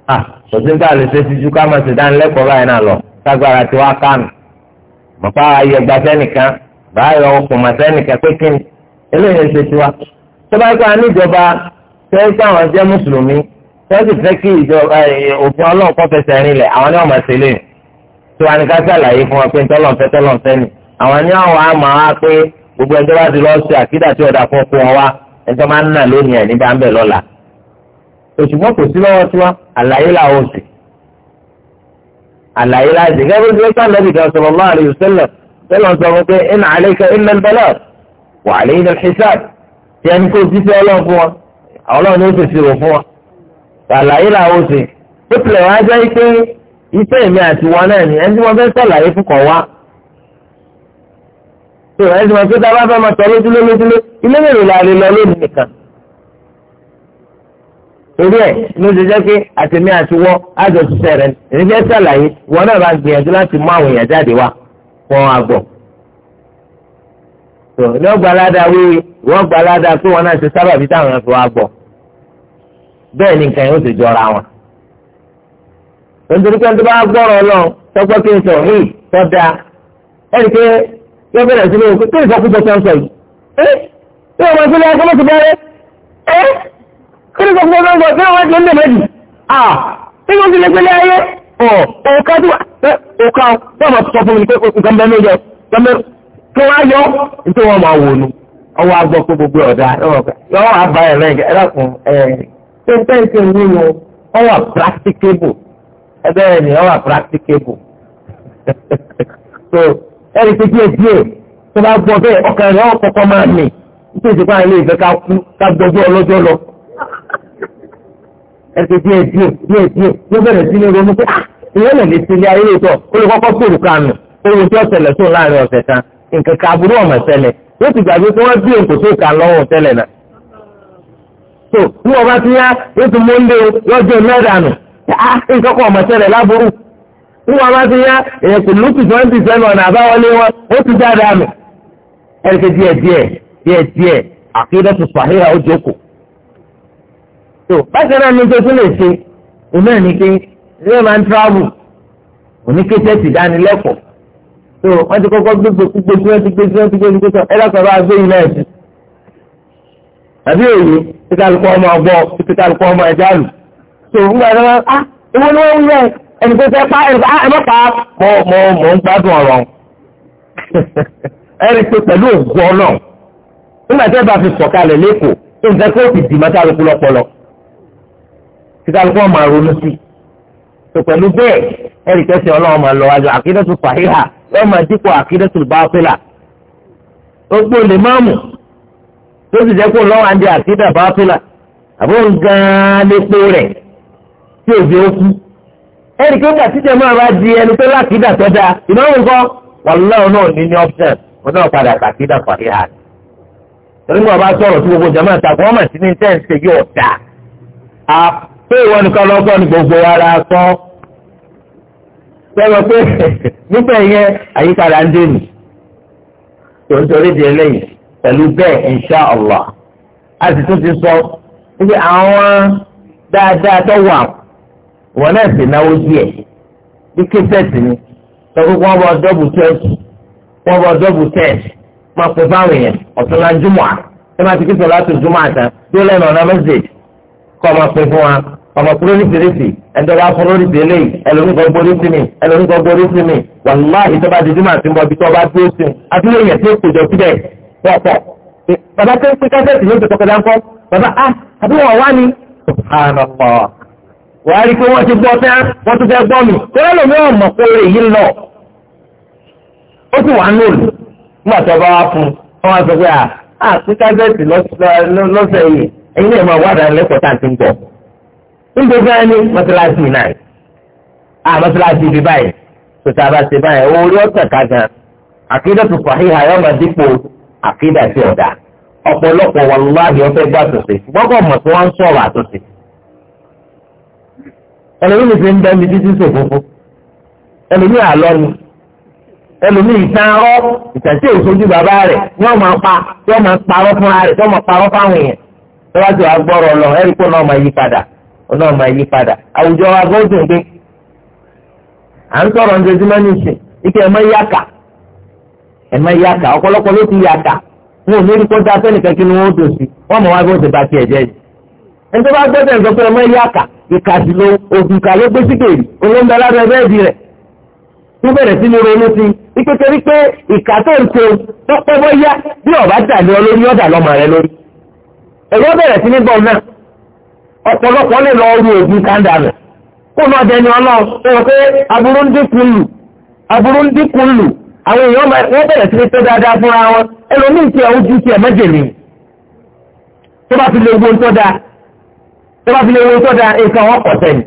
à ah, kò sí nípa àlùsẹ́ ká máa ṣèdánilẹ́kọ̀ọ́ báyìí náà lọ ságbára tí wàá ayẹgbà sẹ́nìkan báyọ̀ ọkùnrin sẹ́nìkan pé tọ́ba ẹ̀ka níjọba fẹ́ káwọn jẹ́ mùsùlùmí fẹ́ sì fẹ́ kí ìjọba òfin ọlọ́run kọ́ fẹsẹ̀ rinlẹ̀ àwọn ni wọ́n máa ṣe lé tí wọ́n ní ká ṣàlàyé fún wa pé ntọ́lọ́nfẹ́ tọ́lọ́nfẹ́ ni àwọn ni wọ́n á máa pé gbogbo ẹjọ́ bá ti lọ sí àkídà tí ọ̀dà fún ọkọ wa ẹjọ́ máa ń nà lónìí ẹ̀ nígbà ń lọ́la òṣùpọ̀ kò sí lọ́wọ́ tiwa àlàyé làwọn òsì yẹn ni kó o jíṣẹ́ ọlọ́run fún wọn àwọn ọlọ́run ni ó ṣèṣì rò fún wọn ṣàlàyé làwọn ṣe ó tilẹ̀ wá jẹ́ pé iṣẹ́ mi àti wọn náà ni ẹni tí wọ́n fẹ́ ṣàlàyé fún kàn wá. tó ẹni tí wọ́n fi dábàá fẹ́ máa tọ́ lójúlé lójúlé ilé mèrè la lè lọ lónìí nìkan. torí ẹ̀ ló ṣe jẹ́ pé àtẹ̀mí àti wọ́n àjọṣiṣẹ́ rẹ̀ ní fẹ́ ṣàlàyé wọn náà bá gbìyànjú láti mú àwọn èèyàn jáde wá fún àgbọ̀n tó ní ọgbà aládà wíwí ìwọ́n gba aládà pé wọn náà ṣe sábàbí táwọn fi wá gbọ́ bẹ́ẹ̀ ni nǹkan yóò ti jọra wọn. nítorí pé tó bá gbọ́rọ̀ lọ tọ́gbọ́ kí n sọ hí tọ́ da ẹnì pé yọ bẹ̀rẹ̀ sí ní òkú kí ìfọkúsọ tó ń sọ yìí. ẹ ṣé ọmọ ìṣẹ̀lẹ̀ ọkọ lọsọ bẹ̀rẹ̀ ẹ kí ni ìfọkúsọ tó sọ kí ọmọ ìṣẹ̀lẹ̀ ń dẹ̀mẹ́jì à kí ni ìṣẹ̀lẹ̀ gbélé ayé ọ̀ ọ̀ká tó wà ọ̀ká tó wà tó tó yọ nítorí wọn máa wò nu ọwọ́ agbọ́ pé gbogbo ọ̀dà yọ àbá ẹ̀ lẹ́yìn ẹ̀ dákun ẹ̀ tẹ́ntẹ́ntẹ́ nínú ọwọ́ practicable ẹgbẹ́ ní ọwọ́ practicable [LAUGHS] so díẹ̀ díẹ̀ tó bá gbọ́ bẹ́ẹ̀ ọkàn rẹ̀ máa nítorí ìdìbò àwọn ilé ìfẹ́ ká kú ká lọ díẹ̀ díẹ̀ díẹ̀ díẹ̀ ló bẹ̀rẹ̀ sí ní ronú pé ah, ìyẹn lè nǹkan kan aburú ọmọ ṣẹlẹ̀ yóò ti gbàgbé pé wọ́n bí nǹkan tó kà lọ́wọ́ tẹ́lẹ̀ náà. tó bí wọ́n bá ti yá yóò ti mọ́lé lọ́jọ́ mẹ́rànù ah, nǹkan kan ọmọ ṣẹlẹ̀ láburú. bí wọ́n bá ti yá èyàn kò lùtù twenty seven ọ̀nà àbáwọlé wọn ó ti jáde àmì. ẹ̀rẹ̀kẹ́ díẹ̀ díẹ̀ díẹ̀ díẹ̀ àkídọ́tù fàhíhà ó jókòó. tó bákan náà ní tó tún lè ṣe ní ilé máa ń travel òní kété ti dánilẹ́kọ̀ọ́ tó wọ́n ti kọ́kọ́ gbégbé gbégbé tí wọ́n ti gbé tí wọ́n ti gbé gbégbé tó ẹ lọ́kọ̀ bá gbé yìí náà sí. àbí òye tí kálukọ́ ọmọ ọgbọ́ tí kálukọ́ ọmọ ẹja lù. tó ń gbà náà á ìwọ ni wọ́n ń yẹ ẹnì pé fẹ́ pa ẹnì pé pa mọ mọ mọ ń gbádùn ọ̀rọ̀ ẹnì pé pẹ̀lú ògùn ọlọ́ nígbà tí ẹ bá fi sọ̀kalẹ̀ lẹ́kọ̀ọ́ tó ń jẹ́ kó ti dì mọ́tà lóko lọ́pọlọ tí kálukọ́ ọmọ àrònú sí. tó pẹ̀lú bẹ́ẹ̀ ẹnì lọ yóò máa dípò àkídẹ́tùl bátílà gbogbo lè má mú tó sì jẹ́ kó lọ́wọ́ àǹdí àkídà bátílà àbó nǹkan lépo rẹ̀ tí òjò ó kú ẹnì kí nígbà títẹ̀ máa bá di ẹni tó lákìdá tó dáa ìnáwó nǹkan wàlúùláwọ̀ náà ní ní option wọn náà padà àkídà pàdé hàn torí wọn bá sọ̀rọ̀ tí gbogbo jama ta fún ọmọ sí ní tẹ́ǹsì yóò dáa àpéwọ́n nìkan lọ́gbọ́n ní gbogbo ara sọ́ọ́ lọ́wọ́ pé [LAUGHS] nígbà yẹn àyípadà ń dènì tó ń torí di eléyìí pẹ̀lú bẹ́ẹ̀ insha allah a sì tún ti sọ wípé àwọn dáadáa tó wà wọn náà sì náwó díẹ̀ bí késẹ̀tì ni tọ́kọ́ wọn bọ dọ́bù tẹ́ẹ̀tì wọn bọ dọ́bù tẹ́ẹ̀tì máa pè fáwọn èèyàn ọ̀tún la jùmọ̀ à máa ti kí sọ̀rọ̀ àti jùmọ̀ àtàn tó lẹ́nu ọ̀nà mẹ́sẹ̀gì kọ́ máa pè fún wa ọmọ kúrò ní fèrèsì ẹnjọ bá fún lórí tẹ́lẹ̀ ẹlòmíkọ gbórí sí mi ẹlòmíkọ gbórí sí mi wàláhì tó bá di dúmọ̀ àti mọbi tó bá dúró sí mi àtúnyẹ yẹn tó kò jọ síbẹ̀ pọpọ. bàbá tó ń pín kásẹ̀tì ló ti tọkọ dáńkọ bàbá a àbí wọn wá ní. ànàpọ̀ wàá rí i pé wọ́n ti gbọ́ fẹ́ wọ́n ti fẹ́ gbọ́ mi kọ́lá lómi ò mọ̀ pé èyí ń lọ. ó sì wá nóòlù nígbà tó bá wá fún un wọ́n wá sọ pé à níbo gan ni mọ́sálásí náà a mọ́sálásí ibi báyìí tòtá bá ṣe báyìí owó orí ọ̀tàn ká gan àkídà tó fàáhì àyọ̀ máa dípò àkídà sí ọ̀dà ọ̀pọ̀lọpọ̀ wà láàyè ọ̀fẹ́ gbà tòṣe gbọ́dọ̀ mọ̀ tí wọ́n ń sọ̀rọ̀ àtòṣe. ẹlòmíì ti ń bẹ́ẹ̀ mi títí ṣòfófó ẹlòmíì àlọ́ ni ẹlòmíì ìtànrọ́ ìtàtí òṣojú bàbá rẹ̀ wọ́n máa pa wọ́n máa parọ́ ọlọ́run máa yí padà àwùjọ wa gbọ́ dùn gbé à ń sọ̀rọ̀ ǹdẹ̀dúmọ́ ní ìsìn ike ẹ̀ mọ́ yàkà ẹ̀ mọ́ yàkà ọ̀pọ̀lọpọ̀ ló ti yàkà wọn ò ní rí kọjá fẹ́nìkan kí ni wọ́n dùn sí wọ́n mọ̀ wá bí wọ́n ti bá tiẹ̀ jẹ́ yìí ẹni tó bá gbọ́dọ̀ ẹ̀ sọ pé ẹ̀ mọ́ yàkà ìkàsí ló ògùn kà ló gbé síkèrì olóńgbà lára ẹ̀ bẹ́ẹ̀ di rẹ̀ ọ̀pọ̀lọpọ̀ lè lọ rú òbí kanda rẹ̀ kó náà dẹni ọlọ́run ó wọ pé aburú ń dínkù lù aburú ń dínkù lù àwọn èèyàn wọ́n bẹ̀rẹ̀ sí ní tó dáadáa fúnra wọn ẹlòmíì tiẹ̀ ojú tiẹ̀ méjèlè tó bá fi lè wo tó dáa tó bá fi lè wo tó dáa nǹkan wọn kọ̀ sẹ́yìn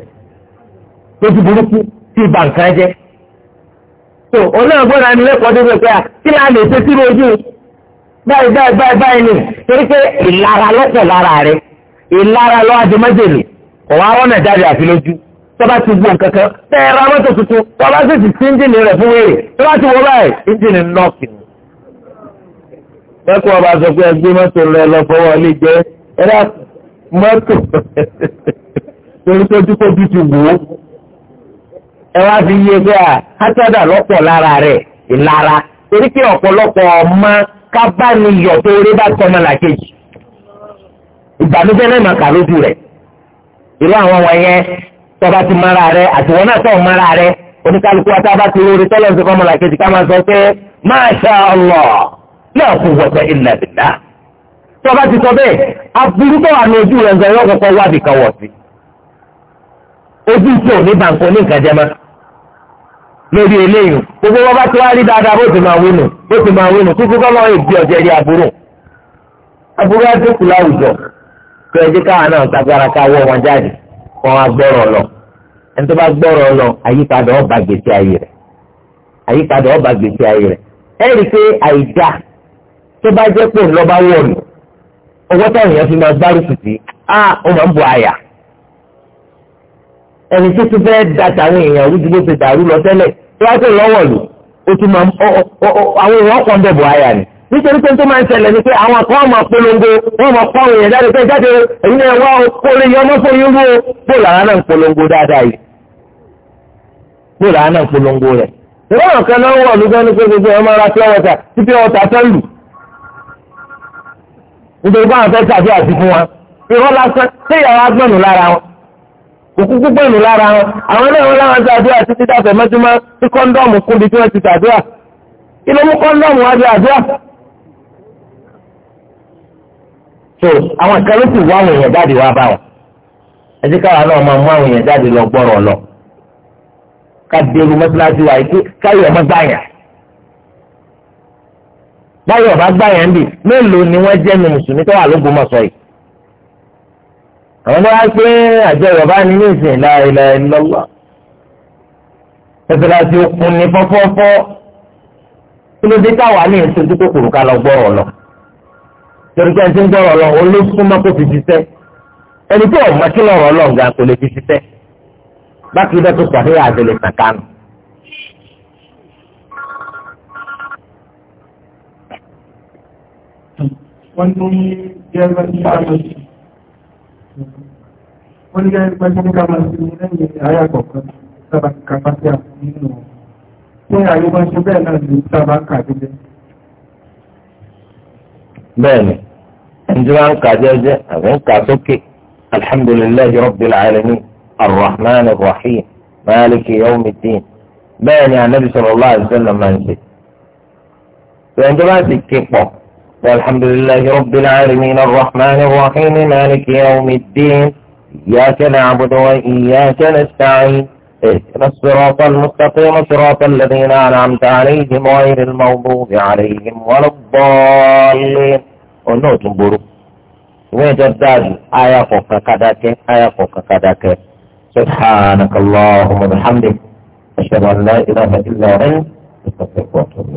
lójú burúkú tí ìbà nǹkan jẹ́ tó onáà gbọ́dọ̀ ni lẹ́kọ̀ọ́ dé pé ah, kí láà lè ṣe sí lójú báyìí báyìí báyìí ni torí pé ìlara lọ́pọ̀ lára rẹ̀ ìlara lọ adé májèlé ọ̀wá rọ́nà jáde àfi lójú tọ́ba ti kankan ra mọ́tò tuntun tọ́ba sì ti síndìnì rẹ̀ fún wèrè tọ́ba ti wọ báyìí síndìnì nọ́ọ̀kì ni. lẹ́kọ̀ọ́ bá sọ pé ẹgbẹ́ mọ́tò rẹ lọ fọwọ́ ilé jẹ́ ẹ̀rọ mọ́tò [LAUGHS] torí tó dúpọ̀ bí ti wò ó. ẹ wá fi yé lọ́pọ̀ lára rẹ̀ ìlara torí ọ̀pọ̀lọpọ̀ ọmọ tó rí bá làkejì. ìgbàlódé náà máa kà lójú rẹ̀ irú àwọn wọ̀nyẹn tọba ti mara rẹ̀ àti wọn náà tọ̀ mara rẹ̀ oníkálukú wa ti lórí tọ́lọ̀ ṣe fọmọlá kejì ká máa sọ pé Masha Allah la quwwata illa billah tọba ti sọ bẹ́ẹ̀ aburú tó wà ní ojú rẹ̀ nǹkan yóò kọ́kọ́ wá bìkan wọ̀ sí ojú tí ò ní bàǹkó ní nǹkan jẹ́ máa lórí eléyìí gbogbo wọn bá ti wá rí dáadáa bó ti máa wínú bó ti máa wínú kúkú kọ́ lọ́wọ́ ìdí ọ̀jẹ̀ rí aburú aburú adékù láwùjọ tó ẹjẹ ka náà tagbára ká wọ wọn jáde kọ́ wọn gbọrọ lọ ẹni tó bá ọba gbèsè ayé àyípadà ọba gbèsè ayé pé tó bá àyà ẹni tó tún fẹ́ẹ́ da tàwọn èèyàn rúdúgbò ṣe dàrú lọ tẹ́lẹ̀ tó wá pé lọ́wọ́lù ó tún máa ń àwọn èèyàn kàn dẹ̀ nítorí pé tó máa ń ṣẹlẹ̀ ni pé àwọn kan máa polongo wọ́n máa kọ́ òyìn jáde pé jáde ẹ̀yin ẹ̀ wá orí ọmọ fún irú o bóòlù àwọn náà ń polongo dáadáa yìí bóòlù àwọn náà ń polongo rẹ̀. ìwọ́n kan náà wọ̀ lójú ẹni pé gbogbo ẹ̀ máa ra pure water tí pure water fẹ́ lù nítorí pé àwọn fẹ́ tàbí àti fún wa ìwọ́n lásán tí ìyàwó agbọ̀nù lára wọn òkúkú gbọ̀nù lára wọn àwọn náà wọn láwọn tàbí àti títà fẹ̀mẹ́túmọ́ tí kọ́ńdọ́ọ̀mù kúndi tí wọ́n ti tàbí à kí ló mú kọ́ńdọ́ọ̀mù wá bí àdúrà so àwọn ìka ló sì wá àwọn èèyàn jáde wá bá wọn ẹ jẹ́ káwa náà máa mú àwọn èèyàn jáde lọ gbọ́rọ̀ lọ ká dérú mọ́sálásí wa yìí káyọ̀ ọmọ gbàyàn báyọ̀ ọba gbàyàn ń bì mélòó ni wọ́n jẹ́ mi mùsùlùmí tó wà lóògùn mọ̀sọ̀ yìí àwọn náà wá pé àjọ yorùbá ni ní ìsìn ìlà ìlọlọ mọ́sálásí okùn ní fọ́fọ́fọ́ kí ló dé táwa ní ìsojú kòkòrò ká lọ gbọ́rọ̀ lọ torí pé ẹni tí ń gbọ́rọ̀ lọ olóṣùmọ́ kò fi ṣiṣẹ́ ẹni tí ọ̀mọ́ tí lọ́rọ̀ lọ ga kò lè fi ṣiṣẹ́ bákìí dẹ́tò sàfihàn àgbèlè kàkánù. wọ́n ní gẹ́gẹ́ bí wọ́n ní gẹ́gẹ́ bí ká máa ṣe lẹ́yìn àyà kọ̀ọ̀kan sábà kápá sí àwọn nínú wọn. ṣé àyè wọn ṣe bẹ́ẹ̀ náà ní sábà kàdé bẹ́ẹ̀. bẹ́ẹ̀ ni. عندما انقع جاجة انقع سكي الحمد لله رب العالمين الرحمن الرحيم مالك يوم الدين بيني عن النبي صلى الله عليه وسلم ما نسيت وعندما الحمد لله رب العالمين الرحمن الرحيم مالك يوم الدين إياك نعبد وإياك نستعين اهدنا الصراط المستقيم صراط الذين أنعمت عليهم غير المغضوب عليهم ولا الضالين ọ̀nà òtún gbòòrò ìwé ìjọ dáàbò àyà kọ̀ọ̀kan kàdákẹ́ àyà kọ̀ọ̀kan kàdákẹ́ subhanakallahumma wa bihamdik ashhadu an la ilaha illa anta astaghfiruka wa atubu